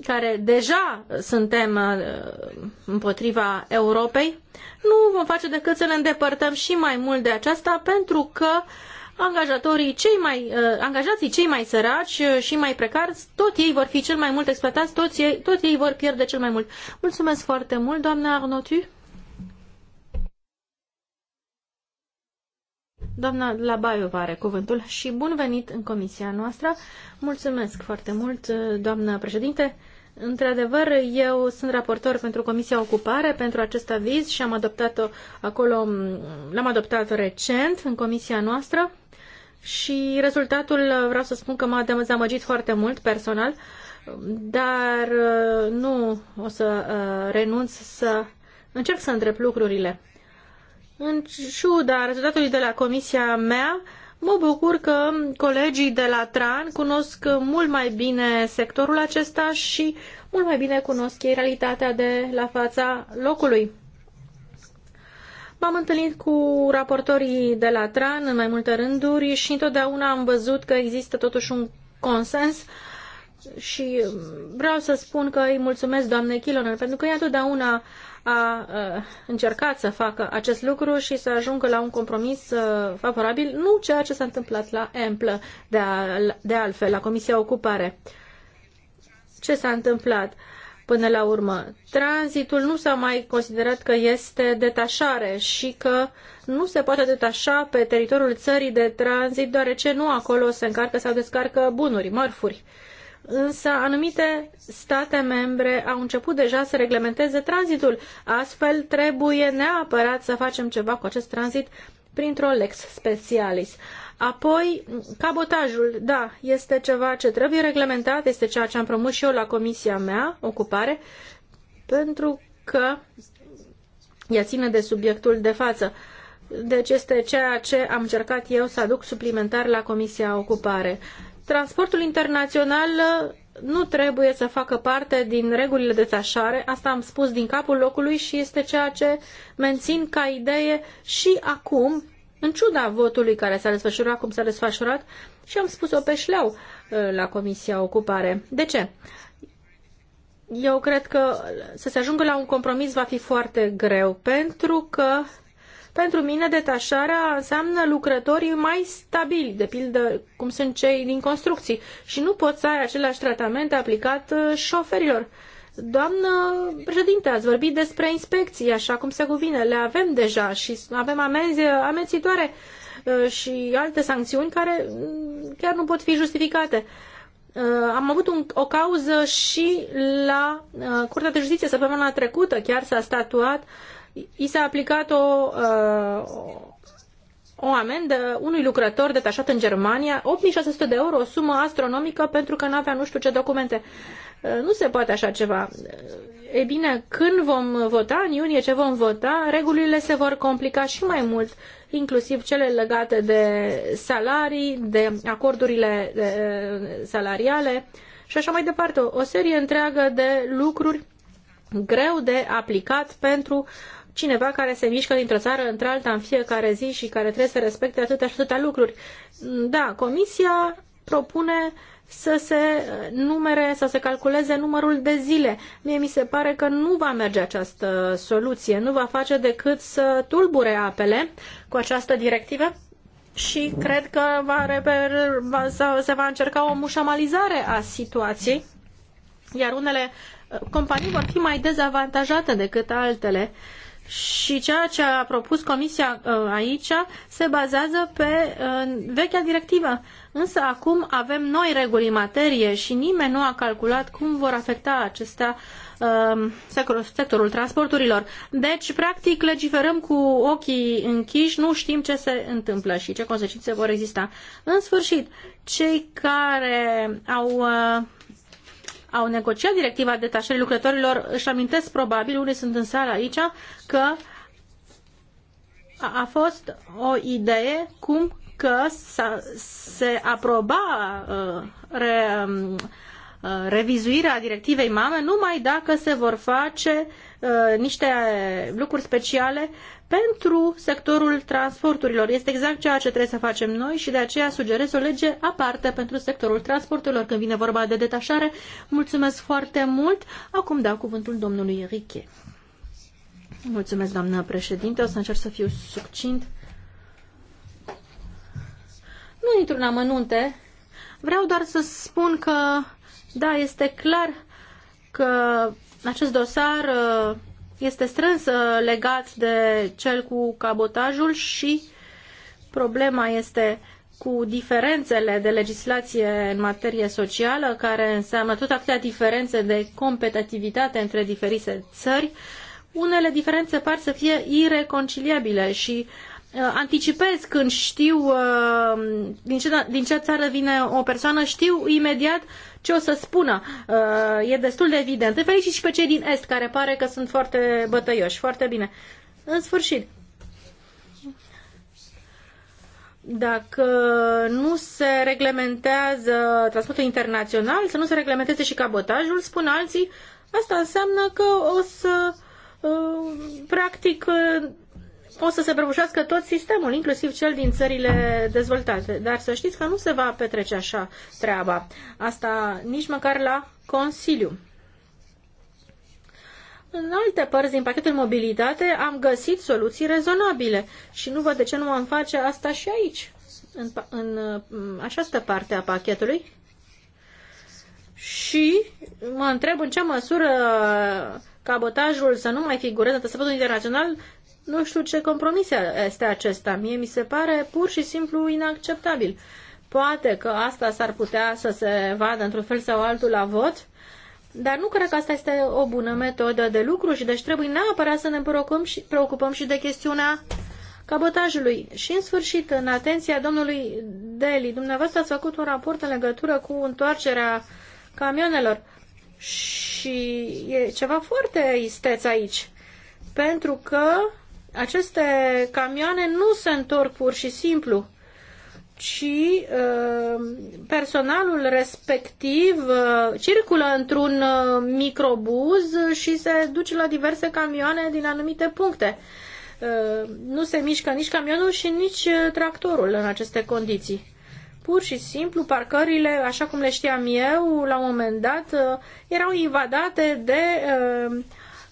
Speaker 4: care deja suntem uh, împotriva Europei, nu vom face decât să ne îndepărtăm și mai mult de aceasta pentru că angajatorii cei mai, uh, angajații cei mai săraci uh, și mai precari, tot ei vor fi cel mai mult exploatați, tot ei, tot ei vor pierde cel mai mult. Mulțumesc foarte mult, doamna Arnotu. Doamna Labaiova are cuvântul și bun venit în comisia noastră. Mulțumesc foarte mult, doamnă președinte. Într-adevăr, eu sunt raportor pentru Comisia Ocupare pentru acest aviz și am adoptat-o acolo, l-am adoptat recent în comisia noastră și rezultatul vreau să spun că m-a dezamăgit foarte mult personal, dar uh, nu o să uh, renunț să încerc să îndrept lucrurile. În ciuda rezultatului de la comisia mea, Mă bucur că colegii de la TRAN cunosc mult mai bine sectorul acesta și mult mai bine cunosc ei realitatea de la fața locului. M-am întâlnit cu raportorii de la TRAN în mai multe rânduri și întotdeauna am văzut că există totuși un consens uh, și vreau să spun că îi mulțumesc doamnei Chiloner pentru că ea totdeauna a, a încercat să facă acest lucru și să ajungă la un compromis uh, favorabil, nu ceea ce s-a întâmplat la Emplă, de, a, de altfel, la Comisia Ocupare. Ce s-a întâmplat? Până la urmă, tranzitul nu s-a mai considerat că este detașare și că nu se poate detașa pe teritoriul țării de tranzit, deoarece nu acolo se încarcă sau descarcă bunuri, mărfuri. Uh, însă anumite state membre au început deja să reglementeze tranzitul. Astfel, trebuie neapărat să facem ceva cu acest tranzit printr-o lex specialis. Apoi, cabotajul, da, este ceva ce trebuie reglementat, este ceea ce am promus și eu la comisia mea, ocupare, pentru că ea ține de subiectul de față. Deci este ceea ce am încercat eu să aduc suplimentar la Comisia Ocupare transportul internațional uh, nu trebuie să facă parte din regulile de tașare, asta am spus din capul locului și este ceea ce mențin ca idee și acum, în ciuda votului care s-a desfășurat cum s-a desfășurat și am spus-o pe șleau uh, la Comisia Ocupare. De ce? Eu cred că să se ajungă la un compromis va fi foarte greu, pentru că pentru mine, detașarea înseamnă lucrătorii mai stabili, de pildă cum sunt cei din construcții, și nu poți să ai același tratament aplicat uh, șoferilor. Doamnă președinte, ați vorbit despre inspecții, așa cum se cuvine. Le avem deja și avem amenzi amețitoare uh, și alte sancțiuni care mm, chiar nu pot fi justificate. Uh, am avut un, o cauză și la Curtea de Justiție săptămâna trecută, chiar s-a statuat uh, i s-a aplicat o, uh, o amendă unui lucrător detașat în Germania, 8600 de euro, o sumă astronomică pentru că n-avea nu știu ce documente. Uh, nu se poate așa ceva. Ei bine, când vom vota, în iunie ce vom vota, regulile se vor complica și mai mult, inclusiv cele legate de salarii, de acordurile uh, salariale și așa mai departe. O serie întreagă de lucruri greu de aplicat pentru cineva care se mișcă dintr-o țară într-alta în fiecare zi și care trebuie să respecte atâtea și atâtea lucruri. Da, comisia propune să se numere, să se calculeze numărul de zile. Mie mi se pare că nu va merge această soluție, nu va face decât să tulbure apele cu această directivă și cred că va reper, va, se va încerca o mușamalizare a situației, iar unele uh, companii vor fi mai dezavantajate decât altele. Uh, și ceea ce a propus Comisia uh, aici se bazează pe uh, vechea directivă. Însă acum avem noi reguli în materie și nimeni nu a calculat cum vor afecta acestea uh, sectorul transporturilor. Deci, practic, legiferăm cu ochii închiși, nu știm ce se întâmplă și ce consecințe vor exista. În sfârșit, cei care au au negociat directiva detașării lucrătorilor, își amintesc probabil, unii sunt în sală aici, că a fost o idee cum că se aproba uh, re, um, uh, revizuirea directivei mame numai dacă se vor face uh, niște lucruri speciale pentru sectorul transporturilor. Este exact ceea ce trebuie să facem noi și de aceea sugerez o lege aparte pentru sectorul transporturilor când vine vorba de detașare. Mulțumesc foarte mult. Acum dau cuvântul domnului Riche. Mulțumesc, doamnă președinte. O să încerc să fiu succint. Nu intru în amănunte. Vreau doar să spun că, da, este clar că acest dosar uh, este strâns uh, legat de cel cu cabotajul și problema este cu diferențele de legislație în materie socială, care înseamnă tot atâtea diferențe de competitivitate între diferite țări, unele diferențe par să fie ireconciliabile și uh, anticipez când știu uh, din, ce, din ce țară vine o persoană, știu imediat uh, ce o să spună. Uh, e destul de evident. Te felicit și pe cei din Est, care pare că sunt foarte bătăioși. Foarte bine. În sfârșit, dacă nu se reglementează transportul internațional, să nu se reglementeze și cabotajul, spun alții, asta înseamnă că o să uh, practic o să se prăbușească tot sistemul, inclusiv cel din țările dezvoltate. Dar să știți că nu se va petrece așa treaba. Asta nici măcar la Consiliu. În alte părți din pachetul mobilitate am găsit soluții rezonabile și nu văd de ce nu am face asta și aici, în, în, în mm, această parte a pachetului. Și mă întreb în ce măsură cabotajul să nu mai figureze în tăsăpătul internațional nu știu ce compromis este acesta. Mie mi se pare pur și simplu inacceptabil. Poate că asta s-ar putea să se vadă într-un fel sau altul la vot, dar nu cred că asta este o bună metodă de lucru și deci trebuie neapărat să ne preocupăm și, preocupăm și de chestiunea cabotajului. Și în sfârșit, în atenția domnului Deli, dumneavoastră ați făcut un raport în legătură cu întoarcerea camionelor și e ceva foarte isteț aici, pentru că aceste camioane nu se întorc pur și simplu, ci uh, personalul respectiv uh, circulă într-un uh, microbuz și se duce la diverse camioane din anumite puncte. Uh, nu se mișcă nici camionul și nici uh, tractorul în aceste condiții. Pur și simplu, parcările, așa cum le știam eu, la un moment dat, uh, erau invadate de uh,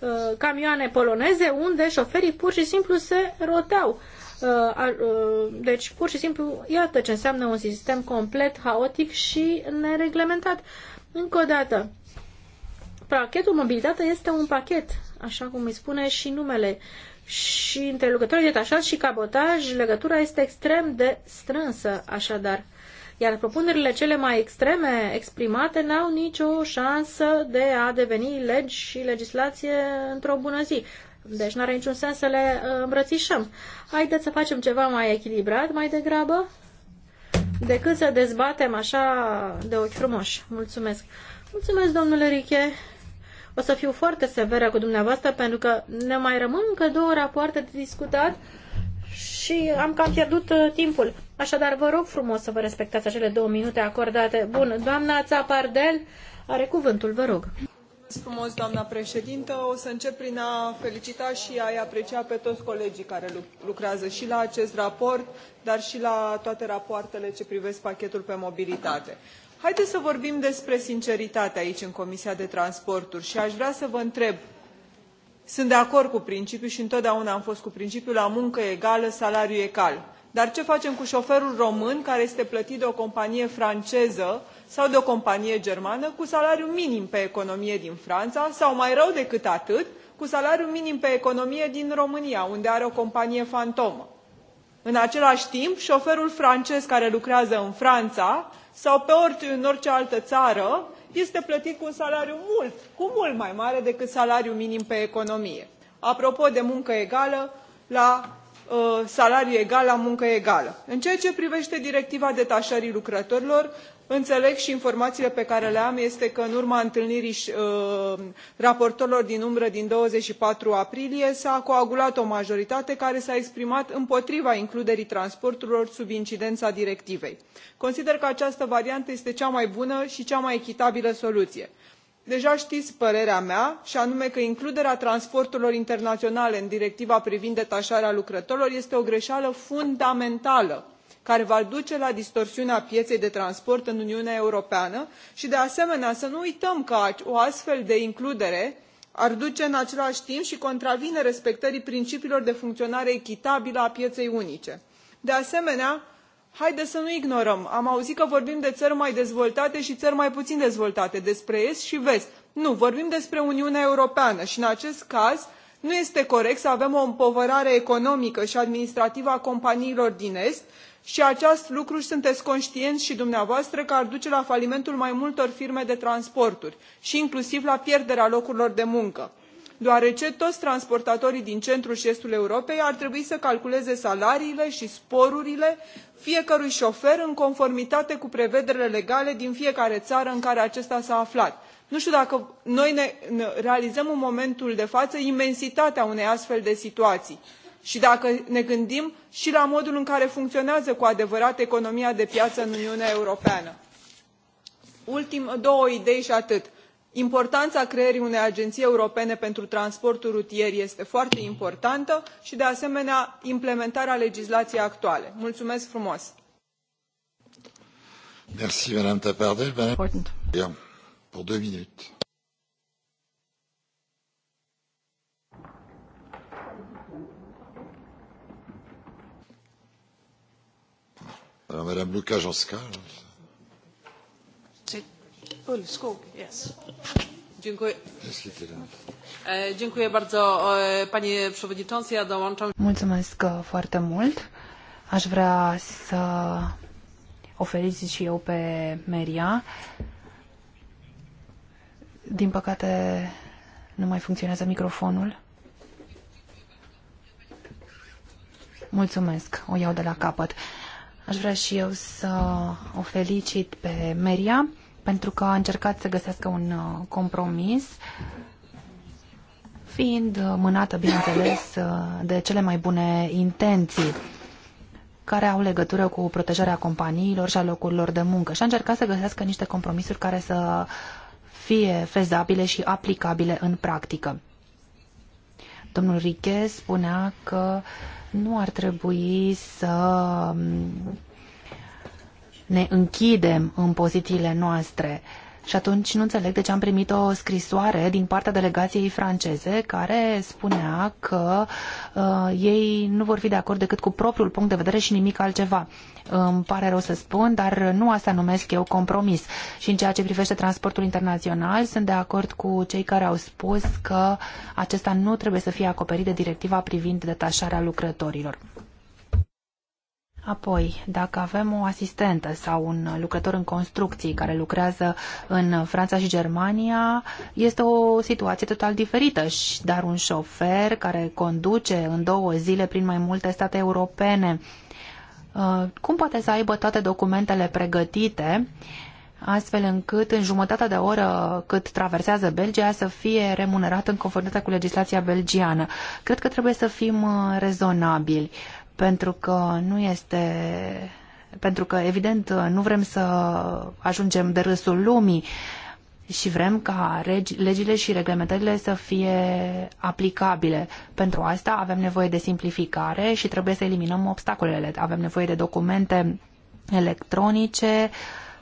Speaker 4: Uh, camioane poloneze unde șoferii pur și simplu se roteau. Uh, uh, deci, pur și simplu, iată ce înseamnă un sistem complet haotic și nereglementat. Încă o dată, pachetul mobilitate este un pachet, așa cum îi spune și numele. Și între lucrătorii detașați și cabotaj, legătura este extrem de strânsă, așadar. Iar propunerile cele mai extreme exprimate n-au nicio șansă de a deveni legi și legislație într-o bună zi. Deci n are niciun sens să le uh, îmbrățișăm. Haideți să facem ceva mai echilibrat, mai degrabă, decât să dezbatem așa de ochi frumoși. Mulțumesc! Mulțumesc, domnule Riche! O să fiu foarte severă cu dumneavoastră pentru că ne mai rămân încă două rapoarte de discutat și am cam pierdut uh, timpul. Așadar, vă rog frumos să vă respectați acele două minute acordate. Bun, doamna Țapardel are cuvântul, vă rog.
Speaker 1: Mulțumesc frumos, doamna președintă. O să încep prin a felicita și a-i aprecia pe toți colegii care lucrează și la acest raport, dar și la toate rapoartele ce privesc pachetul pe mobilitate. Haideți să vorbim despre sinceritate aici, în Comisia de Transporturi, și aș vrea să vă întreb sunt de acord cu principiul și întotdeauna am fost cu principiul la muncă egală salariu egal dar ce facem cu șoferul român care este plătit de o companie franceză sau de o companie germană cu salariu minim pe economie din franța sau mai rău decât atât cu salariu minim pe economie din românia unde are o companie fantomă? în același timp șoferul francez care lucrează în franța sau orice, în orice altă țară este plătit cu un salariu mult cu mult mai mare decât salariul minim pe economie. apropo de muncă egală la Uh, salariu egal la muncă egală. în ceea ce privește directiva detașării lucrătorilor înțeleg și informațiile pe care le am este că în urma întâlnirii uh, raportorilor din umbră din douăzeci și patru aprilie s a coagulat o majoritate care s a exprimat împotriva includerii transporturilor sub incidența directivei. consider că această variantă este cea mai bună și cea mai echitabilă soluție deja știți părerea mea și anume că includerea transporturilor internaționale în directiva privind detașarea lucrătorilor este o greșeală fundamentală care va duce la distorsiunea pieței de transport în uniunea europeană și de asemenea să nu uităm că o astfel de includere ar duce în același timp și contravine respectării principiilor de funcționare echitabilă a pieței unice. de asemenea haideți să nu ignorăm am auzit că vorbim de țări mai dezvoltate și țări mai puțin dezvoltate despre est și vest nu vorbim despre uniunea europeană și în acest caz nu este corect să avem o împovărare economică și administrativă a companiilor din est și acest lucru sunteți conștienți și dumneavoastră că ar duce la falimentul mai multor firme de transporturi și inclusiv la pierderea locurilor de muncă deoarece toți transportatorii din centrul și estul europei ar trebui să calculeze salariile și sporurile fiecărui șofer în conformitate cu prevederile legale din fiecare țară în care acesta s a aflat. nu știu dacă noi ne realizăm în momentul de față imensitatea unei astfel de situații și dacă ne gândim și la modul în care funcționează cu adevărat economia de piață în uniunea europeană. Ultim, două idei și atât importanța creării unei agenții europene pentru transportul rutier este foarte importantă și de asemenea implementarea legislației actuale. mulțumesc frumos! Merci, Madame
Speaker 2: Tapardel. Madame... Important. Bien. Pour deux minutes. Alors, Madame Mulțumesc foarte mult. Aș vrea să o felicit și eu pe Meria. Din păcate, nu mai funcționează microfonul. Mulțumesc, o iau de la capăt. Aș vrea și eu să o felicit pe Meria pentru că a încercat să găsească un uh, compromis, fiind uh, mânată, bineînțeles, uh, de cele mai bune intenții care au legătură cu protejarea companiilor și a locurilor de muncă și a încercat să găsească niște compromisuri care să fie fezabile și aplicabile în practică. Domnul Riche spunea că nu ar trebui să um, ne închidem în pozițiile noastre. Și atunci nu înțeleg de ce am primit o scrisoare din partea delegației franceze care spunea că uh, ei nu vor fi de acord decât cu propriul punct de vedere și nimic altceva. Îmi pare rău să spun, dar nu asta numesc eu compromis. Și în ceea ce privește transportul internațional, sunt de acord cu cei care au spus că acesta nu trebuie să fie acoperit de directiva privind detașarea lucrătorilor. Apoi, dacă avem o asistentă sau un lucrător în construcții care lucrează în Franța și Germania, este o situație total diferită, dar un șofer care conduce în două zile prin mai multe state europene, uh, cum poate să aibă toate documentele pregătite astfel încât în jumătatea de oră cât traversează Belgia să fie remunerat în conformitate cu legislația belgiană. Cred că trebuie să fim uh, rezonabili pentru că nu este pentru că evident nu vrem să ajungem de râsul lumii și vrem ca legile și reglementările să fie aplicabile. Pentru asta avem nevoie de simplificare și trebuie să eliminăm obstacolele. Avem nevoie de documente electronice,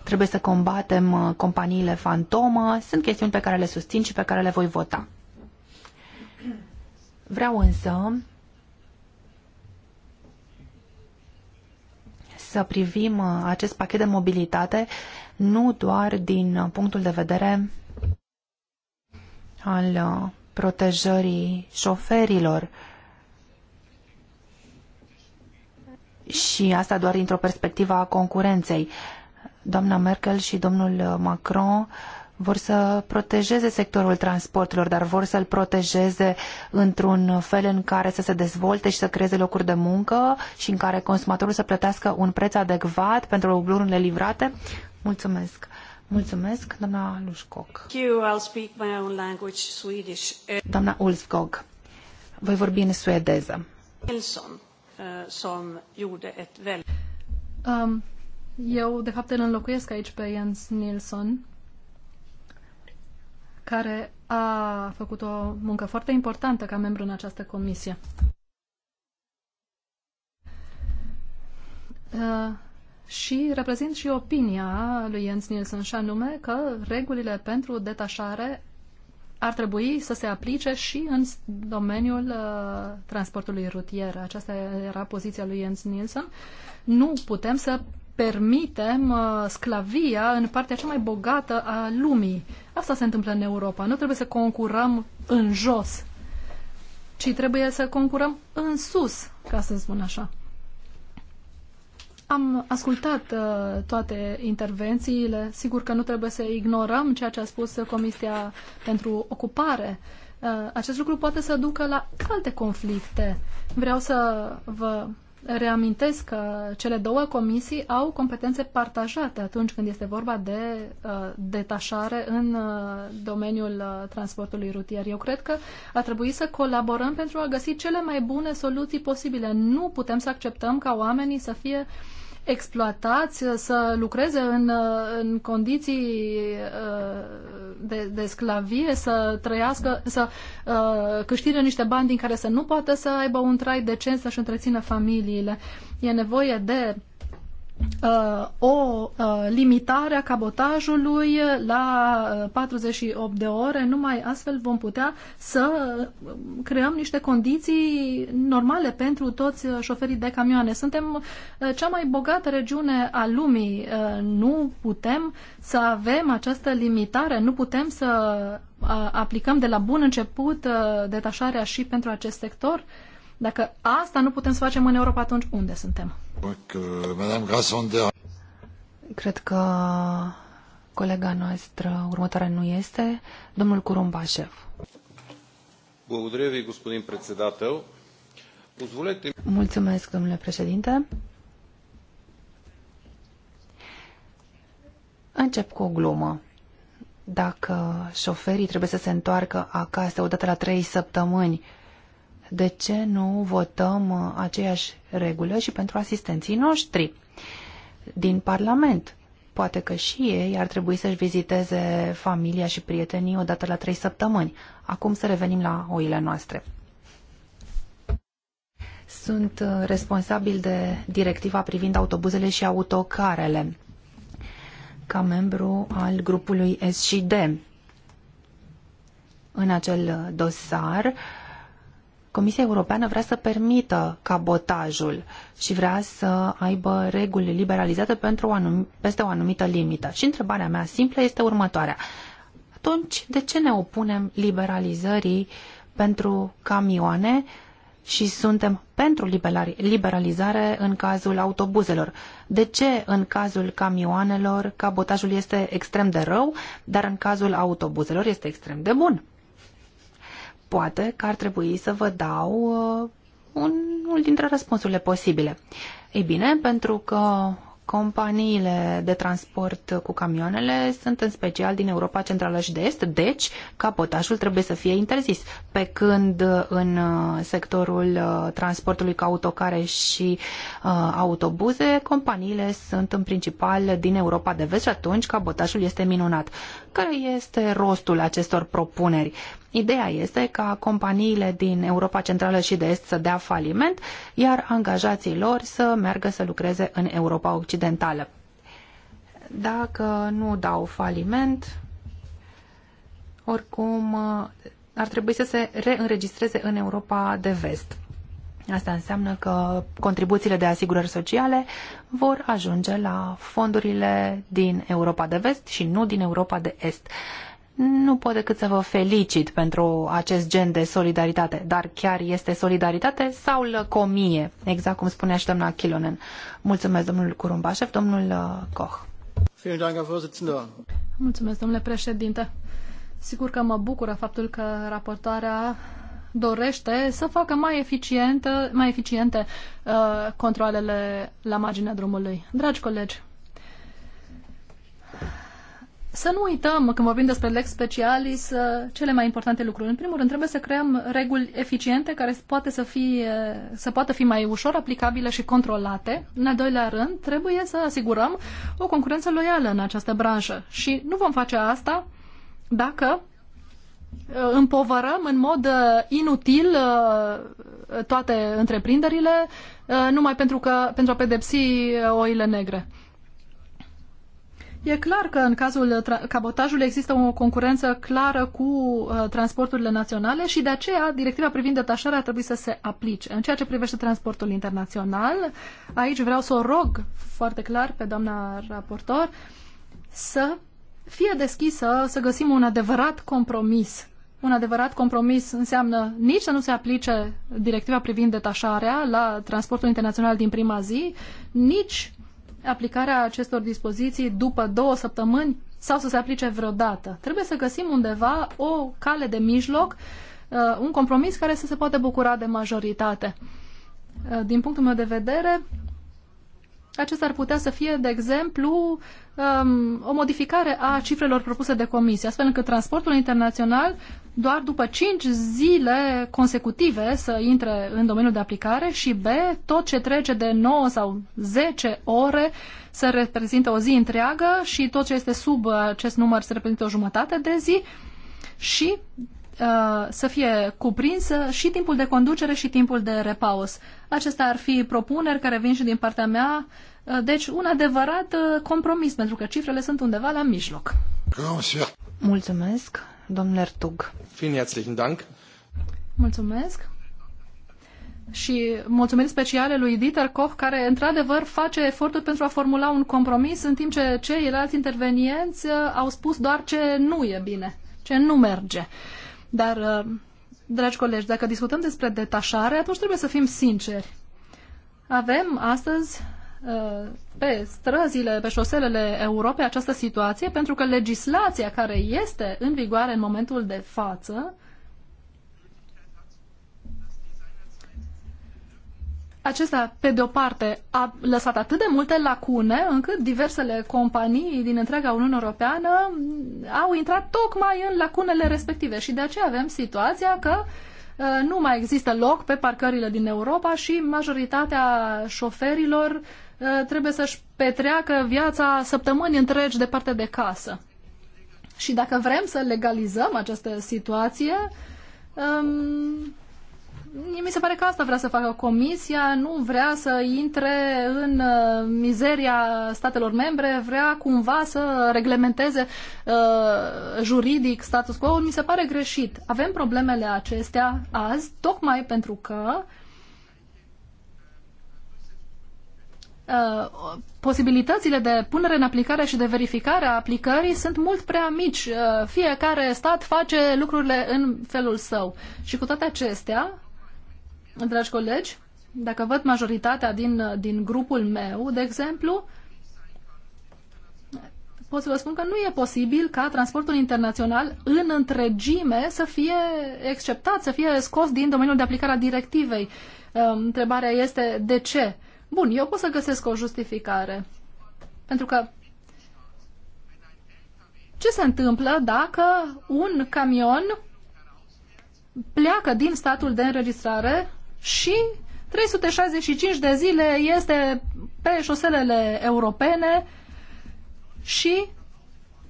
Speaker 2: trebuie să combatem uh, companiile fantomă. Sunt chestiuni pe care le susțin și pe care le voi vota. Vreau însă să privim uh, acest pachet de mobilitate nu doar din uh, punctul de vedere al uh, protejării șoferilor, și asta doar dintr-o perspectivă a concurenței. Doamna Merkel și domnul Macron vor să protejeze sectorul transporturilor, dar vor să-l protejeze într-un fel în care să se dezvolte și să creeze locuri de muncă și în care consumatorul să plătească un preț adecvat pentru lucrurile livrate? Mulțumesc! Mulțumesc, doamna Lușcoc. Doamna Ulfskog, voi vorbi în suedeză.
Speaker 3: Eh, eu, de fapt, îl înlocuiesc aici pe Jens Nilsson, care a făcut o muncă foarte importantă ca membru în această comisie. Uh, și reprezint și opinia lui Jens Nielsen, și anume că regulile pentru detașare ar trebui să se aplice și în domeniul uh, transportului rutier. Aceasta era poziția lui Jens Nielsen. Nu putem să permitem uh, sclavia în partea cea mai bogată a lumii. Asta se întâmplă în Europa. Nu trebuie să concurăm în jos, ci trebuie să concurăm în sus, ca să spun așa. Am ascultat uh, toate intervențiile. Sigur că nu trebuie să ignorăm ceea ce a spus Comisia pentru Ocupare. Uh, acest lucru poate să ducă la alte conflicte. Vreau să vă reamintesc că cele două comisii au competențe partajate atunci când este vorba de uh, detașare în uh, domeniul uh, transportului rutier. Eu cred că ar trebui să colaborăm pentru a găsi cele mai bune soluții posibile. Nu putem să acceptăm ca oamenii să fie uh, exploatați, să lucreze în, în condiții uh, de, de sclavie, să trăiască, să uh, câștige niște bani din care să nu poată să aibă un trai decent, să-și întrețină familiile. E nevoie de Uh, o uh, limitare a cabotajului la 48 uh, de ore, numai astfel vom putea să creăm niște condiții normale pentru toți șoferii de camioane. Suntem cea mai bogată regiune a lumii. Nu putem să avem această limitare, nu putem să aplicăm de la bun început detașarea și pentru acest sector. Dacă asta nu putem să facem în Europa, atunci unde
Speaker 2: suntem? Cred că colega noastră următoare nu este, domnul Curumbașev. Mulțumesc, domnule președinte. Încep cu o glumă. Dacă șoferii trebuie să se întoarcă acasă odată la trei săptămâni, de ce nu votăm uh, aceeași regulă și pentru asistenții noștri din Parlament? Poate că și ei ar trebui să-și viziteze familia și prietenii odată la trei săptămâni. Acum să revenim la oile noastre. Sunt uh, responsabil de directiva privind autobuzele și autocarele ca membru al grupului S În acel uh, dosar uh, Comisia Europeană vrea să permită cabotajul și vrea să aibă reguli liberalizate pentru o anum- peste o anumită limită. Și întrebarea mea simplă este următoarea. Atunci, de ce ne opunem liberalizării pentru camioane și suntem pentru liberalizare în cazul autobuzelor. De ce în cazul camioanelor cabotajul este extrem de rău, dar în cazul autobuzelor este extrem de bun? poate că ar trebui să vă dau uh, unul dintre răspunsurile posibile. Ei bine, pentru că companiile de transport cu camioanele sunt în special din Europa Centrală și de Est, deci capotajul trebuie să fie interzis. Pe când în uh, sectorul uh, transportului cu autocare și uh, autobuze, companiile sunt în principal din Europa de Vest și atunci capotajul este minunat. Care este rostul acestor propuneri? Ideea este ca companiile din Europa Centrală și de Est să dea faliment, iar angajații lor să meargă să lucreze în Europa Occidentală. Dacă nu dau faliment, oricum uh, ar trebui să se reînregistreze în Europa de Vest. Asta înseamnă că contribuțiile de asigurări sociale vor ajunge la fondurile din Europa de Vest și nu din Europa de Est. Nu pot decât să vă felicit pentru acest gen de solidaritate, dar chiar este solidaritate sau lăcomie, exact cum spunea și doamna Kilonen. Mulțumesc, domnul Curumbașev, domnul uh, Koch.
Speaker 3: Mulțumesc, domnule președinte. Sigur că mă bucură faptul că raportoarea dorește să facă mai, eficientă, mai eficiente uh, controlele la marginea drumului. Dragi colegi, să nu uităm, când vorbim despre lex specialis, uh, cele mai importante lucruri. În primul rând, trebuie să creăm reguli eficiente care poate să, fie, uh, să poată fi mai ușor aplicabile și controlate. În al doilea rând, trebuie să asigurăm o concurență loială în această branșă. Și nu vom face asta dacă împovărăm în mod uh, inutil uh, toate întreprinderile uh, numai pentru, că, pentru a pedepsi oile negre. E clar că în cazul cabotajului există o concurență clară cu uh, transporturile naționale și de aceea directiva privind detașarea trebuie să se aplice. În ceea ce privește transportul internațional, aici vreau să o rog foarte clar pe doamna raportor să fie deschisă să găsim un adevărat compromis. Un adevărat compromis înseamnă nici să nu se aplice directiva privind detașarea la transportul internațional din prima zi, nici aplicarea acestor dispoziții după două săptămâni sau să se aplice vreodată. Trebuie să găsim undeva o cale de mijloc, uh, un compromis care să se poate bucura de majoritate. Uh, din punctul meu de vedere, acesta ar putea să fie, de exemplu, um, o modificare a cifrelor propuse de comisie, astfel încât transportul internațional doar după 5 zile consecutive să intre în domeniul de aplicare și B, tot ce trece de 9 sau 10 ore să reprezintă o zi întreagă și tot ce este sub acest număr să reprezintă o jumătate de zi și Uh, să fie cuprinsă și timpul de conducere și timpul de repaus. Acestea ar fi propuneri care vin și din partea mea, uh, deci un adevărat uh, compromis, pentru că cifrele sunt undeva la mijloc.
Speaker 2: Mulțumesc, domnule Ertug. Dank.
Speaker 3: Mulțumesc. Și mulțumiri speciale lui Dieter Koch, care într-adevăr face eforturi pentru a formula un compromis, în timp ce ceilalți intervenienți au spus doar ce nu e bine, ce nu merge. Dar, uh, dragi colegi, dacă discutăm despre detașare, atunci trebuie să fim sinceri. Avem astăzi uh, pe străzile, pe șoselele Europei această situație pentru că legislația care este în vigoare în momentul de față acesta, pe de-o parte, a lăsat atât de multe lacune încât diversele companii din întreaga Uniune Europeană au intrat tocmai în lacunele respective și de aceea avem situația că uh, nu mai există loc pe parcările din Europa și majoritatea șoferilor uh, trebuie să-și petreacă viața săptămâni întregi departe de casă. Și dacă vrem să legalizăm această situație, um, mi se pare că asta vrea să facă Comisia, nu vrea să intre în uh, mizeria statelor membre, vrea cumva să reglementeze uh, juridic status quo. Mi se pare greșit. Avem problemele acestea azi, tocmai pentru că uh, posibilitățile de punere în aplicare și de verificare a aplicării sunt mult prea mici. Uh, fiecare stat face lucrurile în felul său. Și cu toate acestea, dragi colegi, dacă văd majoritatea din, din grupul meu, de exemplu, pot să vă spun că nu e posibil ca transportul internațional în întregime să fie exceptat, să fie scos din domeniul de aplicare a directivei. Um, întrebarea este de ce? Bun, eu pot să găsesc o justificare. Pentru că ce se întâmplă dacă un camion pleacă din statul de înregistrare și 365 de zile este pe șoselele europene și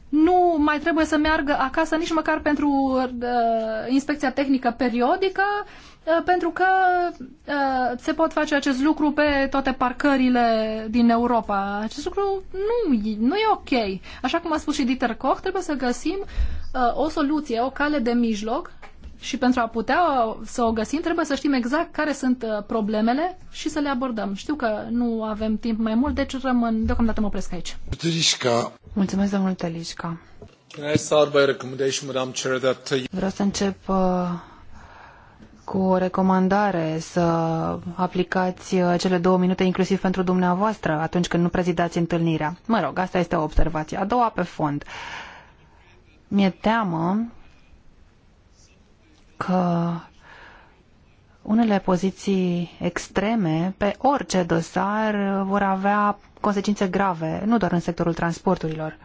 Speaker 3: nu mai trebuie să meargă acasă nici măcar pentru uh, inspecția tehnică periodică, uh, pentru că uh, se pot face acest lucru pe toate parcările din Europa. Acest lucru nu, nu e ok. Așa cum a spus și Dieter Koch, trebuie să găsim uh, o soluție, o cale de mijloc și pentru a putea uh, să o găsim, trebuie să știm exact care sunt uh, problemele și să le abordăm. Știu că nu
Speaker 2: avem timp mai mult, deci rămân, deocamdată mă opresc aici. Tălișca. Mulțumesc, mult, Tălișca.
Speaker 3: Uh, Vreau să
Speaker 2: încep cu o recomandare să aplicați cele două minute inclusiv pentru dumneavoastră atunci când nu prezidați întâlnirea. Mă rog, asta este o observație. A doua pe fond. Mi-e teamă că unele poziții extreme pe orice dosar vor avea consecințe grave, nu doar în sectorul transporturilor.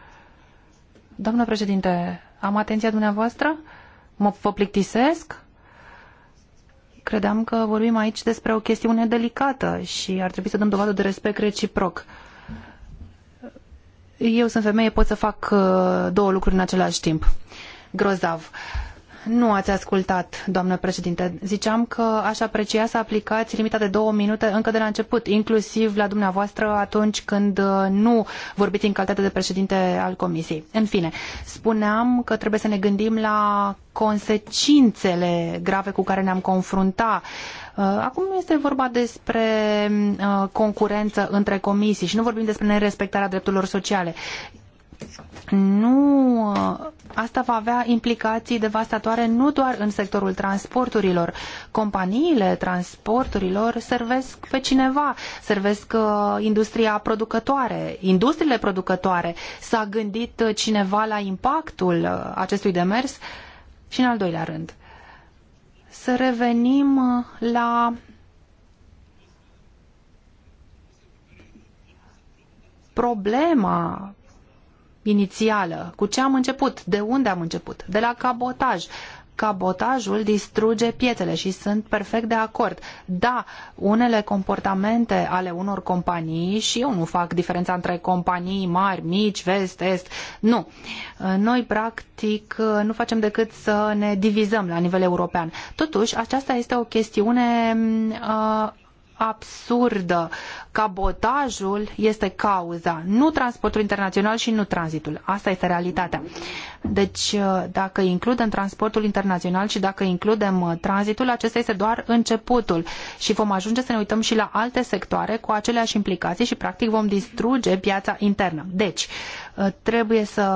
Speaker 2: Domnule președinte, am atenția dumneavoastră? Mă vă plictisesc? Credeam că vorbim aici despre o chestiune delicată și ar trebui să dăm dovadă de respect reciproc. Eu sunt femeie, pot să fac uh, două lucruri în același timp. Grozav. Uh, nu ați ascultat, doamnă președinte. Ziceam că aș aprecia să aplicați limita de două minute încă de la început, inclusiv la dumneavoastră atunci când uh, nu vorbiți în calitate de președinte al comisiei. În fine, spuneam că trebuie să ne gândim la consecințele grave cu care ne-am confrunta. Uh, acum este vorba despre uh, concurență între comisii și nu vorbim despre nerespectarea drepturilor sociale nu, asta va avea implicații devastatoare nu doar în sectorul transporturilor. Companiile transporturilor servesc pe cineva, servesc uh, industria producătoare, industriile producătoare. S-a gândit cineva la impactul uh, acestui demers? Și în al doilea rând, să revenim uh, la problema inițială, cu ce am început, de unde am început, de la cabotaj. Cabotajul distruge piețele și sunt perfect de acord. Da, unele comportamente ale unor companii și eu nu fac diferența între companii mari, mici, vest, est, nu. Noi, practic, nu facem decât să ne divizăm la nivel european. Totuși, aceasta este o chestiune uh, absurdă cabotajul este cauza, nu transportul internațional și nu tranzitul. Asta este realitatea. Deci, uh, dacă includem transportul internațional și dacă includem uh, tranzitul, acesta este doar începutul și vom ajunge să ne uităm și la alte sectoare cu aceleași implicații și, practic, vom distruge piața internă. Deci, uh, trebuie să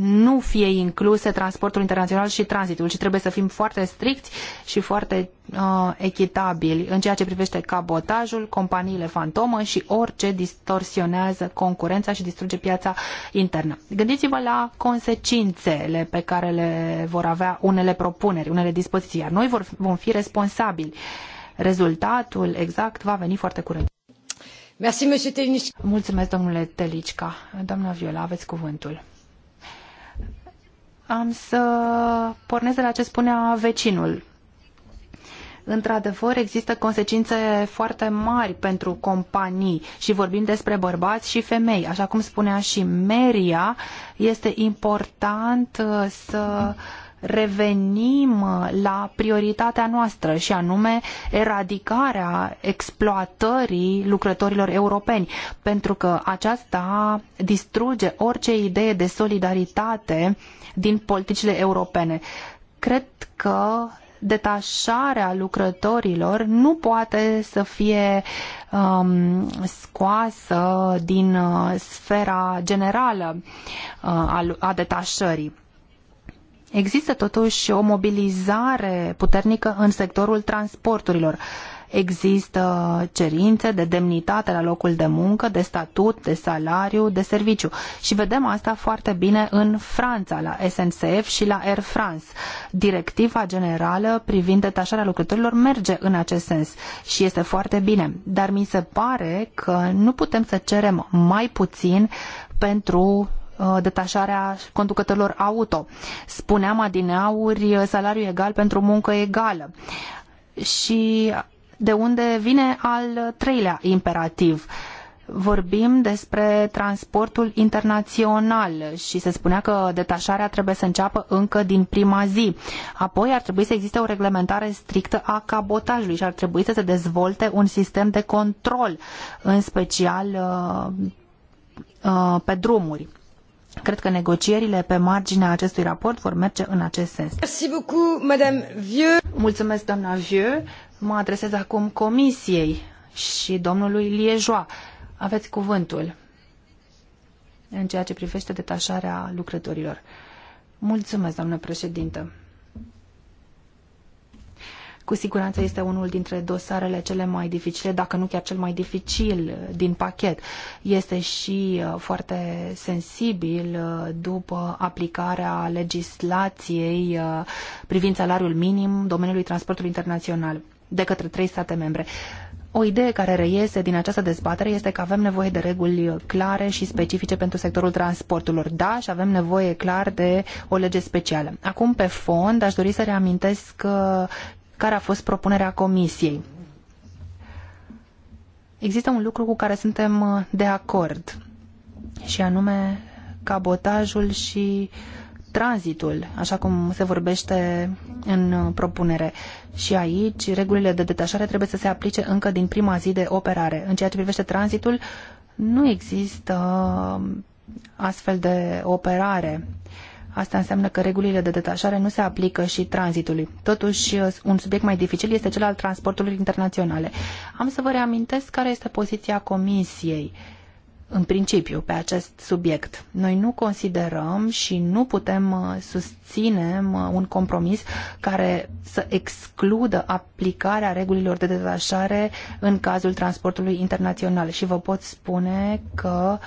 Speaker 2: nu fie incluse transportul internațional și tranzitul, ci trebuie să fim foarte stricți și foarte uh, echitabili în ceea ce privește cabotajul, companiile fantom, fantomă și orice distorsionează concurența și distruge piața internă. Gândiți-vă la consecințele pe care le vor avea unele propuneri, unele dispoziții, iar noi vor, vom fi responsabili. Rezultatul exact va veni foarte curând. Mulțumesc, domnule Telicca. Doamna Viola, aveți cuvântul. Am să pornesc de la ce spunea vecinul într-adevăr, există consecințe foarte mari pentru companii și vorbim despre bărbați și femei. Așa cum spunea și Meria, este important uh, să revenim uh, la prioritatea noastră și anume eradicarea exploatării lucrătorilor europeni, pentru că aceasta distruge orice idee de solidaritate din politicile europene. Cred că detașarea lucrătorilor nu poate să fie um, scoasă din uh, sfera generală uh, a detașării. Există totuși o mobilizare puternică în sectorul transporturilor. Uh, Există cerințe de demnitate la locul de muncă, de statut, de salariu, de serviciu. Și vedem asta foarte bine în Franța, la SNCF și la Air France. Directiva generală privind detașarea lucrătorilor merge în acest sens și este foarte bine. Dar mi se pare că nu putem să cerem mai puțin pentru uh, detașarea conducătorilor auto. Spuneam adineauri uh, salariu egal pentru muncă egală. Și de unde vine al treilea imperativ. Vorbim despre transportul internațional și se spunea că detașarea trebuie să înceapă încă din prima zi. Apoi ar trebui să existe o reglementare strictă a cabotajului și ar trebui să se dezvolte un sistem de control, în special uh, uh, pe drumuri. Cred că negocierile pe marginea acestui raport vor merge în acest sens. Mulțumesc, doamna Vieux mă adresez acum comisiei și domnului Liejoa. Aveți cuvântul în ceea ce privește detașarea lucrătorilor. Mulțumesc, doamnă președintă. Cu siguranță este unul dintre dosarele cele mai dificile, dacă nu chiar cel mai dificil din pachet. Este și uh, foarte sensibil uh, după aplicarea legislației uh, privind salariul minim domeniului transportului internațional de către trei state membre. O idee care reiese din această dezbatere este că avem nevoie de reguli clare și specifice pentru sectorul transporturilor. Da, și avem nevoie clar de o lege specială. Acum, pe fond, aș dori să reamintesc uh, care a fost propunerea Comisiei. Există un lucru cu care suntem uh, de acord și anume cabotajul și uh, tranzitul, așa cum se vorbește în propunere. Și aici regulile de detașare trebuie să se aplice încă din prima zi de operare. În ceea ce privește tranzitul, nu există astfel de operare. Asta înseamnă că regulile de detașare nu se aplică și tranzitului. Totuși, un subiect mai dificil este cel al transporturilor internaționale. Am să vă reamintesc care este poziția Comisiei în principiu pe acest subiect. Noi nu considerăm și nu putem uh, susține uh, un compromis care să excludă aplicarea regulilor de detașare în cazul transportului internațional și vă pot spune că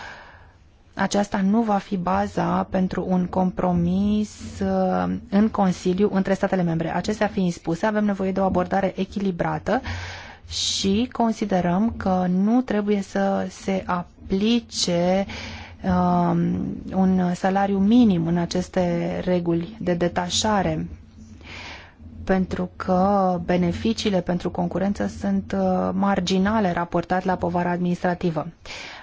Speaker 2: aceasta nu va fi baza pentru un compromis uh, în Consiliu între statele membre. Acestea fiind spuse, avem nevoie de o abordare echilibrată și considerăm că nu trebuie să se aplice aplice um, un salariu minim în aceste reguli de detașare pentru că beneficiile pentru concurență sunt uh, marginale raportat la povara administrativă.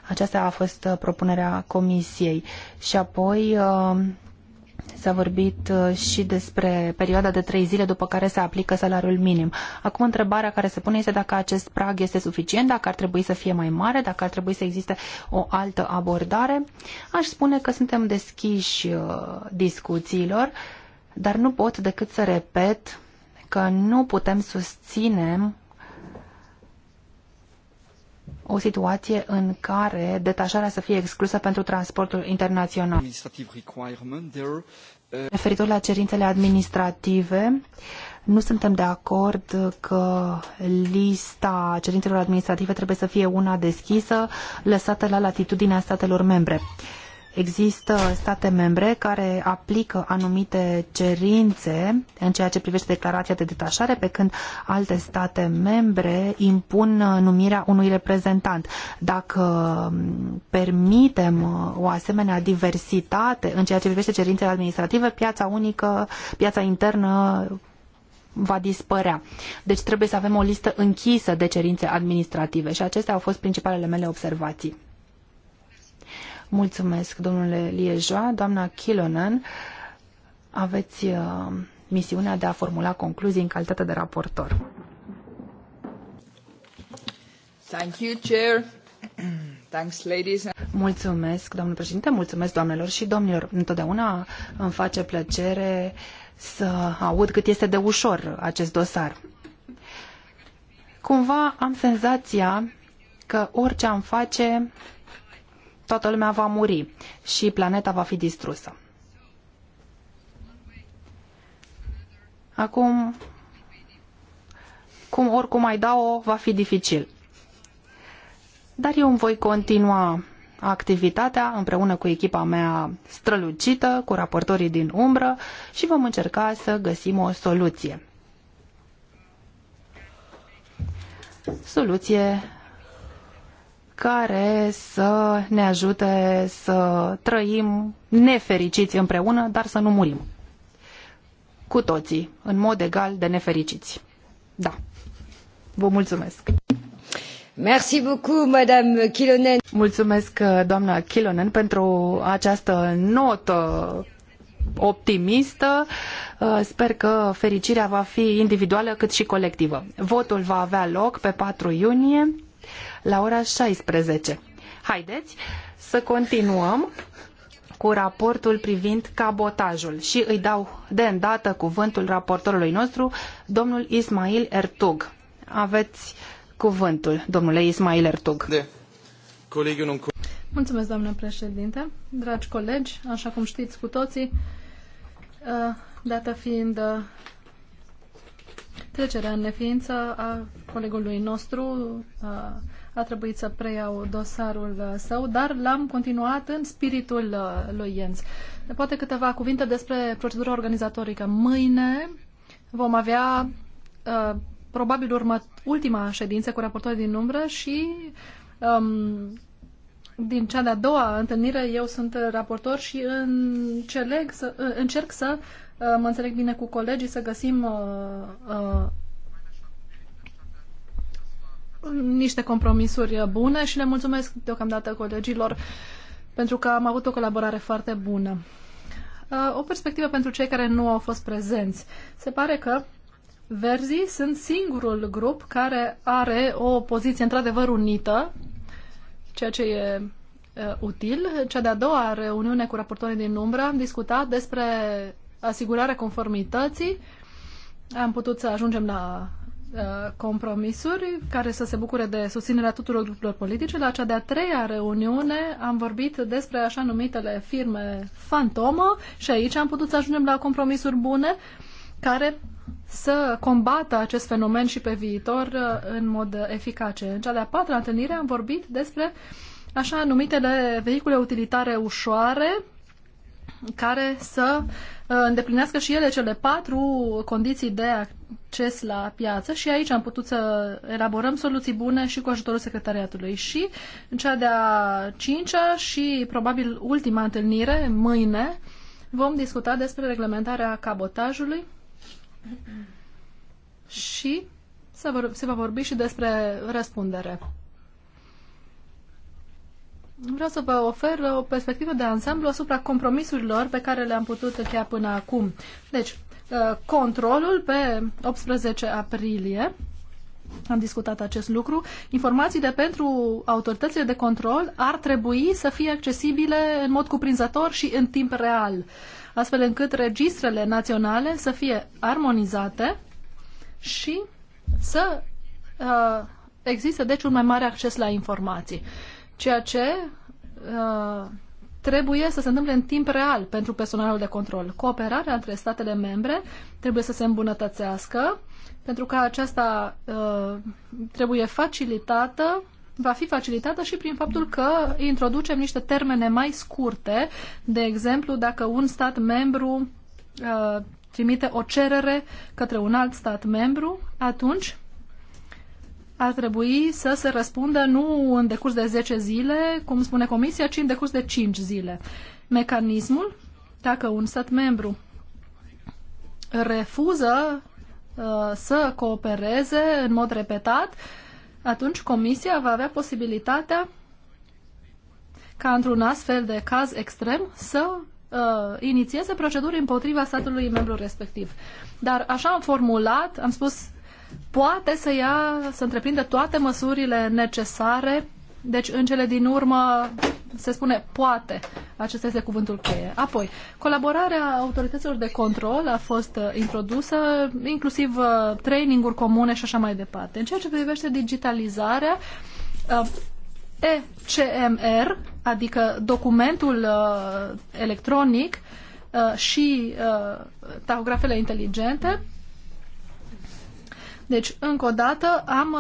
Speaker 2: Aceasta a fost uh, propunerea comisiei. Și apoi um, S-a vorbit uh, și despre perioada de trei zile după care se aplică salariul minim. Acum întrebarea care se pune este dacă acest prag este suficient, dacă ar trebui să fie mai mare, dacă ar trebui să existe o altă abordare. Aș spune că suntem deschiși uh, discuțiilor, dar nu pot decât să repet că nu putem susține o situație în care detașarea să fie exclusă pentru transportul internațional. Referitor la cerințele administrative, nu suntem de acord că lista cerințelor administrative trebuie să fie una deschisă, lăsată la latitudinea statelor membre. Există state membre care aplică anumite cerințe în ceea ce privește declarația de detașare, pe când alte state membre impun numirea unui reprezentant. Dacă mm, permitem uh, o asemenea diversitate în ceea ce privește cerințele administrative, piața unică, piața internă va dispărea. Deci trebuie să avem o listă închisă de cerințe administrative și acestea au fost principalele mele observații. Mulțumesc, domnule Liejoa. Doamna Kilonen, aveți uh, misiunea de a formula concluzii în calitate de raportor.
Speaker 1: Thank you, Chair. Thanks, ladies.
Speaker 2: Mulțumesc, domnule președinte, mulțumesc doamnelor și domnilor. Întotdeauna îmi face plăcere să aud cât este de ușor acest dosar. Cumva am senzația că orice am face toată lumea va muri și planeta va fi distrusă. Acum, cum oricum ai da-o, va fi dificil. Dar eu îmi voi continua activitatea împreună cu echipa mea strălucită, cu raportorii din umbră și vom încerca să găsim o soluție. Soluție care să ne ajute să trăim nefericiți împreună, dar să nu murim. Cu toții, în mod egal de nefericiți. Da. Vă mulțumesc. Merci beaucoup, Madame Kilonen. Mulțumesc, uh, doamna Kilonen, pentru această notă optimistă. Uh, sper că fericirea va fi individuală cât și colectivă. Votul va avea loc pe 4 iunie la ora 16. Haideți să continuăm cu raportul privind cabotajul și îi dau de îndată cuvântul raportorului nostru, domnul Ismail Ertug. Aveți cuvântul, domnule Ismail Ertug. De.
Speaker 3: Mulțumesc, doamnă președinte. Dragi colegi, așa cum știți cu toții, ă, dată fiind ă, trecerea în neființă a colegului nostru, ă, a trebuit să preiau dosarul uh, său, dar l-am continuat în spiritul uh, lui Jens. Poate câteva cuvinte despre procedura organizatorică. Mâine vom avea uh, probabil urmă, ultima ședință cu raportorii din umbră și um, din cea de-a doua întâlnire eu sunt raportor și încerc să, încerc să mă înțeleg bine cu colegii, să găsim uh, uh, niște compromisuri bune și le mulțumesc deocamdată colegilor pentru că am avut o colaborare foarte bună. Uh, o perspectivă pentru cei care nu au fost prezenți. Se pare că Verzii sunt singurul grup care are o poziție într-adevăr unită, ceea ce e uh, util. Cea de-a doua reuniune cu raportorii din umbră am discutat despre asigurarea conformității. Am putut să ajungem la Uh, compromisuri care să se bucure de susținerea tuturor grupurilor politice. La cea de-a treia reuniune am vorbit despre așa numitele firme fantomă și aici am putut să ajungem la compromisuri bune care să combată acest fenomen și pe viitor uh, în mod eficace. În cea de-a patra întâlnire am vorbit despre așa numitele vehicule utilitare ușoare care să uh, Uh, îndeplinească și ele cele patru condiții de acces la piață și aici am putut să elaborăm soluții bune și cu ajutorul secretariatului. Și în cea de-a cincea și probabil ultima întâlnire, mâine, vom discuta despre reglementarea cabotajului și se, se va vorbi și despre răspundere vreau să vă ofer o perspectivă de ansamblu asupra compromisurilor pe care le-am putut încheia până acum. Deci, uh, controlul pe 18 aprilie, am discutat acest lucru, informațiile pentru autoritățile de control ar trebui să fie accesibile în mod cuprinzător și în timp real, astfel încât registrele naționale să fie armonizate și să uh, existe deci un mai mare acces la informații. Uh, ceea ce uh, trebuie să se întâmple în timp real pentru personalul de control. Cooperarea între statele membre trebuie să se îmbunătățească, pentru că aceasta uh, trebuie facilitată va fi facilitată și prin faptul că introducem niște termene mai scurte. De exemplu, dacă un stat membru uh, trimite o cerere către un alt stat membru, atunci ar trebui să se răspundă nu în decurs de 10 zile, cum spune Comisia, ci în decurs de 5 zile. Mecanismul, dacă un stat membru refuză uh, să coopereze în mod repetat, atunci Comisia va avea posibilitatea ca într-un astfel de caz extrem să uh, inițieze proceduri împotriva statului membru respectiv. Dar așa am formulat, am spus poate să ia, să întreprindă toate măsurile necesare. Deci, în cele din urmă, se spune poate. Acesta este cuvântul cheie. Apoi, colaborarea autorităților de control a fost uh, introdusă, inclusiv uh, traininguri comune și așa mai departe. În ceea ce privește digitalizarea, uh, ECMR, adică documentul electronic și tahografele inteligente, deci, încă o dată, am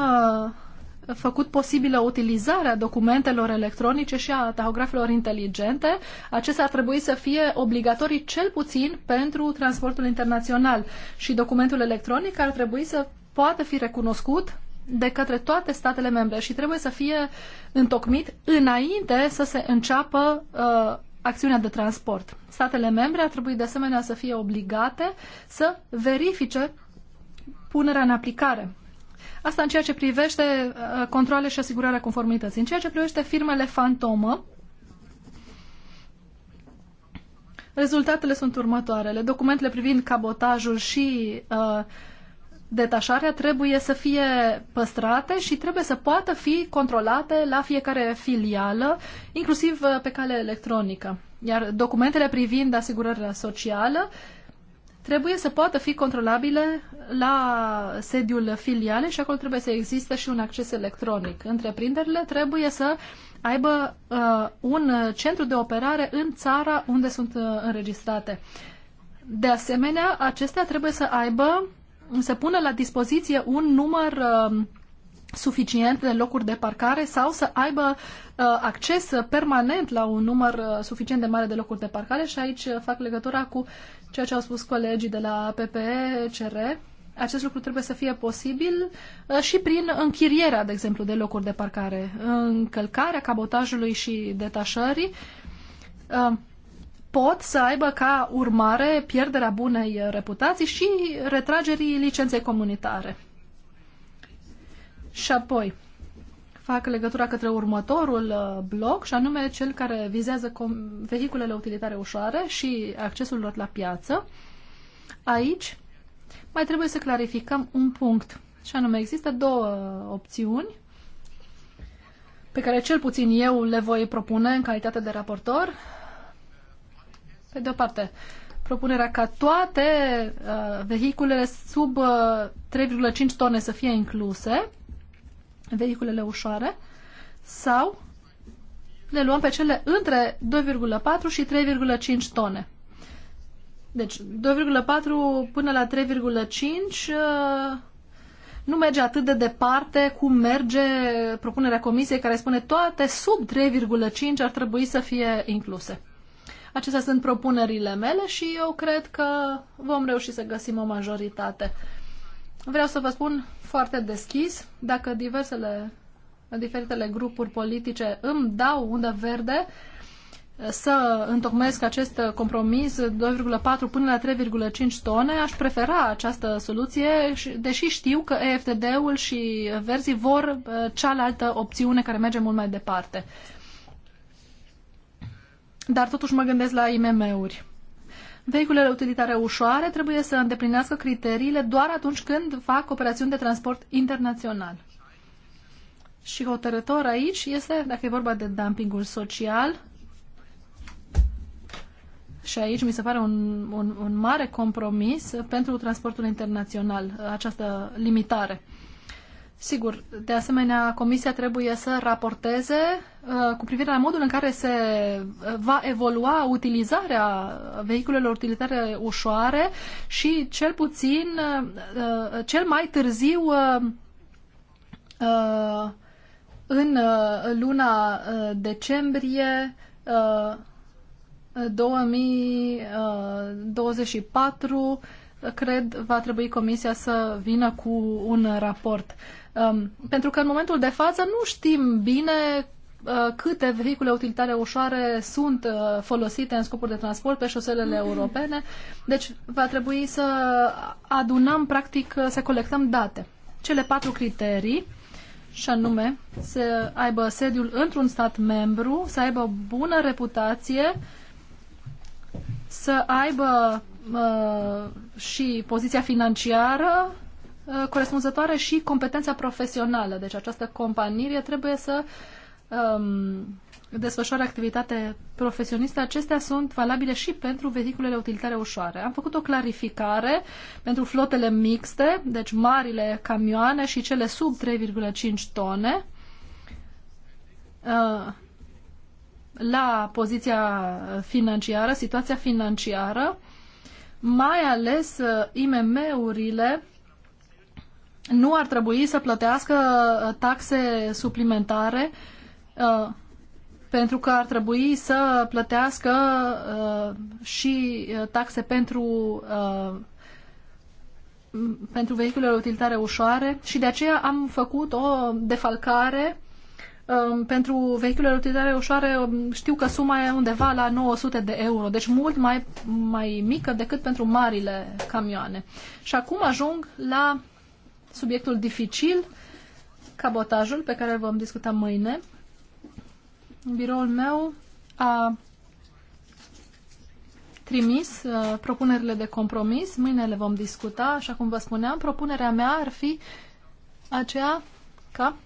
Speaker 3: uh, făcut posibilă utilizarea documentelor electronice și a tahografelor inteligente. Acestea ar trebui să fie obligatorii cel puțin pentru transportul internațional și documentul electronic ar trebui să poată fi recunoscut de către toate statele membre și trebuie să fie întocmit înainte să se înceapă uh, acțiunea de transport. Statele membre ar trebui de asemenea să fie obligate să verifice punerea în aplicare. Asta în ceea ce privește uh, controle și asigurarea conformității. În ceea ce privește firmele fantomă, rezultatele sunt următoarele. Documentele privind cabotajul și uh, detașarea trebuie să fie păstrate și trebuie să poată fi controlate la fiecare filială, inclusiv uh, pe cale electronică. Iar documentele privind asigurarea socială trebuie să poată fi controlabile la sediul filiale și acolo trebuie să existe și un acces electronic. Întreprinderile trebuie să aibă uh, un centru de operare în țara unde sunt uh, înregistrate. De asemenea, acestea trebuie să aibă, să pună la dispoziție un număr uh, suficient de locuri de parcare sau să aibă uh, acces permanent la un număr uh, suficient de mare de locuri de parcare și aici uh, fac legătura cu ceea ce au spus colegii de la PPE, CR, acest lucru trebuie să fie posibil uh, și prin închirierea, de exemplu, de locuri de parcare, încălcarea cabotajului și detașării uh, pot să aibă ca urmare pierderea bunei reputații și retragerii licenței comunitare. Și apoi, fac legătura către următorul uh, bloc, și anume cel care vizează vehiculele utilitare ușoare și accesul lor la piață. Aici mai trebuie să clarificăm un punct, și anume există două opțiuni pe care cel puțin eu le voi propune în calitate de raportor. Pe de o parte, propunerea ca toate uh, vehiculele sub uh, 3,5 tone să fie incluse, vehiculele ușoare sau le luăm pe cele între 2,4 și 3,5 tone. Deci 2,4 până la 3,5 uh, nu merge atât de departe cum merge propunerea comisiei care spune toate sub 3,5 ar trebui să fie incluse. Acestea sunt propunerile mele și eu cred că vom reuși să găsim o majoritate. Vreau să vă spun foarte deschis, dacă diversele, diferitele grupuri politice îmi dau undă verde să întocmesc acest compromis 2,4 până la 3,5 tone, aș prefera această soluție, deși știu că EFTD-ul și Verzii vor uh, cealaltă opțiune care merge mult mai departe. Dar totuși mă gândesc la IMM-uri. Vehiculele utilitare ușoare trebuie să îndeplinească criteriile doar atunci când fac operațiuni de transport internațional. Și hotărător aici este, dacă e vorba de dumpingul social, și aici mi se pare un, un, un mare compromis pentru transportul internațional, această limitare. Sigur, de asemenea, Comisia trebuie să raporteze uh, cu privire la modul în care se uh, va evolua utilizarea vehiculelor utilitare ușoare și cel puțin, uh, uh cel mai târziu uh, uh în luna decembrie 2024 cred, va trebui Comisia să vină cu un raport. Um, pentru că în momentul de față nu știm bine uh, câte vehicule utilitare ușoare sunt uh, folosite în scopuri de transport pe șoselele mm-hmm. europene. Deci va trebui să adunăm, practic, uh, să colectăm date. Cele patru criterii, și anume să aibă sediul într-un stat membru, să aibă bună reputație, să aibă uh, și poziția financiară Uh, corespunzătoare și competența profesională. Deci această companie trebuie să um, desfășoare activitate profesionistă. Acestea sunt valabile și pentru vehiculele utilitare ușoare. Am făcut o clarificare pentru flotele mixte, deci marile camioane și cele sub 3,5 tone. Uh, la poziția financiară, situația financiară, mai ales uh, IMM-urile nu ar trebui să plătească uh, taxe suplimentare uh, pentru că ar trebui să plătească uh, și taxe pentru, pentru vehiculele utilitare ușoare și de aceea am făcut o defalcare um, pentru vehiculele utilitare ușoare știu că suma e undeva la 900 de euro, deci mult mai, mai mică decât pentru marile camioane. Și acum ajung la subiectul dificil, cabotajul, pe care îl vom discuta mâine. Biroul meu a trimis uh, propunerile de compromis. Mâine le vom discuta, așa cum vă spuneam. Propunerea mea ar fi aceea ca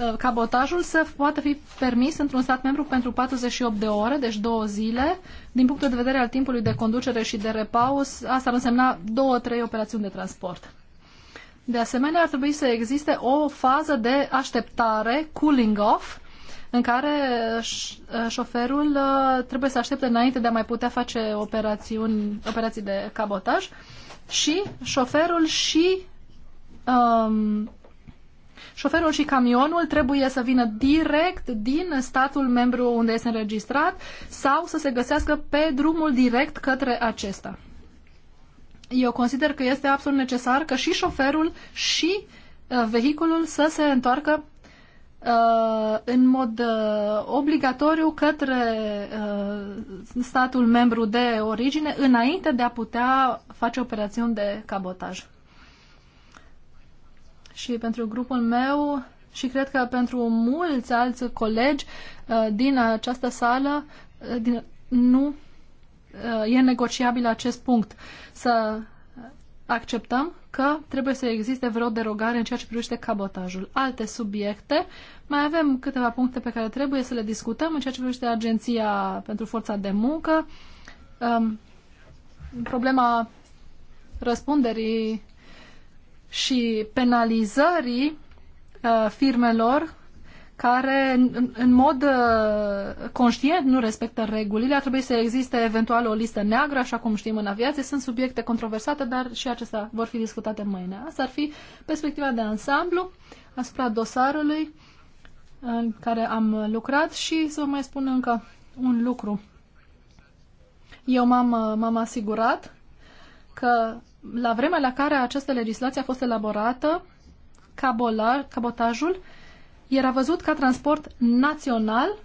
Speaker 3: uh, cabotajul să poată fi permis într-un stat membru pentru 48 de ore, deci două zile. Din punctul de vedere al timpului de conducere și de repaus, asta ar însemna două, trei operațiuni de transport. De asemenea, ar trebui să existe o fază de așteptare, cooling off, în care uh, uh, șoferul uh, trebuie să aștepte înainte de a mai putea face operațiuni, operații de cabotaj și șoferul și um, șoferul și camionul trebuie să vină direct din statul membru unde este înregistrat sau să se găsească pe drumul direct către acesta eu consider că este absolut necesar că și șoferul și uh, vehiculul să se întoarcă uh, în mod uh, obligatoriu către statul membru de origine înainte de a putea face operațiuni de cabotaj. Și pentru grupul meu și cred că pentru mulți alți colegi din această sală din, nu e negociabil acest punct să acceptăm că trebuie să existe vreo derogare în ceea ce privește cabotajul. Alte subiecte, mai avem câteva puncte pe care trebuie să le discutăm în ceea ce privește Agenția pentru Forța de Muncă, um, problema răspunderii și penalizării uh, firmelor care în, în mod uh, conștient nu respectă regulile. Ar trebui să existe eventual o listă neagră, așa cum știm în aviație. Sunt subiecte controversate, dar și acestea vor fi discutate mâine. Asta ar fi perspectiva de ansamblu asupra dosarului în care am lucrat și să vă mai spun încă un lucru. Eu m-am, asigurat că la vremea la care această legislație a fost elaborată, cabolar, cabotajul era văzut ca transport național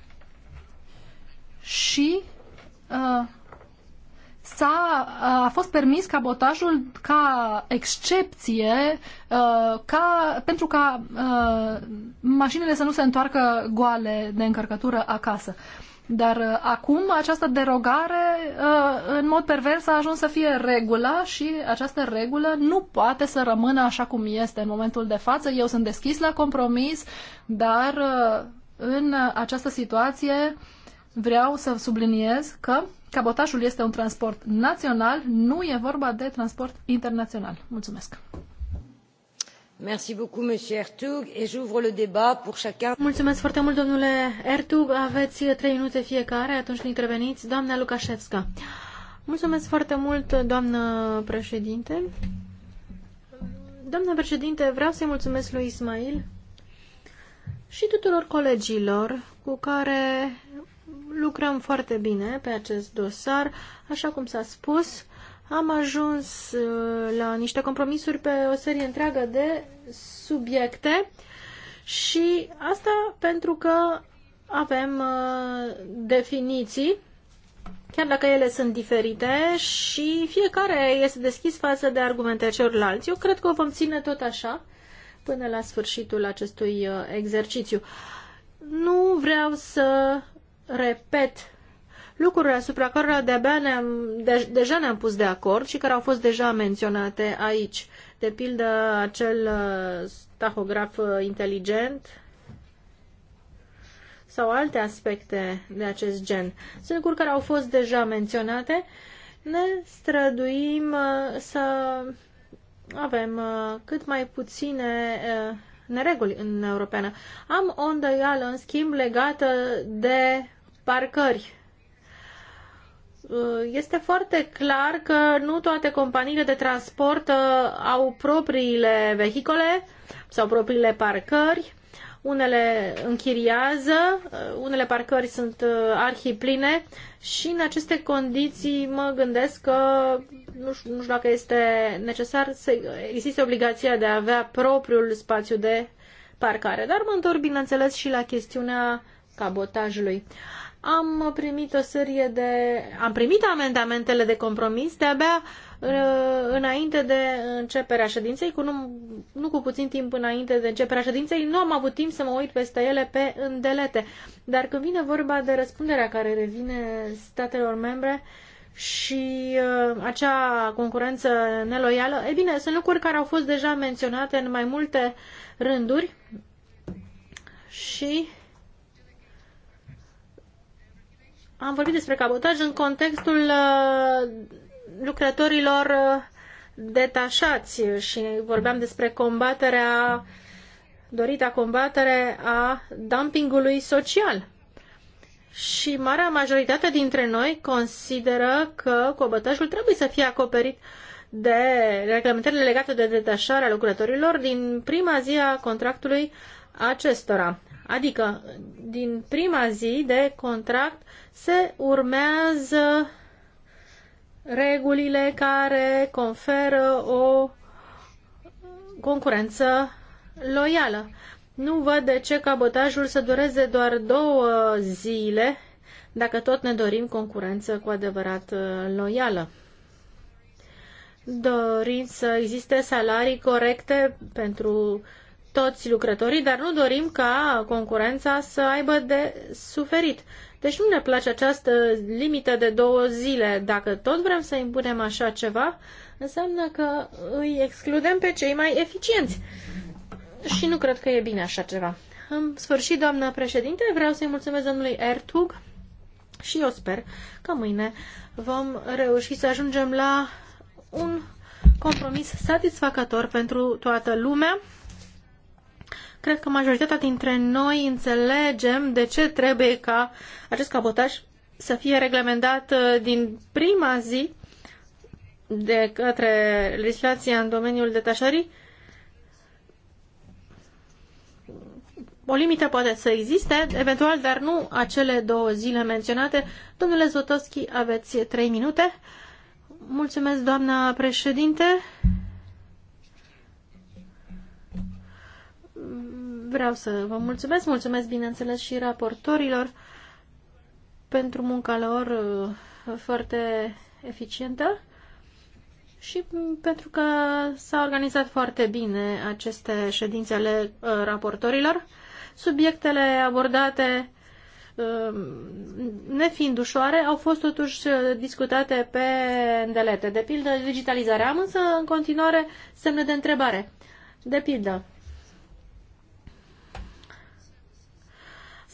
Speaker 3: și uh, s-a, uh, a fost permis cabotajul ca excepție, uh, ca, pentru ca uh, mașinile să nu se întoarcă goale de încărcătură acasă. Uh, dar uh, acum această derogare uh, în mod pervers a ajuns să fie regulă și această regulă nu poate să rămână așa cum este în momentul de față. Eu sunt deschis la compromis, dar uh, în această situație vreau să subliniez că cabotajul este un transport național, nu e vorba de transport internațional. Mulțumesc!
Speaker 4: Mulțumesc foarte mult, domnule Ertug. Aveți trei minute fiecare, atunci când interveniți. Doamna Lukashevska. Mulțumesc foarte mult, doamnă președinte. Doamnă președinte, vreau să-i mulțumesc lui Ismail și tuturor colegilor cu care lucrăm foarte bine pe acest dosar, așa cum s-a spus am ajuns uh, la niște compromisuri pe o serie întreagă de subiecte și asta pentru că avem uh, definiții, chiar dacă ele sunt diferite și fiecare este deschis față de argumente celorlalți. Eu cred că o vom ține tot așa până la sfârșitul acestui uh, exercițiu. Nu vreau să repet lucruri asupra cărora de-abia ne-am, de, deja ne-am pus de acord și care au fost deja menționate aici. De pildă, acel uh, tahograf uh, inteligent sau alte aspecte de acest gen. Sunt lucruri care au fost deja menționate. Ne străduim uh, să avem cât mai puține nereguli în Europeană. Am o îndoială, în schimb, legată de parcări. Uh, este foarte clar că nu toate companiile de transport uh, au propriile vehicole sau propriile parcări. Unele închiriază, uh, unele parcări sunt arhipline și în aceste condiții mă gândesc că nu știu, nu știu dacă este necesar să existe obligația de a avea propriul spațiu de parcare. Dar mă întorc, bineînțeles, și la chestiunea cabotajului. Uh, am primit o serie de... Am primit amendamentele de compromis de-abia uh, înainte de începerea ședinței, cu nu, nu cu puțin timp înainte de începerea ședinței, nu am avut timp să mă uit peste ele pe îndelete. Dar când vine vorba de răspunderea care revine statelor membre și uh, acea concurență neloială, e bine, sunt lucruri care au fost deja menționate în mai multe rânduri și Am vorbit despre cabotaj în contextul uh, lucrătorilor uh, detașați și vorbeam despre combaterea, dorita combatere a dumpingului social. Și marea majoritate dintre noi consideră că cobătajul trebuie să fie acoperit de reglementările legate de detașarea lucrătorilor din prima zi a contractului acestora. Adică, din prima zi de contract se urmează regulile care conferă o concurență loială. Nu văd de ce cabotajul să dureze doar două zile dacă tot ne dorim concurență cu adevărat uh, loială. Dorim să existe salarii corecte pentru uh, toți lucrătorii, dar nu dorim ca concurența să aibă de suferit. Deci nu ne place această limită de două zile. Dacă tot vrem să impunem așa ceva, înseamnă că îi excludem pe cei mai eficienți. Și nu cred că e bine așa ceva. În sfârșit, doamnă președinte, vreau să-i mulțumesc domnului Ertug și eu sper că mâine vom reuși să ajungem la un compromis satisfăcător pentru toată lumea cred că majoritatea dintre noi înțelegem de ce trebuie ca acest cabotaj să fie reglementat uh, din prima zi de către legislația în domeniul detașării. O limită poate să existe, eventual, dar nu acele două zile menționate. Domnule Zotoschi, aveți trei minute. Mulțumesc, doamna președinte. Vreau să vă mulțumesc, mulțumesc bineînțeles și raportorilor pentru munca lor uh, foarte eficientă și pentru că s-a organizat foarte bine aceste ședințe ale uh, raportorilor. Subiectele abordate uh, nefiind ușoare, au fost totuși discutate pe îndelete. De pildă, digitalizarea. Am însă în continuare semne de întrebare. De pildă,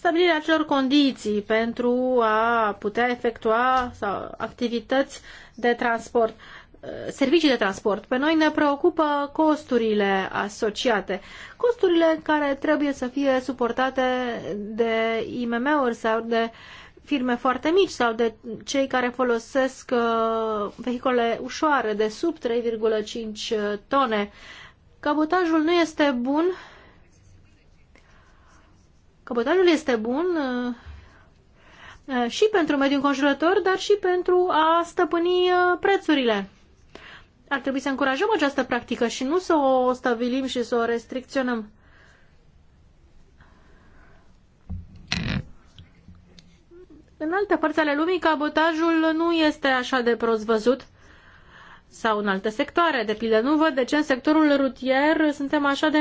Speaker 4: stabilirea acelor condiții pentru a putea efectua sau, activități de transport, eh, servicii de transport. Pe noi ne preocupă costurile asociate, costurile care trebuie să fie suportate de IMM-uri sau de firme foarte mici sau de cei care folosesc eh, vehicole ușoare de sub 3,5 tone. Cabotajul nu este bun Cabotajul este bun uh, uh, și pentru mediul înconjurător, dar și pentru a stăpâni uh, prețurile. Ar trebui să încurajăm această practică și nu să o stabilim și să o restricționăm. În alte părți ale lumii, cabotajul nu este așa de prost văzut. Uh, sau în alte sectoare. De pildă, nu văd de ce în sectorul rutier suntem așa de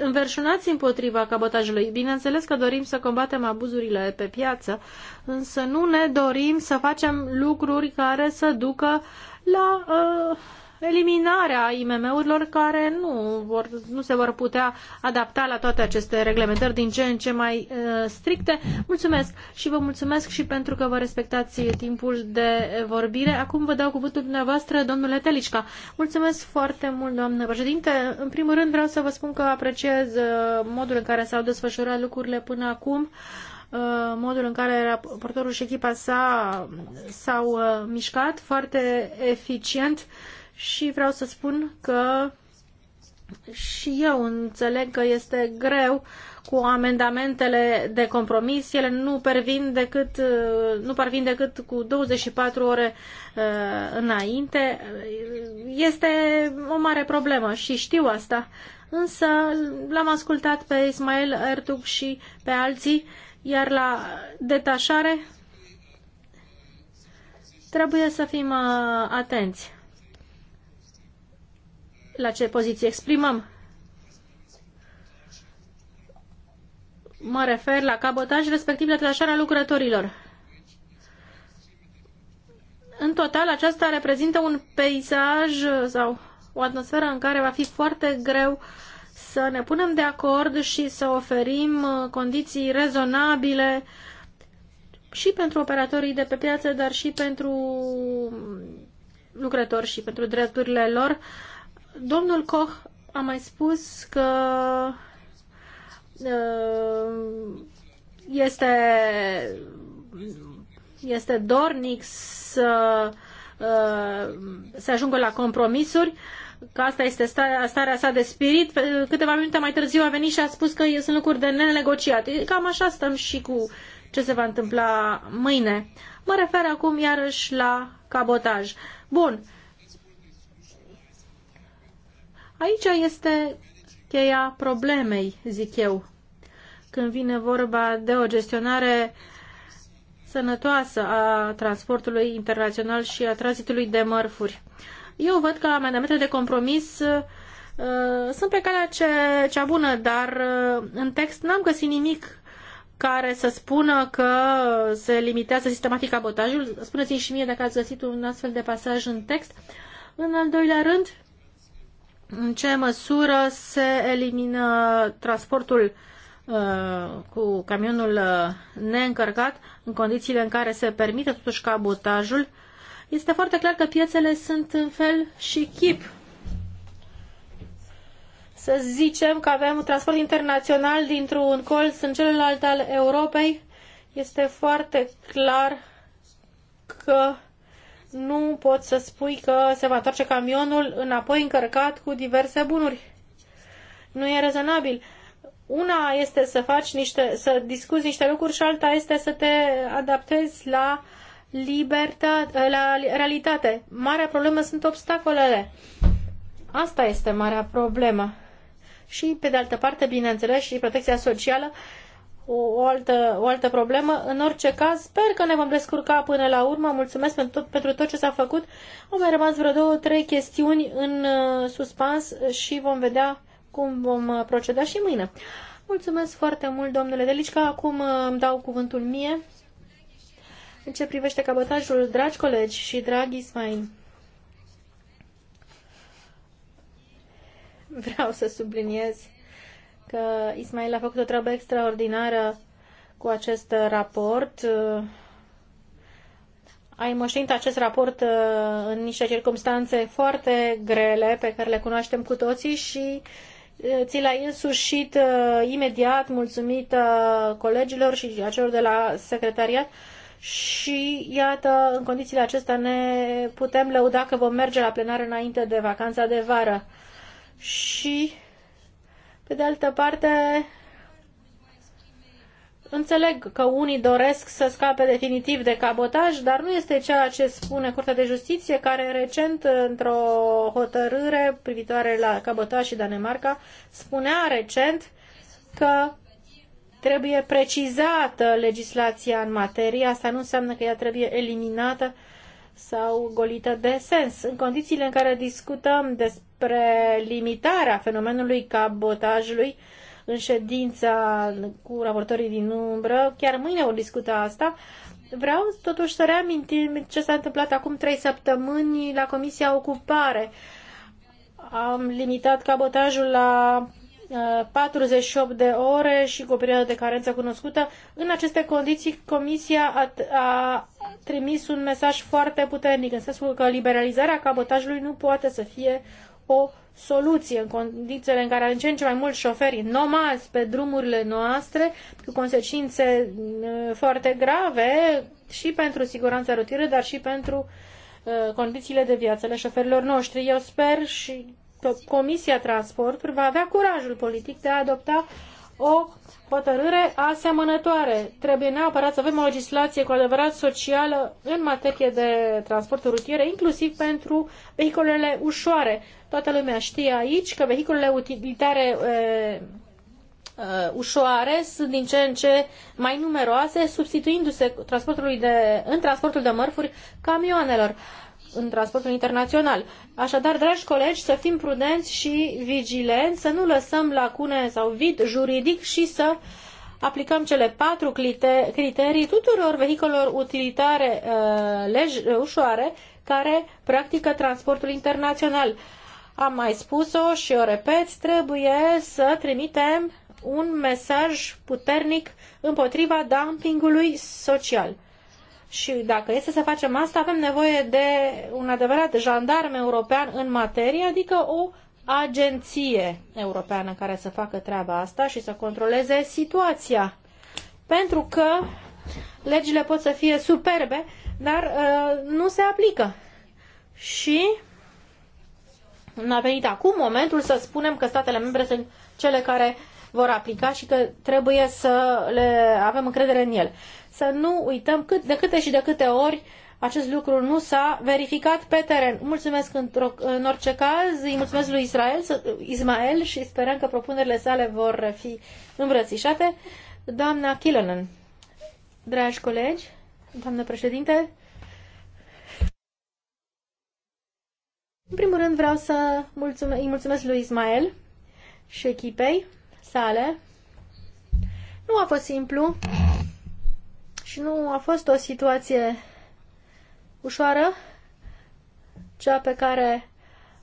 Speaker 4: înverșunați împotriva cabotajului. Bineînțeles că dorim să combatem abuzurile pe piață, însă nu ne dorim să facem lucruri care să ducă la uh, eliminarea IMM-urilor care nu, vor, nu se vor putea adapta la toate aceste reglementări din ce în ce mai uh, stricte. Mulțumesc și vă mulțumesc și pentru că vă respectați timpul de vorbire. Acum vă dau cuvântul dumneavoastră, domnule Telicca. Mulțumesc foarte mult, doamnă președinte. În primul rând vreau să vă spun că apreciez uh, modul în care s-au desfășurat lucrurile până acum uh, modul în care raportorul și echipa sa s-au uh, mișcat foarte eficient și vreau să spun că și eu înțeleg că este greu cu amendamentele de compromis. Ele nu parvin decât, nu parvin decât cu 24 ore uh, înainte. Este o mare problemă și știu asta. Însă l-am ascultat pe Ismail Ertug și pe alții, iar la detașare trebuie să fim uh, atenți la ce poziție exprimăm. Mă refer la cabotaj, respectiv la trașarea lucrătorilor. În total, aceasta reprezintă un peisaj sau o atmosferă în care va fi foarte greu să ne punem de acord și să oferim uh, condiții rezonabile și pentru operatorii de pe piață, dar și pentru um, lucrători și pentru drepturile lor. Uh, Domnul Koch a mai spus că uh, este, este dornic să, uh, să ajungă la compromisuri, că asta este starea, starea sa de spirit. Câteva minute mai târziu a venit și a spus că sunt lucruri de nenegociat. Cam așa stăm și cu ce se va întâmpla mâine. Mă refer acum iarăși la cabotaj. Bun, uh, Aici este cheia problemei, zic eu, când vine vorba de o gestionare sănătoasă a transportului internațional și a tranzitului de mărfuri. Eu văd că amendamentele de compromis uh, sunt pe calea ce, cea bună, dar uh, în text n-am găsit nimic care să spună că se limitează sistematic abotajul. Spuneți-mi și mie dacă ați găsit un astfel de pasaj în text. În al doilea rând, în ce măsură se elimină transportul uh, cu camionul uh, neîncărcat în condițiile în care se permite totuși cabotajul, este foarte clar că piețele sunt în fel și chip. Să zicem că avem un transport internațional dintr-un colț în celălalt al Europei, este foarte clar că nu poți să spui că se va întoarce camionul înapoi încărcat cu diverse bunuri. Nu e rezonabil. Una este să faci niște, să discuți niște lucruri și alta este să te adaptezi la libertate, la realitate. Marea problemă sunt obstacolele. Asta este marea problemă. Și, pe de altă parte, bineînțeles, și protecția socială o altă, o altă problemă. În orice caz, sper că ne vom descurca până la urmă. Mulțumesc pentru tot, pentru tot ce s-a făcut. Au mai rămas vreo două, trei chestiuni în uh, suspans și vom vedea cum vom uh, proceda și mâine. Mulțumesc foarte mult, domnule Delicica. Acum uh, îmi dau cuvântul mie. În ce privește cabotajul, dragi colegi și dragi Ismail, vreau să subliniez că Ismail a făcut o treabă extraordinară cu acest raport. Ai moștenit acest raport uh, în niște circunstanțe foarte grele pe care le cunoaștem cu toții și uh, ți l-ai însușit uh, imediat, mulțumit colegilor și acelor de la secretariat. Și iată, în condițiile acestea ne putem lăuda că vom merge la plenare înainte de vacanța de vară. Și pe de altă parte, Înțeleg că unii doresc să scape definitiv de cabotaj, dar nu este ceea ce spune Curtea de Justiție, care recent, într-o hotărâre privitoare la cabotaj și Danemarca, spunea recent că trebuie precizată legislația în materie. Asta nu înseamnă că ea trebuie eliminată sau golită de sens. În condițiile în care discutăm despre limitarea fenomenului cabotajului în ședința cu raportorii din umbră, chiar mâine o discuta asta, vreau totuși să reamintim ce s-a întâmplat acum trei săptămâni la Comisia Ocupare. Am limitat cabotajul la 48 uh, de ore și cu o perioadă de carență cunoscută. În aceste condiții, Comisia a, a trimis un mesaj foarte puternic, în sensul că liberalizarea cabotajului nu poate să fie o soluție în condițiile în care în ce în ce mai mulți șoferi nomazi pe drumurile noastre, cu consecințe uh, foarte grave și pentru siguranța rutieră, dar și pentru uh, condițiile de viață ale șoferilor noștri. Eu sper și Comisia Transporturi va avea curajul politic de a adopta o hotărâre asemănătoare. Trebuie neapărat să avem o legislație cu adevărat socială în materie de transport rutier, inclusiv pentru vehiculele ușoare. Toată lumea știe aici că vehiculele utilitare e, e, ușoare sunt din ce în ce mai numeroase, substituindu-se transportului de, în transportul de mărfuri camioanelor în transportul internațional. Așadar, dragi colegi, să fim prudenți și vigilenți, să nu lăsăm lacune sau vid juridic și să aplicăm cele patru criterii tuturor vehicolor utilitare uh, lej, uh, ușoare care practică transportul internațional. Am mai spus-o și o repet, trebuie să trimitem un mesaj puternic împotriva dumpingului social. Și dacă este să facem asta, avem nevoie de un adevărat jandarm european în materie, adică o agenție europeană care să facă treaba asta și să controleze situația. Pentru că legile pot să fie superbe, dar uh, nu se aplică. Și a venit acum momentul să spunem că statele membre sunt cele care vor aplica și că trebuie să le avem încredere în ele să nu uităm cât, de câte și de câte ori acest lucru nu s-a verificat pe teren. Mulțumesc în orice caz, îi mulțumesc lui Israel, Ismael și sperăm că propunerile sale vor fi îmbrățișate. Doamna Kilonen, dragi colegi, doamnă președinte, în primul rând vreau să mulțume- îi mulțumesc lui Ismael și echipei sale. Nu a fost simplu și nu a fost o situație ușoară, cea pe care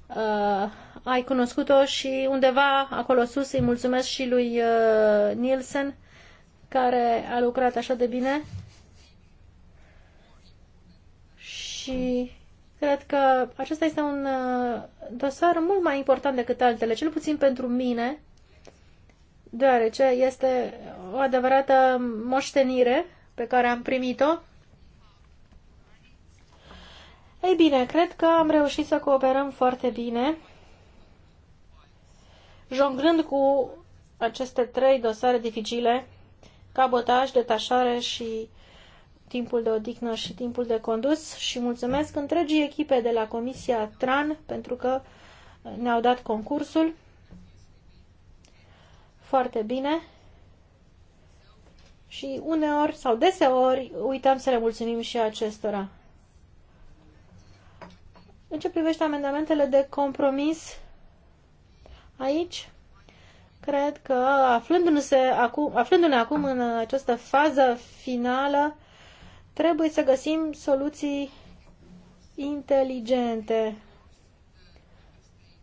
Speaker 4: uh, ai cunoscut-o și undeva acolo sus îi mulțumesc și lui uh, Nielsen care a lucrat așa de bine și cred că acesta este un uh, dosar mult mai important decât altele, cel puțin pentru mine, deoarece este o adevărată moștenire pe care am primit-o. Ei bine, cred că am reușit să cooperăm foarte bine, jonglând cu aceste trei dosare dificile, cabotaj, detașare și timpul de odihnă și timpul de condus și mulțumesc întregii echipe de la Comisia TRAN pentru că ne-au dat concursul. Foarte bine și uneori sau deseori uităm să le mulțumim și acestora. În ce privește amendamentele de compromis, aici cred că aflându-ne acum, aflându acum în această fază finală, trebuie să găsim soluții inteligente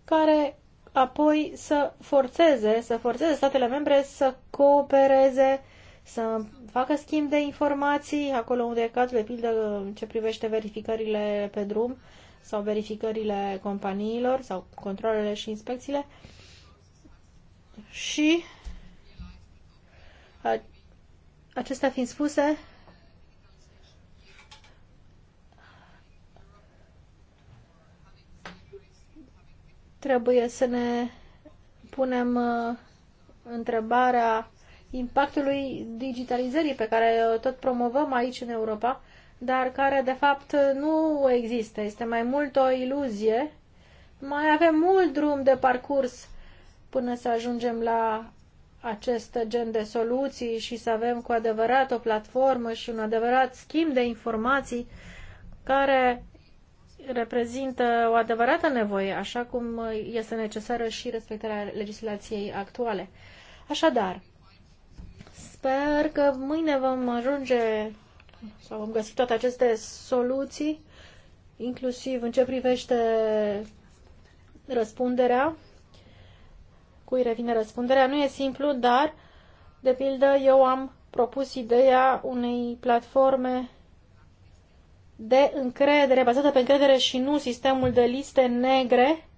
Speaker 4: care apoi să forțeze, să forțeze statele membre să coopereze să facă schimb de informații acolo unde e cazul, de pildă ce privește verificările pe drum sau verificările companiilor sau controlele și inspecțiile. Și acestea fiind spuse, trebuie să ne punem uh, întrebarea impactului digitalizării pe care uh, tot promovăm aici în Europa, dar care de fapt nu există. Este mai mult o iluzie. Mai avem mult drum de parcurs până să ajungem la acest gen de soluții și să avem cu adevărat o platformă și un adevărat schimb de informații care reprezintă o adevărată nevoie, așa cum uh, este necesară și respectarea legislației actuale. Așadar, Sper că mâine vom ajunge sau vom găsi toate aceste soluții, inclusiv în ce privește răspunderea, cui revine răspunderea. Nu e simplu, dar, de pildă, eu am propus ideea unei platforme de încredere, bazată pe încredere și nu sistemul de liste negre.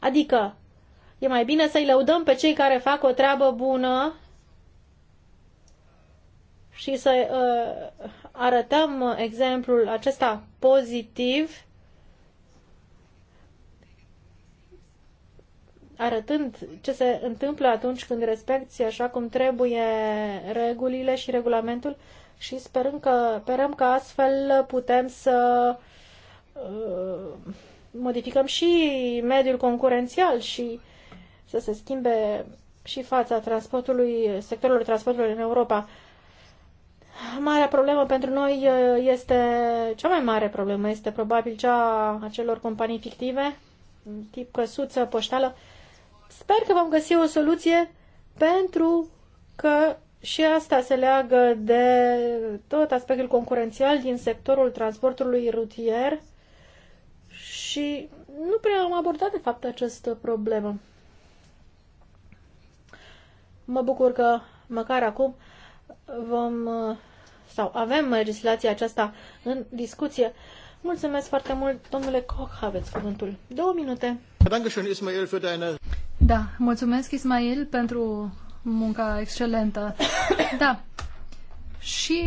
Speaker 4: Adică, E mai bine să-i lăudăm pe cei care fac o treabă bună și să uh, arătăm exemplul acesta pozitiv, arătând ce se întâmplă atunci când respecti așa cum trebuie regulile și regulamentul și sperăm că, sperăm că astfel putem să uh, modificăm și mediul concurențial și uh, să se schimbe și fața transportului, sectorului transportului în Europa. Marea problemă pentru noi uh, este, cea mai mare problemă este probabil cea a celor companii fictive, tip căsuță, poștală. Sper că vom găsi o soluție pentru că și asta se leagă de tot aspectul concurențial din sectorul transportului rutier și nu prea am abordat de fapt această problemă. Mă bucur că măcar acum vom sau avem legislația aceasta în discuție.
Speaker 3: Mulțumesc foarte mult, domnule Koch, aveți cuvântul. Două minute. Da, mulțumesc, Ismail, pentru munca excelentă. Da, și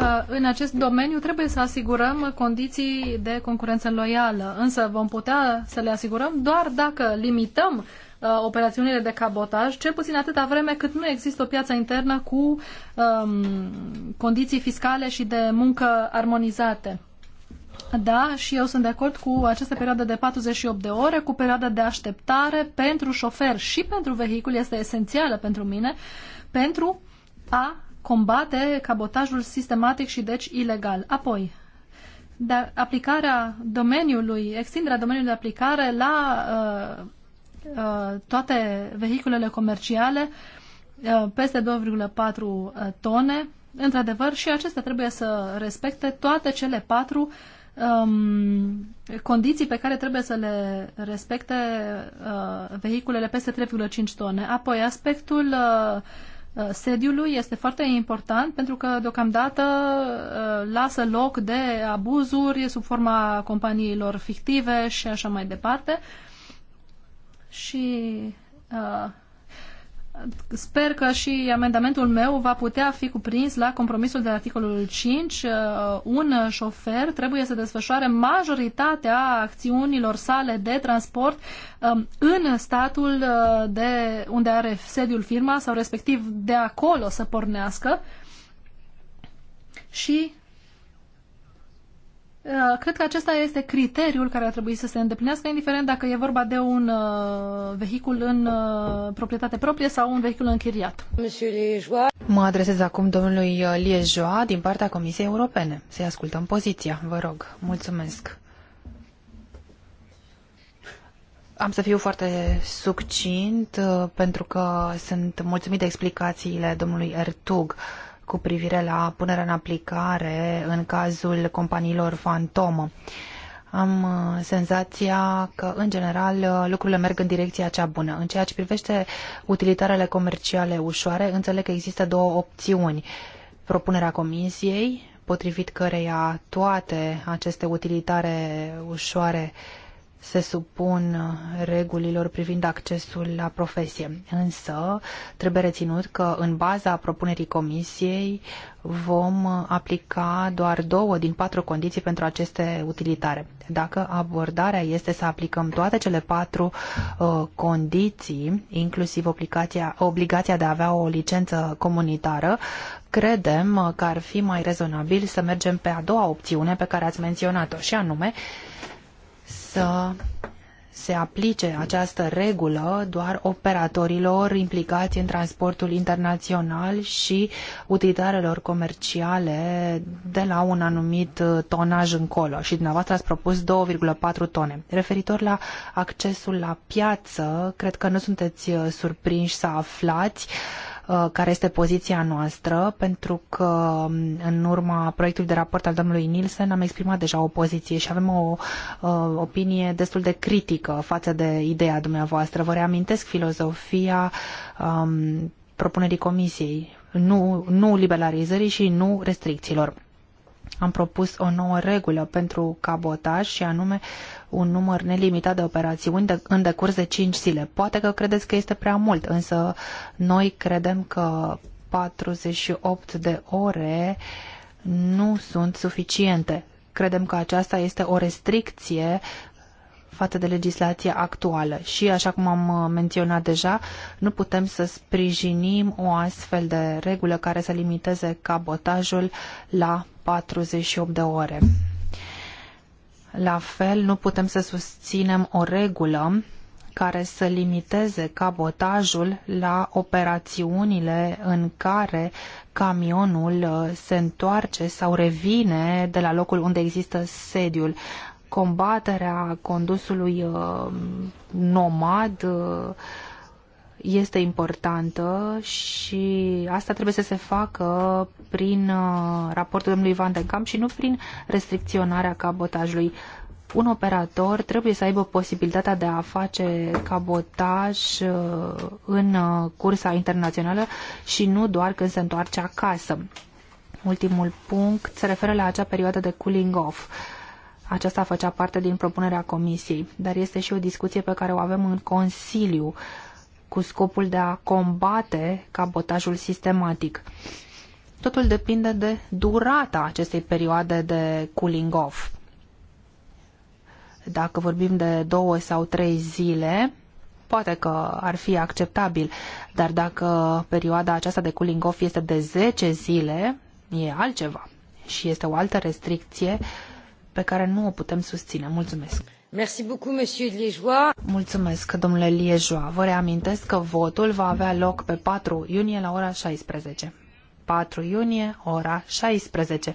Speaker 3: uh, în acest domeniu trebuie să asigurăm condiții de concurență loială, însă vom putea să le asigurăm doar dacă limităm uh, operațiunile de cabotaj, cel puțin atâta vreme cât nu există o piață internă cu um, condiții fiscale și de muncă armonizate. Da, și eu sunt de acord cu această perioadă de 48 de ore, cu perioada de așteptare pentru șofer și pentru vehicul, este esențială pentru mine, pentru a combate cabotajul sistematic și deci ilegal. Apoi, de aplicarea domeniului, extinderea domeniului de aplicare la uh, Uh, toate vehiculele comerciale uh, peste 2,4 uh, tone. Într-adevăr, și acestea trebuie să respecte toate cele patru um, condiții pe care trebuie să le respecte uh, vehiculele peste 3,5 tone. Apoi, aspectul uh, sediului este foarte important pentru că deocamdată lasă loc de abuzuri sub forma companiilor fictive și așa mai departe. Uh, și uh, sper că și amendamentul meu va putea fi cuprins la compromisul de articolul 5. Uh, un șofer trebuie să desfășoare majoritatea acțiunilor sale de transport um, în statul uh, de unde are sediul firma sau respectiv de acolo să pornească și Uh, cred că acesta este criteriul care ar trebui să se îndeplinească, indiferent dacă e vorba de un uh, vehicul în uh, proprietate proprie sau un vehicul închiriat.
Speaker 2: Mă adresez acum domnului Liejoa din partea Comisiei Europene. Să-i ascultăm poziția, vă rog. Mulțumesc. Am să fiu foarte succint pentru că sunt mulțumit de explicațiile domnului Ertug cu privire la punerea în aplicare în cazul companiilor fantomă. Am uh, senzația că, în general, uh, lucrurile merg în direcția cea bună. În ceea ce privește utilitarele comerciale ușoare, înțeleg că există două opțiuni. Propunerea comisiei, potrivit căreia toate aceste utilitare ușoare uh, se supun uh, regulilor privind accesul la profesie. Însă, trebuie reținut că în baza propunerii comisiei vom uh, aplica doar două din patru condiții pentru aceste utilitare. Dacă abordarea este să aplicăm toate cele patru uh, condiții, inclusiv obligația, obligația de a avea o licență comunitară, credem uh, că ar fi mai rezonabil să mergem pe a doua opțiune pe care ați menționat-o, și anume să se aplice această regulă doar operatorilor implicați în transportul internațional și utilitarelor comerciale de la un anumit uh, tonaj încolo și dumneavoastră ați propus 2,4 tone. Referitor la accesul la piață, cred că nu sunteți uh, surprinși să aflați uh, Uh, care este poziția noastră, pentru că um, în urma proiectului de raport al domnului Nielsen am exprimat deja o poziție și avem o uh, opinie destul de critică față de ideea dumneavoastră. Vă reamintesc filozofia um, propunerii comisiei, nu, nu liberalizării și nu restricțiilor am propus o nouă regulă pentru cabotaj și anume un număr nelimitat de operațiuni de, în decurs de 5 zile. Poate că credeți că este prea mult, însă noi credem că 48 de ore nu sunt suficiente. Credem că aceasta este o restricție față de legislația actuală și, așa cum am uh, menționat deja, nu putem să sprijinim o astfel de regulă care să limiteze cabotajul la 48 de ore. La fel, nu putem să susținem o regulă care să limiteze cabotajul la operațiunile în care camionul uh, se întoarce sau revine de la locul unde există sediul. Combaterea condusului uh, nomad uh, este importantă și asta trebuie să se facă prin uh, raportul domnului Van den Kamp și nu prin restricționarea cabotajului. Un operator trebuie să aibă posibilitatea de a face cabotaj uh, în uh, cursa internațională și nu doar când se întoarce acasă. Ultimul punct se referă la acea perioadă de cooling off. Aceasta făcea parte din propunerea Comisiei, dar este și o discuție pe care o avem în Consiliu. Uh, cu scopul de a combate cabotajul sistematic. Totul depinde de durata acestei perioade de cooling off. Dacă vorbim de două sau trei zile, poate că ar fi acceptabil, dar dacă perioada aceasta de cooling off este de 10 zile, e altceva și este o altă restricție pe care nu o putem susține. Mulțumesc! Mulțumesc, domnule Liejoa. Vă reamintesc că votul va avea loc pe 4 iunie la ora 16. 4 iunie, ora 16.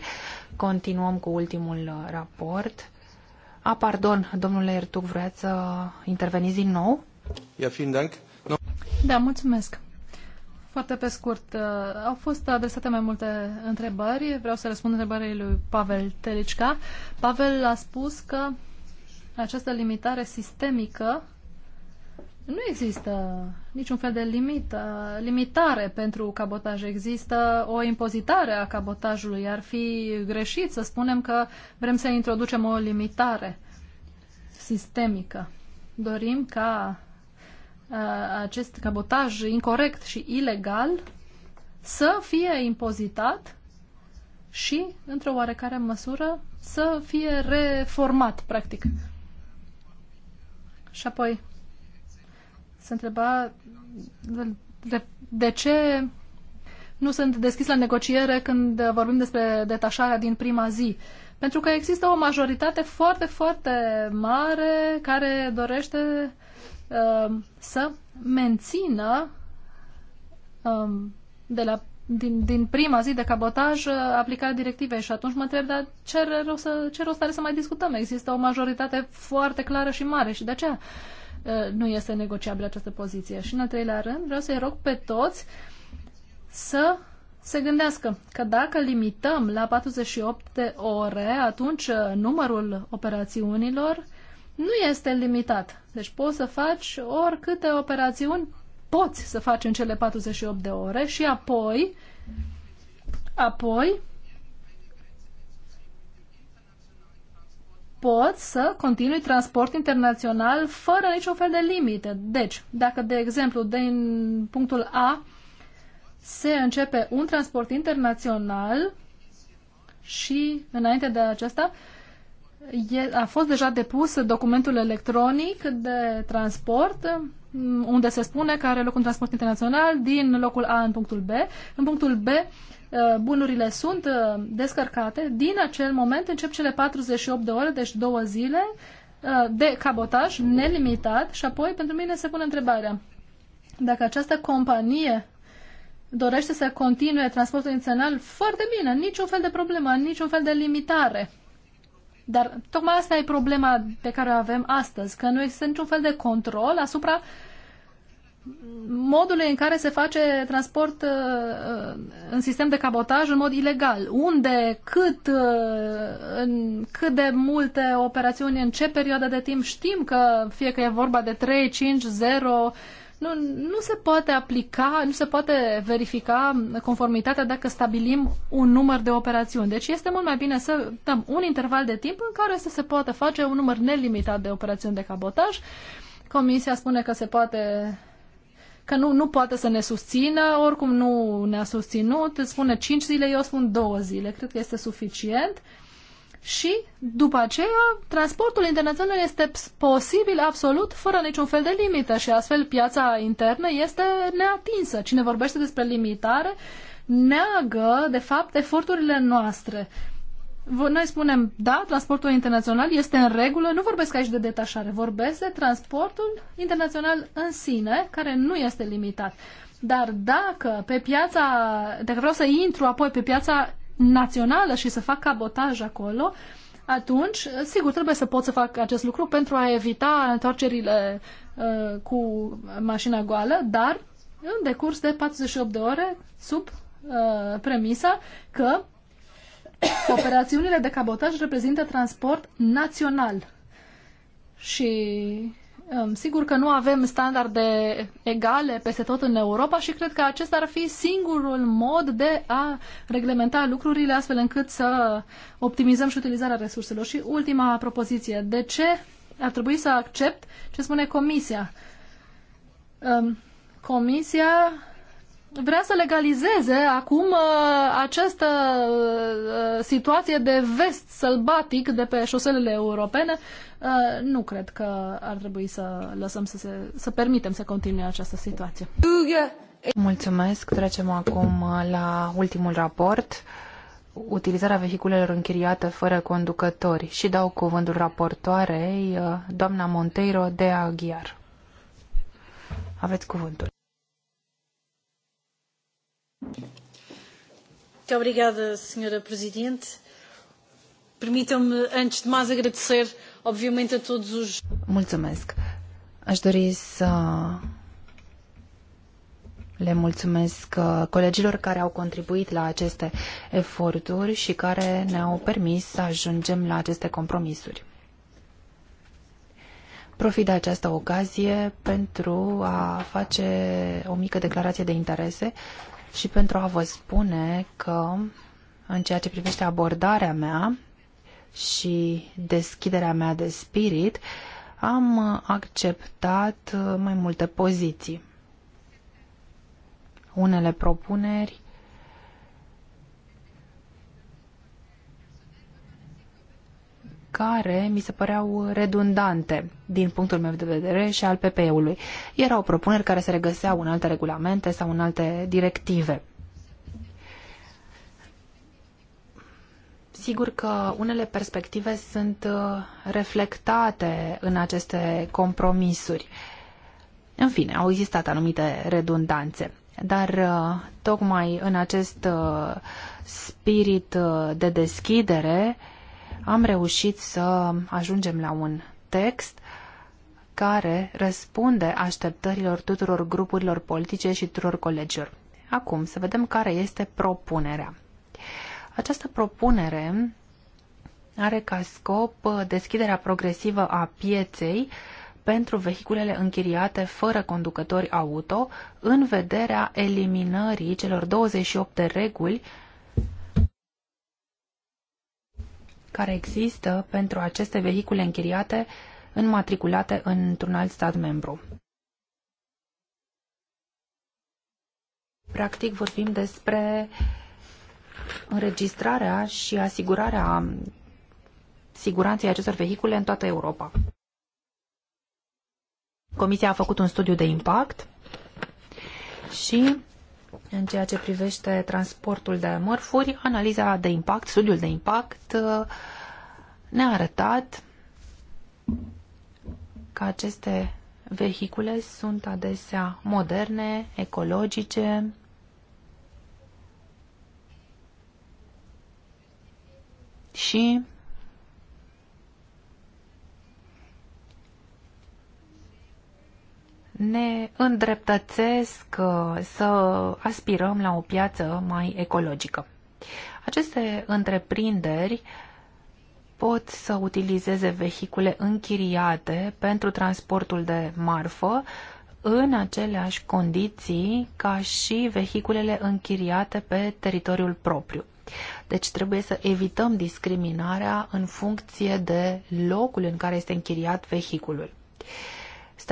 Speaker 2: Continuăm cu ultimul uh, raport. A, ah, pardon, domnule Ertug, vreați să interveniți din nou? Dank. Da, mulțumesc. Foarte pe scurt, uh, au
Speaker 3: fost adresate mai multe întrebări. Vreau să răspund întrebării lui Pavel Telicca. Pavel a spus că această limitare sistemică, nu există niciun fel de limită, limitare pentru cabotaj. Există o impozitare a cabotajului. Ar fi greșit să spunem că vrem să introducem o limitare sistemică. Dorim ca uh, acest cabotaj incorrect și ilegal să fie impozitat și, într-o oarecare măsură, să fie reformat, practic. Și apoi se întreba de, de ce nu sunt deschis la negociere când vorbim despre detașarea din prima zi. Pentru că există o majoritate foarte, foarte mare care dorește uh, să mențină uh, de la din, din prima zi de cabotaj uh, aplicarea directivei și atunci mă întreb, dar ce rost, ce rost are să mai discutăm? Există o majoritate foarte clară și mare și de aceea uh, nu este negociabilă această poziție. Și în al treilea rând vreau să-i rog pe toți să se gândească că dacă limităm la 48 de ore, atunci uh, numărul operațiunilor nu este limitat. Deci poți să faci oricâte operațiuni poți să faci în cele 48 de ore și apoi apoi poți să continui transport internațional fără niciun fel de limite. Deci, dacă, de exemplu, din punctul A se începe un transport internațional și înainte de acesta a fost deja depus documentul electronic de transport Mm, unde se spune că are loc un transport internațional din locul A în punctul B. În punctul B uh, bunurile sunt uh, descărcate. Din acel moment încep cele 48 de ore, deci două zile uh, de cabotaj nelimitat și apoi pentru mine se pune întrebarea dacă această companie dorește să continue transportul internațional foarte bine, niciun fel de problemă, niciun fel de limitare. Dar tocmai asta e problema pe care o avem astăzi, că nu există niciun fel de control asupra modului în care se face transport uh, uh, în sistem de cabotaj în mod ilegal. Unde, cât, uh, în cât de multe operațiuni, în ce perioadă de timp știm că fie că e vorba de 3, 5, 0 nu, nu se poate aplica, nu se poate verifica conformitatea dacă stabilim un număr de operațiuni. Deci este mult mai bine să dăm un interval de timp în care să se poată face un număr nelimitat de operațiuni de cabotaj. Comisia spune că se poate că nu, nu poate să ne susțină, oricum nu ne-a susținut, spune 5 zile, eu spun 2 zile, cred că este suficient. Uh, și după aceea transportul internațional este posibil absolut fără niciun fel de limită și astfel piața internă este neatinsă. Cine vorbește despre limitare neagă de fapt eforturile noastre. Noi spunem, da, transportul internațional este în regulă, nu vorbesc aici de detașare, vorbesc de transportul internațional în sine, care nu este limitat. Dar dacă pe piața, dacă vreau să intru apoi pe piața națională și să fac cabotaj acolo, atunci, sigur, trebuie să pot să fac acest lucru pentru a evita întoarcerile uh, cu mașina goală, dar în decurs de 48 de ore, sub uh, premisa că operațiunile de cabotaj reprezintă transport național. Și Ehm, sigur că nu avem standarde egale peste tot în Europa și cred că acesta ar fi singurul mod de a reglementa lucrurile astfel încât să optimizăm și utilizarea resurselor. Și ultima propoziție. De ce ar trebui să accept ce spune Comisia? Ehm, Comisia vrea să legalizeze acum uh, această uh, situație de vest sălbatic de pe șoselele europene. Uh, nu cred că ar trebui să lăsăm să, se, să permitem să continue această situație.
Speaker 2: Mulțumesc. Trecem acum la ultimul raport. Utilizarea vehiculelor închiriate fără conducători și dau cuvântul raportoarei, doamna Monteiro de Aghiar. Aveți cuvântul.
Speaker 4: Senhora Presidente. Permitam-me, antes de
Speaker 3: mais, agradecer, obviamente, a todos os.
Speaker 2: Mulțumesc. Aș dori să le mulțumesc uh, colegilor care au contribuit la aceste eforturi și care ne-au permis să ajungem la aceste compromisuri. Profit de această ocazie pentru a face o mică declarație de interese și pentru a vă spune că în ceea ce privește abordarea mea și deschiderea mea de spirit, am acceptat mai multe poziții. Unele propuneri care mi se păreau redundante din punctul meu de vedere și al PPE-ului. Erau propuneri care se regăseau în alte regulamente sau în alte directive. Sigur că unele perspective sunt uh, reflectate în aceste compromisuri. În fine, au existat anumite redundanțe, dar uh, tocmai în acest uh, spirit de deschidere, am reușit să ajungem la un text care răspunde așteptărilor tuturor grupurilor politice și tuturor colegilor. Acum, să vedem care este propunerea. Această propunere are ca scop deschiderea progresivă a pieței pentru vehiculele închiriate fără conducători auto în vederea eliminării celor 28 de reguli care există pentru aceste vehicule închiriate înmatriculate într-un alt stat membru. Practic vorbim despre înregistrarea și asigurarea siguranței acestor vehicule în toată Europa. Comisia a făcut un studiu de impact și în ceea ce privește transportul de mărfuri, analiza de impact, studiul de impact uh, ne-a arătat că aceste vehicule sunt adesea moderne, ecologice, și ne îndreptățesc uh, să aspirăm la o piață mai ecologică. Aceste întreprinderi pot să utilizeze vehicule închiriate pentru transportul de marfă în aceleași condiții ca și vehiculele închiriate pe teritoriul propriu. Deci trebuie să evităm discriminarea în funcție de locul în care este închiriat vehiculul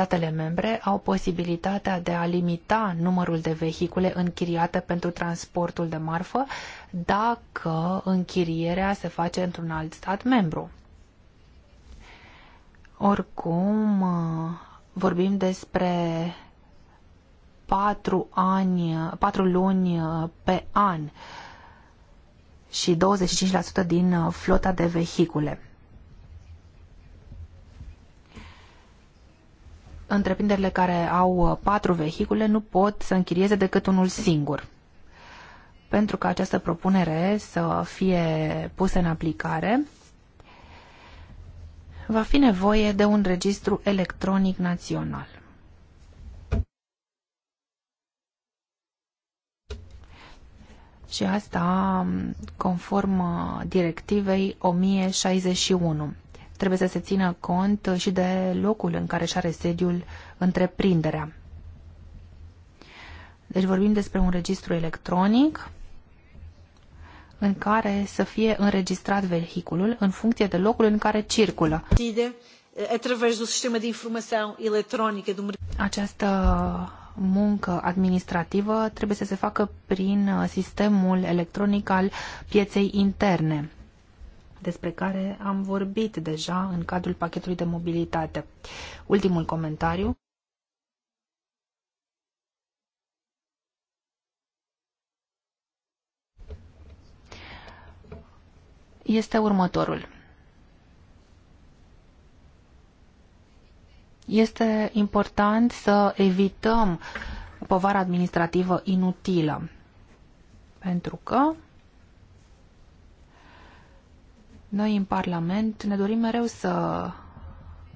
Speaker 2: statele membre au posibilitatea de a limita numărul de vehicule închiriate pentru transportul de marfă dacă închirierea se face într-un alt stat membru. Oricum, vorbim despre patru, ani, patru luni pe an și 25% din flota de vehicule. întreprinderile care au uh, patru vehicule nu pot să închirieze decât unul singur. Pentru ca această propunere să fie pusă în aplicare, va fi nevoie de un registru electronic național. Și asta mm, conform uh, directivei 1061 trebuie să se țină cont și de locul în care și are sediul întreprinderea. Deci vorbim despre un registru electronic în care să fie înregistrat vehiculul în funcție de locul în care circulă. Această muncă administrativă trebuie să se facă prin uh, sistemul electronic al pieței interne despre care am vorbit deja în cadrul pachetului de mobilitate. Ultimul comentariu. este următorul. Este important să evităm povara administrativă inutilă, pentru că noi în Parlament ne dorim mereu să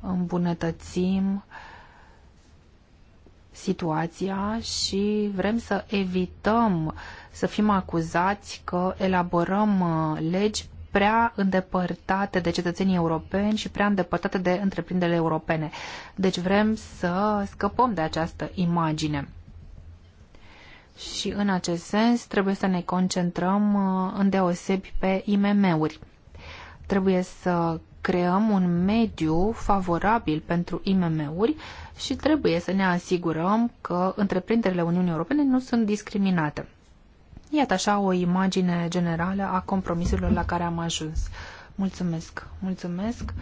Speaker 2: îmbunătățim situația și vrem să evităm să fim acuzați că elaborăm uh, legi prea îndepărtate de cetățenii europeni și prea îndepărtate de întreprinderile europene. Deci vrem să scăpăm de această imagine. Și în acest sens trebuie să ne concentrăm uh, îndeosebi pe IMM-uri. Trebuie să creăm un mediu favorabil pentru IMM-uri și trebuie să ne asigurăm că întreprinderile Uniunii Europene nu sunt discriminate. Iată așa o imagine generală a compromisurilor la care am ajuns. Mulțumesc, mulțumesc.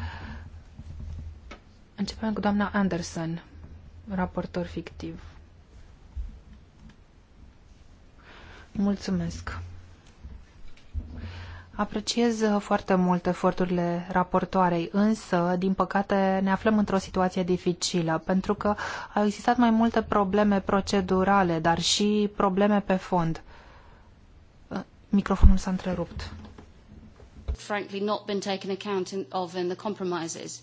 Speaker 2: Începem cu doamna Anderson, raportor fictiv. Mulțumesc. Apreciez uh, foarte mult eforturile raportoarei, însă, din păcate, ne aflăm într-o situație dificilă, pentru că au existat mai multe probleme procedurale, dar și probleme pe fond. Uh, microfonul s-a întrerupt.
Speaker 3: Frankly, not been taken account of in the compromises.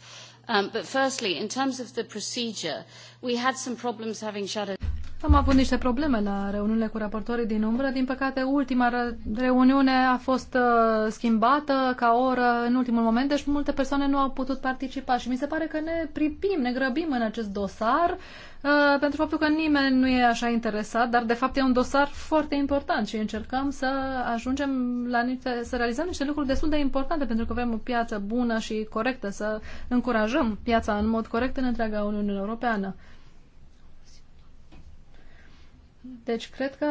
Speaker 3: Um, but firstly, in terms of the procedure, we had some problems having shadow... Am avut niște probleme la reuniunile cu raportorii din umbră. Din păcate, ultima reuniune a fost uh, schimbată ca oră în ultimul moment, deci multe persoane nu au putut participa și mi se pare că ne pripim, ne grăbim în acest dosar uh, pentru faptul că nimeni nu e așa interesat, dar de fapt e un dosar foarte important și încercăm să ajungem la niște, să realizăm niște lucruri destul de importante pentru că avem o piață bună și corectă, să încurajăm piața în mod corect în întreaga Uniune Europeană. Deci cred că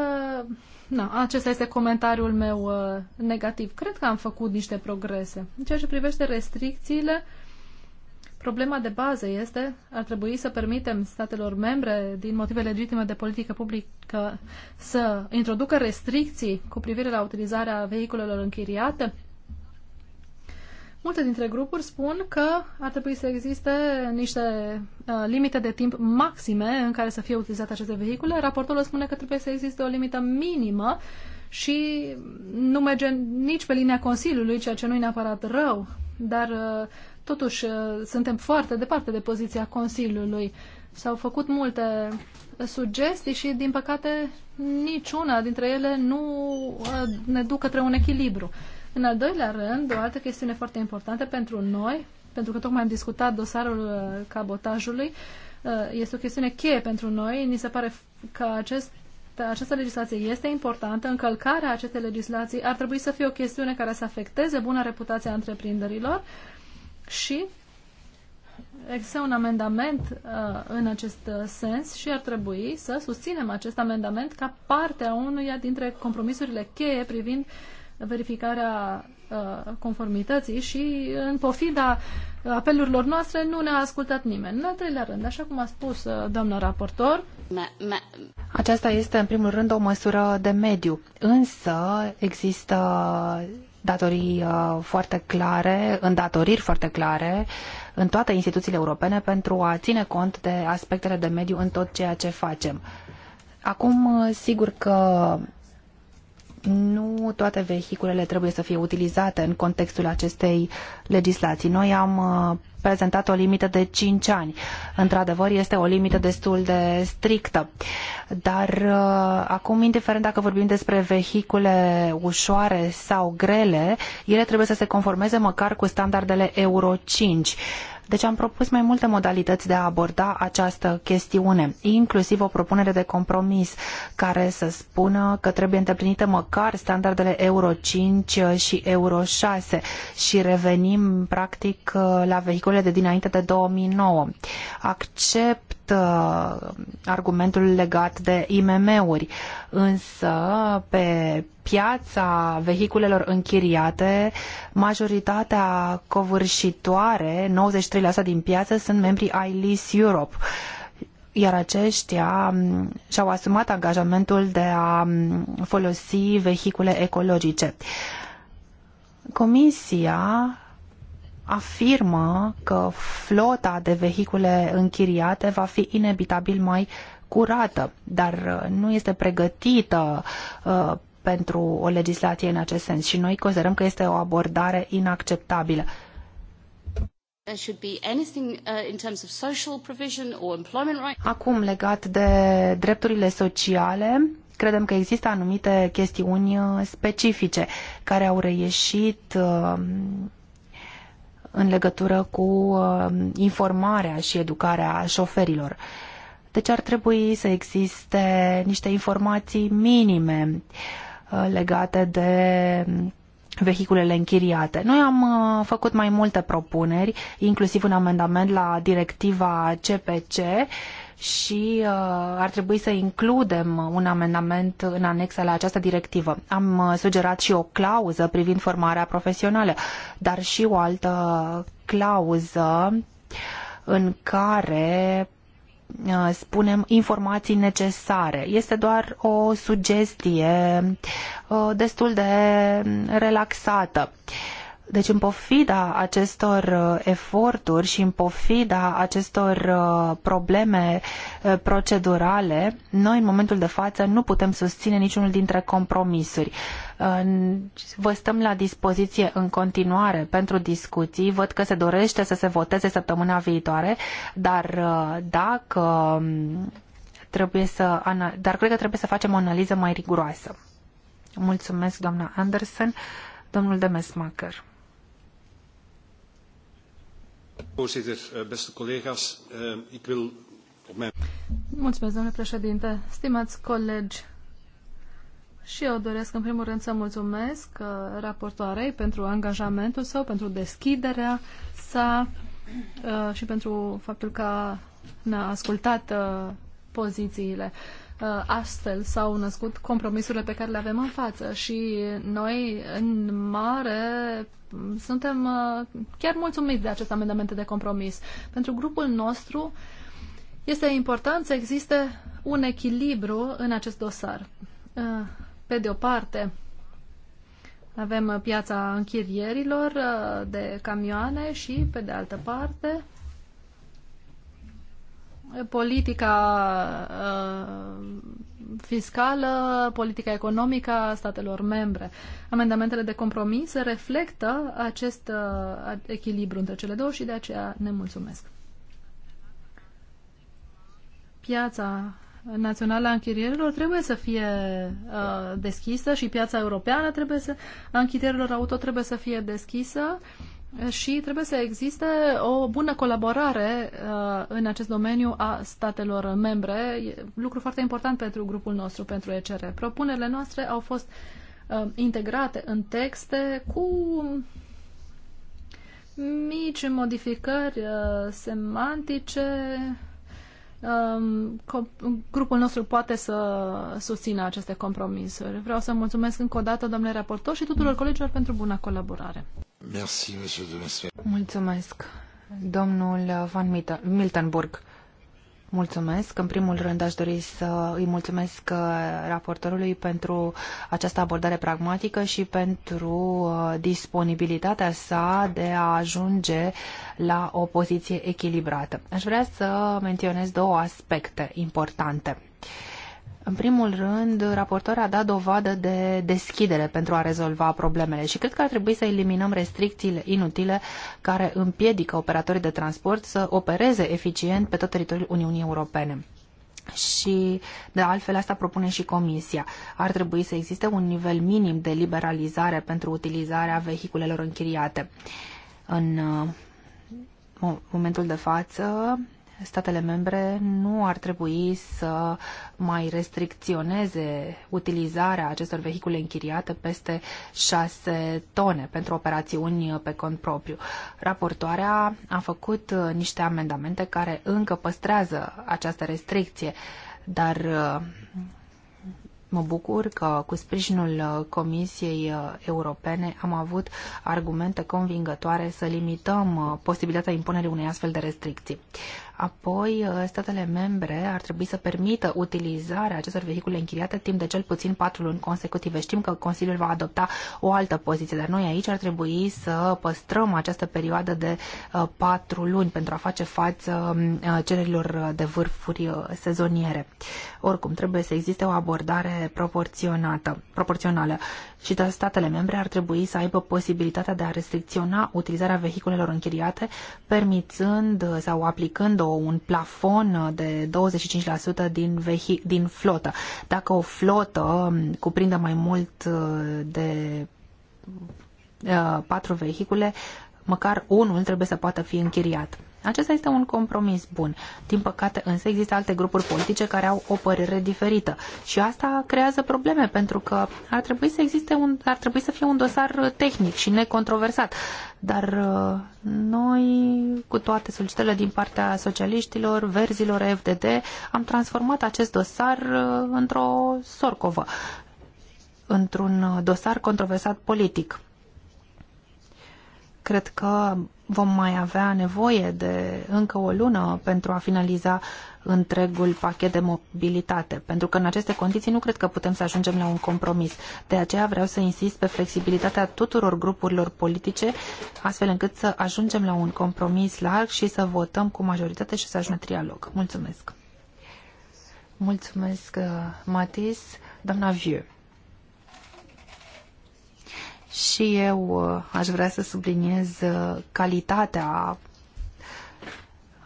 Speaker 3: na, acesta este comentariul meu uh, negativ. Cred că am făcut niște progrese. În ceea ce privește restricțiile, problema de bază este ar trebui să permitem statelor membre din motive legitime de politică publică să introducă restricții cu privire la utilizarea vehiculelor închiriate Multe dintre grupuri spun că ar trebui să existe niște uh, limite de timp maxime în care să fie utilizate aceste vehicule. Raportul spune că trebuie să existe o limită minimă și nu merge nici pe linia Consiliului, ceea ce nu e neapărat rău, dar uh, totuși uh, suntem foarte departe de poziția Consiliului. S-au făcut multe sugestii și, din păcate, niciuna dintre ele nu uh, ne duc către un echilibru. În al doilea rând, o altă chestiune foarte importantă pentru noi, pentru că tocmai am discutat dosarul uh, cabotajului, uh, este o chestiune cheie pentru noi. Ni se pare că acest această legislație este importantă, încălcarea acestei legislații ar trebui să fie o chestiune care să afecteze buna reputație a întreprinderilor și există un amendament uh, în acest uh, sens și ar trebui să susținem acest amendament ca parte a unuia dintre compromisurile cheie privind uh, verificarea uh, conformității și în pofida apelurilor noastre nu ne-a ascultat nimeni. În al treilea rând, așa cum a spus uh, doamna raportor,
Speaker 2: aceasta este în primul rând o măsură de mediu, însă există datorii uh, foarte clare, îndatoriri foarte clare în toate instituțiile europene pentru a ține cont de aspectele de mediu în tot ceea ce facem. Acum, sigur că nu toate vehiculele trebuie să fie utilizate în contextul acestei legislații. Noi am uh, prezentat o limită de 5 ani. Într-adevăr, este o limită destul de strictă. Dar uh, acum, indiferent dacă vorbim despre vehicule ușoare sau grele, ele trebuie să se conformeze măcar cu standardele Euro 5 deci am propus mai multe modalități de a aborda această chestiune, inclusiv o propunere de compromis care să spună că trebuie îndeplinite măcar standardele Euro 5 și Euro 6 și revenim practic la vehiculele de dinainte de 2009. Accept uh, argumentul legat de IMM-uri, însă pe piața vehiculelor închiriate, majoritatea covârșitoare, 93% din piață, sunt membrii ai Lease Europe iar aceștia mm, și-au asumat angajamentul de a mm, folosi vehicule ecologice. Comisia afirmă că flota de vehicule închiriate va fi inevitabil mai curată, dar uh, nu este pregătită uh, pentru o legislație în acest sens și noi considerăm că este o abordare inacceptabilă.
Speaker 3: Uh,
Speaker 2: Acum, legat de drepturile sociale, credem că există anumite chestiuni uh, specifice care au reieșit în legătură cu um, informarea și educarea șoferilor. Deci ar trebui să existe niște informații minime uh, legate de um, vehiculele închiriate. Noi am uh, făcut mai multe propuneri, inclusiv un amendament la directiva CPC și uh, ar trebui să includem un amendament în anexa la această directivă. Am uh, sugerat și o clauză privind formarea profesională, dar și o altă clauză în care uh, spunem, informații necesare. Este doar o sugestie destul de relaxată. Deci în pofida acestor uh, eforturi și în pofida acestor uh, probleme uh, procedurale, noi în momentul de față nu putem susține niciunul dintre compromisuri. Vă stăm la dispoziție în continuare pentru discuții. Văd că se dorește să se voteze săptămâna viitoare, dar dacă um, trebuie să, dar cred că trebuie să facem o analiză mai riguroasă. Mulțumesc, doamna Anderson, domnul Demesmacher.
Speaker 4: Voorzitter, eh, beste collega's, eh, ik wil op mijn...
Speaker 2: Mulțumesc,
Speaker 3: domnule președinte. Stimați colegi, și eu doresc în primul rând să mulțumesc eh, raportoarei pentru angajamentul său, pentru deschiderea sa și pentru faptul că ne-a ascultat pozițiile. Uh, astfel s-au născut compromisurile pe care le avem în față și noi, în mare, suntem uh, chiar mulțumiți de acest amendament de compromis. Pentru grupul nostru este important să existe un echilibru în acest dosar. Uh, pe de o parte, avem piața închirierilor de camioane și, pe de altă parte, politica uh, fiscală, politica economică a statelor membre. Amendamentele de compromis reflectă acest uh, echilibru între cele două și de aceea ne mulțumesc. Piața națională a închirierilor trebuie să fie uh, deschisă și piața europeană trebuie să, a închirierilor auto trebuie să fie deschisă. Uh, și trebuie să existe o bună colaborare uh, în acest domeniu a statelor membre, lucru foarte important pentru grupul nostru, pentru ECR. Propunerile noastre au fost uh, integrate în texte cu mici modificări uh, semantice, Um, grupul nostru poate să susțină aceste compromisuri. Vreau să mulțumesc încă o dată, domnule
Speaker 2: raportor, și tuturor colegilor pentru buna colaborare. Mulțumesc, domnul Van Miltenburg. Mulțumesc. În primul rând aș dori să îi mulțumesc uh, raportorului pentru această abordare pragmatică și pentru uh, disponibilitatea sa de a ajunge la o poziție echilibrată. Aș vrea să menționez două aspecte importante. În primul rând, raportoarea a dat dovadă de deschidere pentru a rezolva problemele și cred că ar trebui să eliminăm restricțiile inutile care împiedică operatorii de transport să opereze eficient pe tot teritoriul Uniunii Europene. Și, de altfel, asta propune și Comisia. Ar trebui să existe un nivel minim de liberalizare pentru utilizarea vehiculelor închiriate. În uh, momentul de față, statele membre nu ar trebui să mai restricționeze utilizarea acestor vehicule închiriate peste 6 tone pentru operațiuni pe cont propriu. Raportoarea a făcut uh, niște amendamente care încă păstrează această restricție, dar uh, Mă bucur că cu sprijinul uh, Comisiei Europene am avut argumente convingătoare să limităm posibilitatea impunerii unei astfel de restricții. Apoi, uh, statele membre ar trebui să permită utilizarea acestor vehicule închiriate timp de cel puțin patru luni consecutive. Știm că Consiliul va adopta o altă poziție, dar noi aici ar trebui să păstrăm această perioadă de uh, patru luni pentru a face față um, uh, cererilor de vârfuri sezoniere. Oricum, trebuie să existe o abordare proporționată, proporțională și statele membre ar trebui să aibă posibilitatea de a restricționa utilizarea vehiculelor închiriate, permițând sau aplicând -o un plafon de 25% din, din flotă. Dacă o flotă um, cuprinde mai mult uh, de uh, patru vehicule, măcar unul trebuie să poată fi închiriat. Acesta este un compromis bun. Din păcate, însă, există alte grupuri politice care au o părere diferită și asta creează probleme pentru că ar trebui să existe un, ar trebui să fie un dosar uh, tehnic și necontroversat. Dar uh, noi, cu toate solicitările din partea socialiștilor, verzilor, FDD, am transformat acest dosar uh, într-o sorcovă într-un dosar controversat politic. Cred că vom mai avea nevoie de încă o lună pentru a finaliza întregul pachet de mobilitate, pentru că în aceste condiții nu cred că putem să ajungem la un compromis. De aceea vreau să insist pe flexibilitatea tuturor grupurilor politice, astfel încât să ajungem la un compromis larg și să votăm cu majoritate și să ajungem la trialog. Mulțumesc! Mulțumesc, uh, Matis. Doamna Vieux. Și eu uh, aș vrea să subliniez uh, calitatea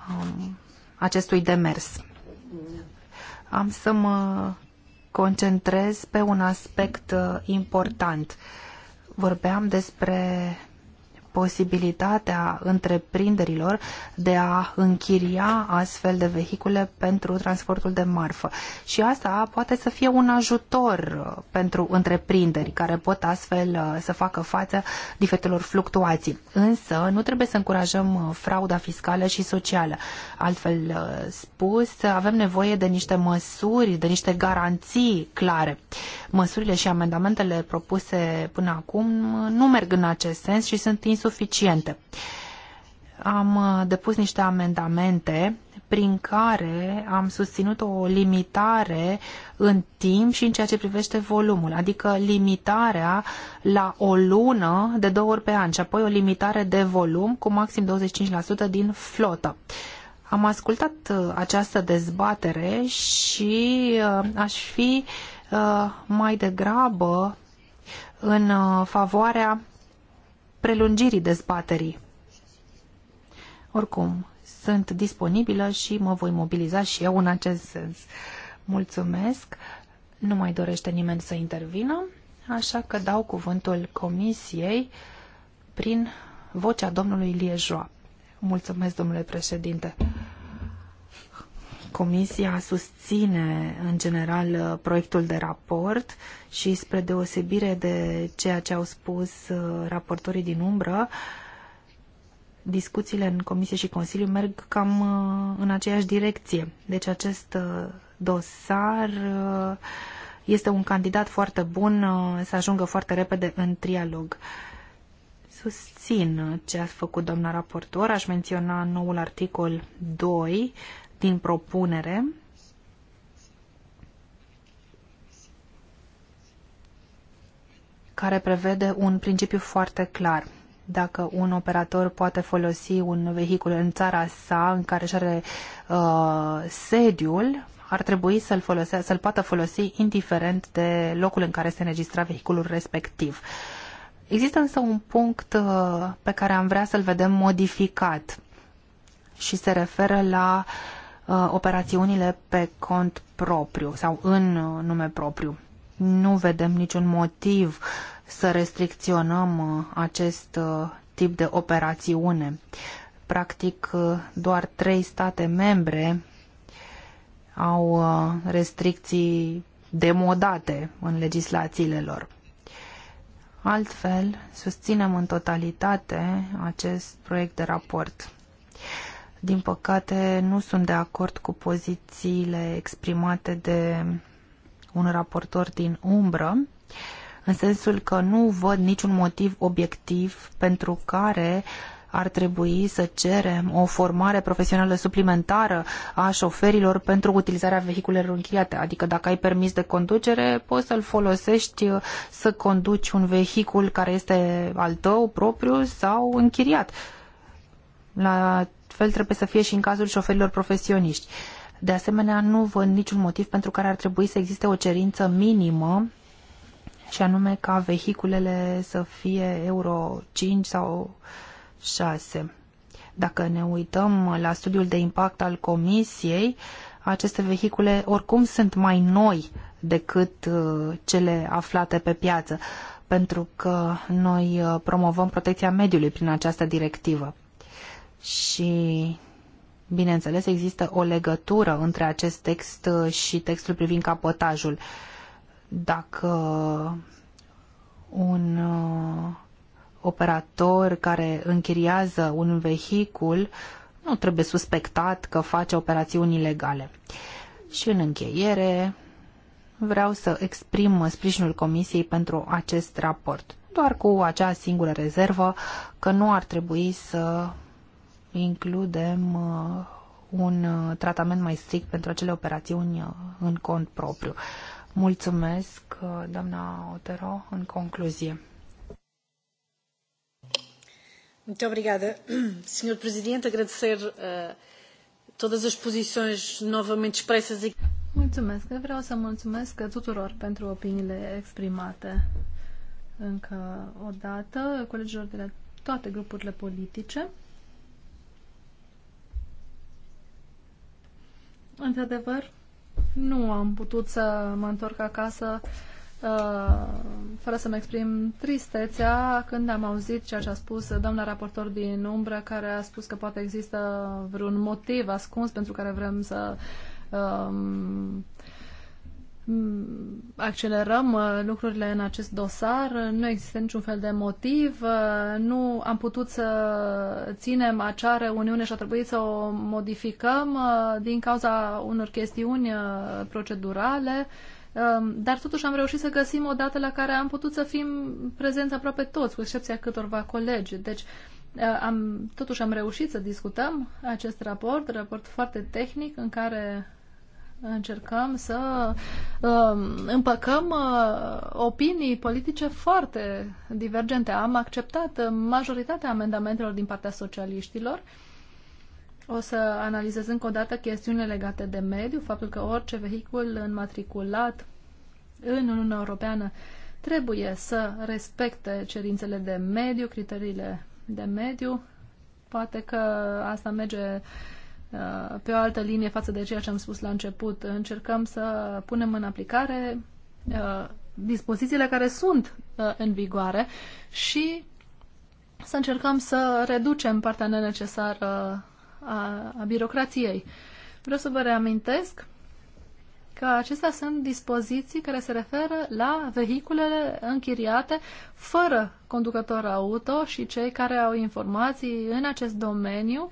Speaker 2: um, acestui demers. Am să mă concentrez pe un aspect uh, important. Vorbeam despre posibilitatea întreprinderilor de a închiria astfel de vehicule pentru transportul de marfă. Și asta poate să fie un ajutor uh, pentru întreprinderi care pot astfel uh, să facă față diferitelor fluctuații. Însă nu trebuie să încurajăm uh, frauda fiscală și socială. Altfel spus, avem nevoie de niște măsuri, de niște garanții clare. Măsurile și amendamentele propuse până acum nu merg în acest sens și sunt insuficiente suficiente. Am uh, depus niște amendamente prin care am susținut o limitare în timp și în ceea ce privește volumul, adică limitarea la o lună de două ori pe an și apoi o limitare de volum cu maxim 25% din flotă. Am ascultat uh, această dezbatere și uh, aș fi mai degrabă în favoarea prelungirii dezbaterii. Oricum, sunt disponibilă și mă voi mobiliza și eu în acest sens. Mulțumesc. Nu mai dorește nimeni să intervină, așa că dau cuvântul comisiei prin vocea domnului Liejoa. Mulțumesc, domnule președinte. Comisia susține în general proiectul de raport și spre deosebire de ceea ce au spus uh, raportorii din umbră, discuțiile în Comisie și Consiliu merg cam uh, în aceeași direcție. Deci acest uh, dosar este un candidat foarte bun să ajungă foarte repede în trialog. Susțin ce a făcut doamna raportor. Aș menționa noul articol 2 din propunere care prevede un principiu foarte clar. Dacă un operator poate folosi un vehicul în țara sa în care își are uh, sediul, ar trebui să-l, folose- să-l poată folosi indiferent de locul în care se înregistra vehiculul respectiv. Există însă un punct uh, pe care am vrea să-l vedem modificat și se referă la uh, Uh, operațiunile pe cont propriu sau în uh, nume propriu. Nu vedem niciun motiv să restricționăm uh, acest tip de operațiune. Practic, doar trei state membre au restricții demodate în legislațiile lor. Altfel, susținem în totalitate acest proiect de raport. Din păcate, nu sunt de acord cu pozițiile exprimate de un raportor din umbră, în sensul că nu văd niciun motiv obiectiv pentru care ar trebui să cerem o formare profesională suplimentară a șoferilor pentru utilizarea vehiculelor închiriate. Adică dacă ai permis de conducere, poți să-l folosești să conduci un vehicul care este al tău propriu sau închiriat. La fel trebuie să fie și în cazul șoferilor profesioniști. De asemenea, nu văd niciun motiv pentru care ar trebui să existe o cerință minimă și anume ca vehiculele să fie Euro 5 sau 6. Dacă ne uităm la studiul de impact al Comisiei, aceste vehicule oricum sunt mai noi decât uh, cele aflate pe piață, pentru că noi uh, promovăm protecția mediului prin această directivă și Bineînțeles, există o legătură între acest text și textul privind capotajul. Dacă un uh, operator care închiriază un vehicul nu trebuie suspectat că face operațiuni ilegale. Și în încheiere vreau să exprim sprijinul Comisiei pentru acest raport, doar cu acea singură rezervă că nu ar trebui să includem uh, un uh, tratament mai strict pentru acele operațiuni uh, în cont propriu. Mulțumesc, doamna Otero, în concluzie.
Speaker 4: Muito obrigada, Sr. Presidente. Agradecer uh, todas as posições novamente expressas aqui.
Speaker 3: Mulțumesc. Vreau să mulțumesc tuturor pentru opiniile exprimate încă o dată, colegilor de la toate grupurile politice. Într-adevăr, nu am putut să mă întorc acasă uh, fără să-mi exprim tristețea când am auzit ceea ce a spus doamna raportor din umbră, care a spus că poate există vreun motiv ascuns pentru care vrem să um, Mm, accelerăm uh, lucrurile în acest dosar, nu există niciun fel de motiv, uh, nu am putut să ținem acea reuniune și a trebuit să o modificăm uh, din cauza unor chestiuni procedurale, um, dar totuși am reușit să găsim o dată la care am putut să fim prezenți aproape toți, cu excepția câtorva colegi. Deci, am, totuși am reușit să discutăm acest raport, raport foarte tehnic în care încercăm să um, împăcăm uh, opinii politice foarte divergente. Am acceptat uh, majoritatea amendamentelor din partea socialiștilor. O să analizez încă o dată chestiunile legate de mediu, faptul că orice vehicul înmatriculat în Uniunea Europeană trebuie să respecte cerințele de mediu, criteriile de mediu. Poate că asta merge uh, Uh, pe o altă linie față de ceea ce am spus la început. Încercăm să punem în aplicare uh, dispozițiile care sunt uh, în vigoare și să încercăm să reducem partea nenecesară a, a birocrației. Vreau să vă reamintesc că acestea sunt dispoziții care se referă la vehiculele închiriate fără conducător auto și cei care au informații în acest domeniu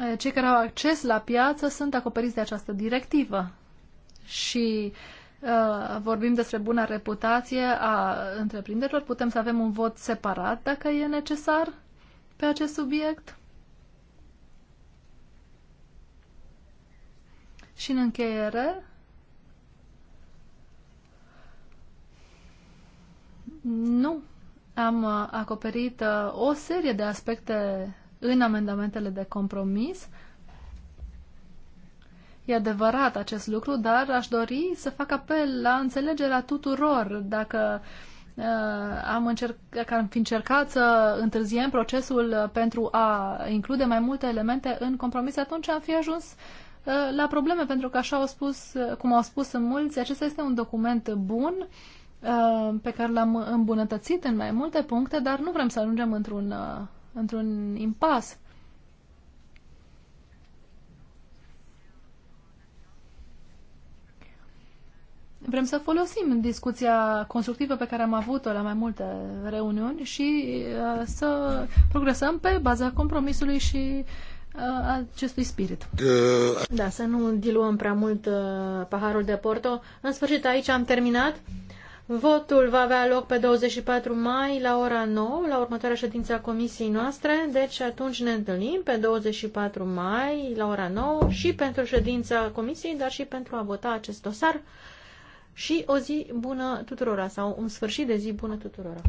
Speaker 3: Eh, cei care au acces la piață sunt acoperiți de această directivă. Și eh, vorbim despre buna reputație a întreprinderilor. Putem să avem un vot separat, dacă e necesar, pe acest subiect. Și în încheiere, nu am eh, acoperit o serie de aspecte în amendamentele de compromis. E adevărat acest lucru, dar aș dori să fac apel la înțelegerea tuturor. Dacă uh, am, încerc, am fi încercat să întârziem procesul pentru a include mai multe elemente în compromis, atunci am fi ajuns uh, la probleme, pentru că așa au spus, cum au spus în mulți, acesta este un document bun uh, pe care l-am îmbunătățit în mai multe puncte, dar nu vrem să ajungem într-un uh, într-un impas. Vrem să folosim discuția constructivă pe care am avut-o la mai multe reuniuni și uh, să progresăm pe baza compromisului și uh, acestui spirit. Da, să nu diluăm prea mult uh, paharul de Porto. În sfârșit, aici am terminat.
Speaker 4: Votul va avea loc pe 24 mai la ora 9, la următoarea ședință a comisiei noastre, deci atunci ne întâlnim pe 24 mai la ora 9 și pentru ședința comisiei, dar și pentru a vota acest dosar. Și o zi bună tuturora
Speaker 3: sau un sfârșit de zi bună tuturora.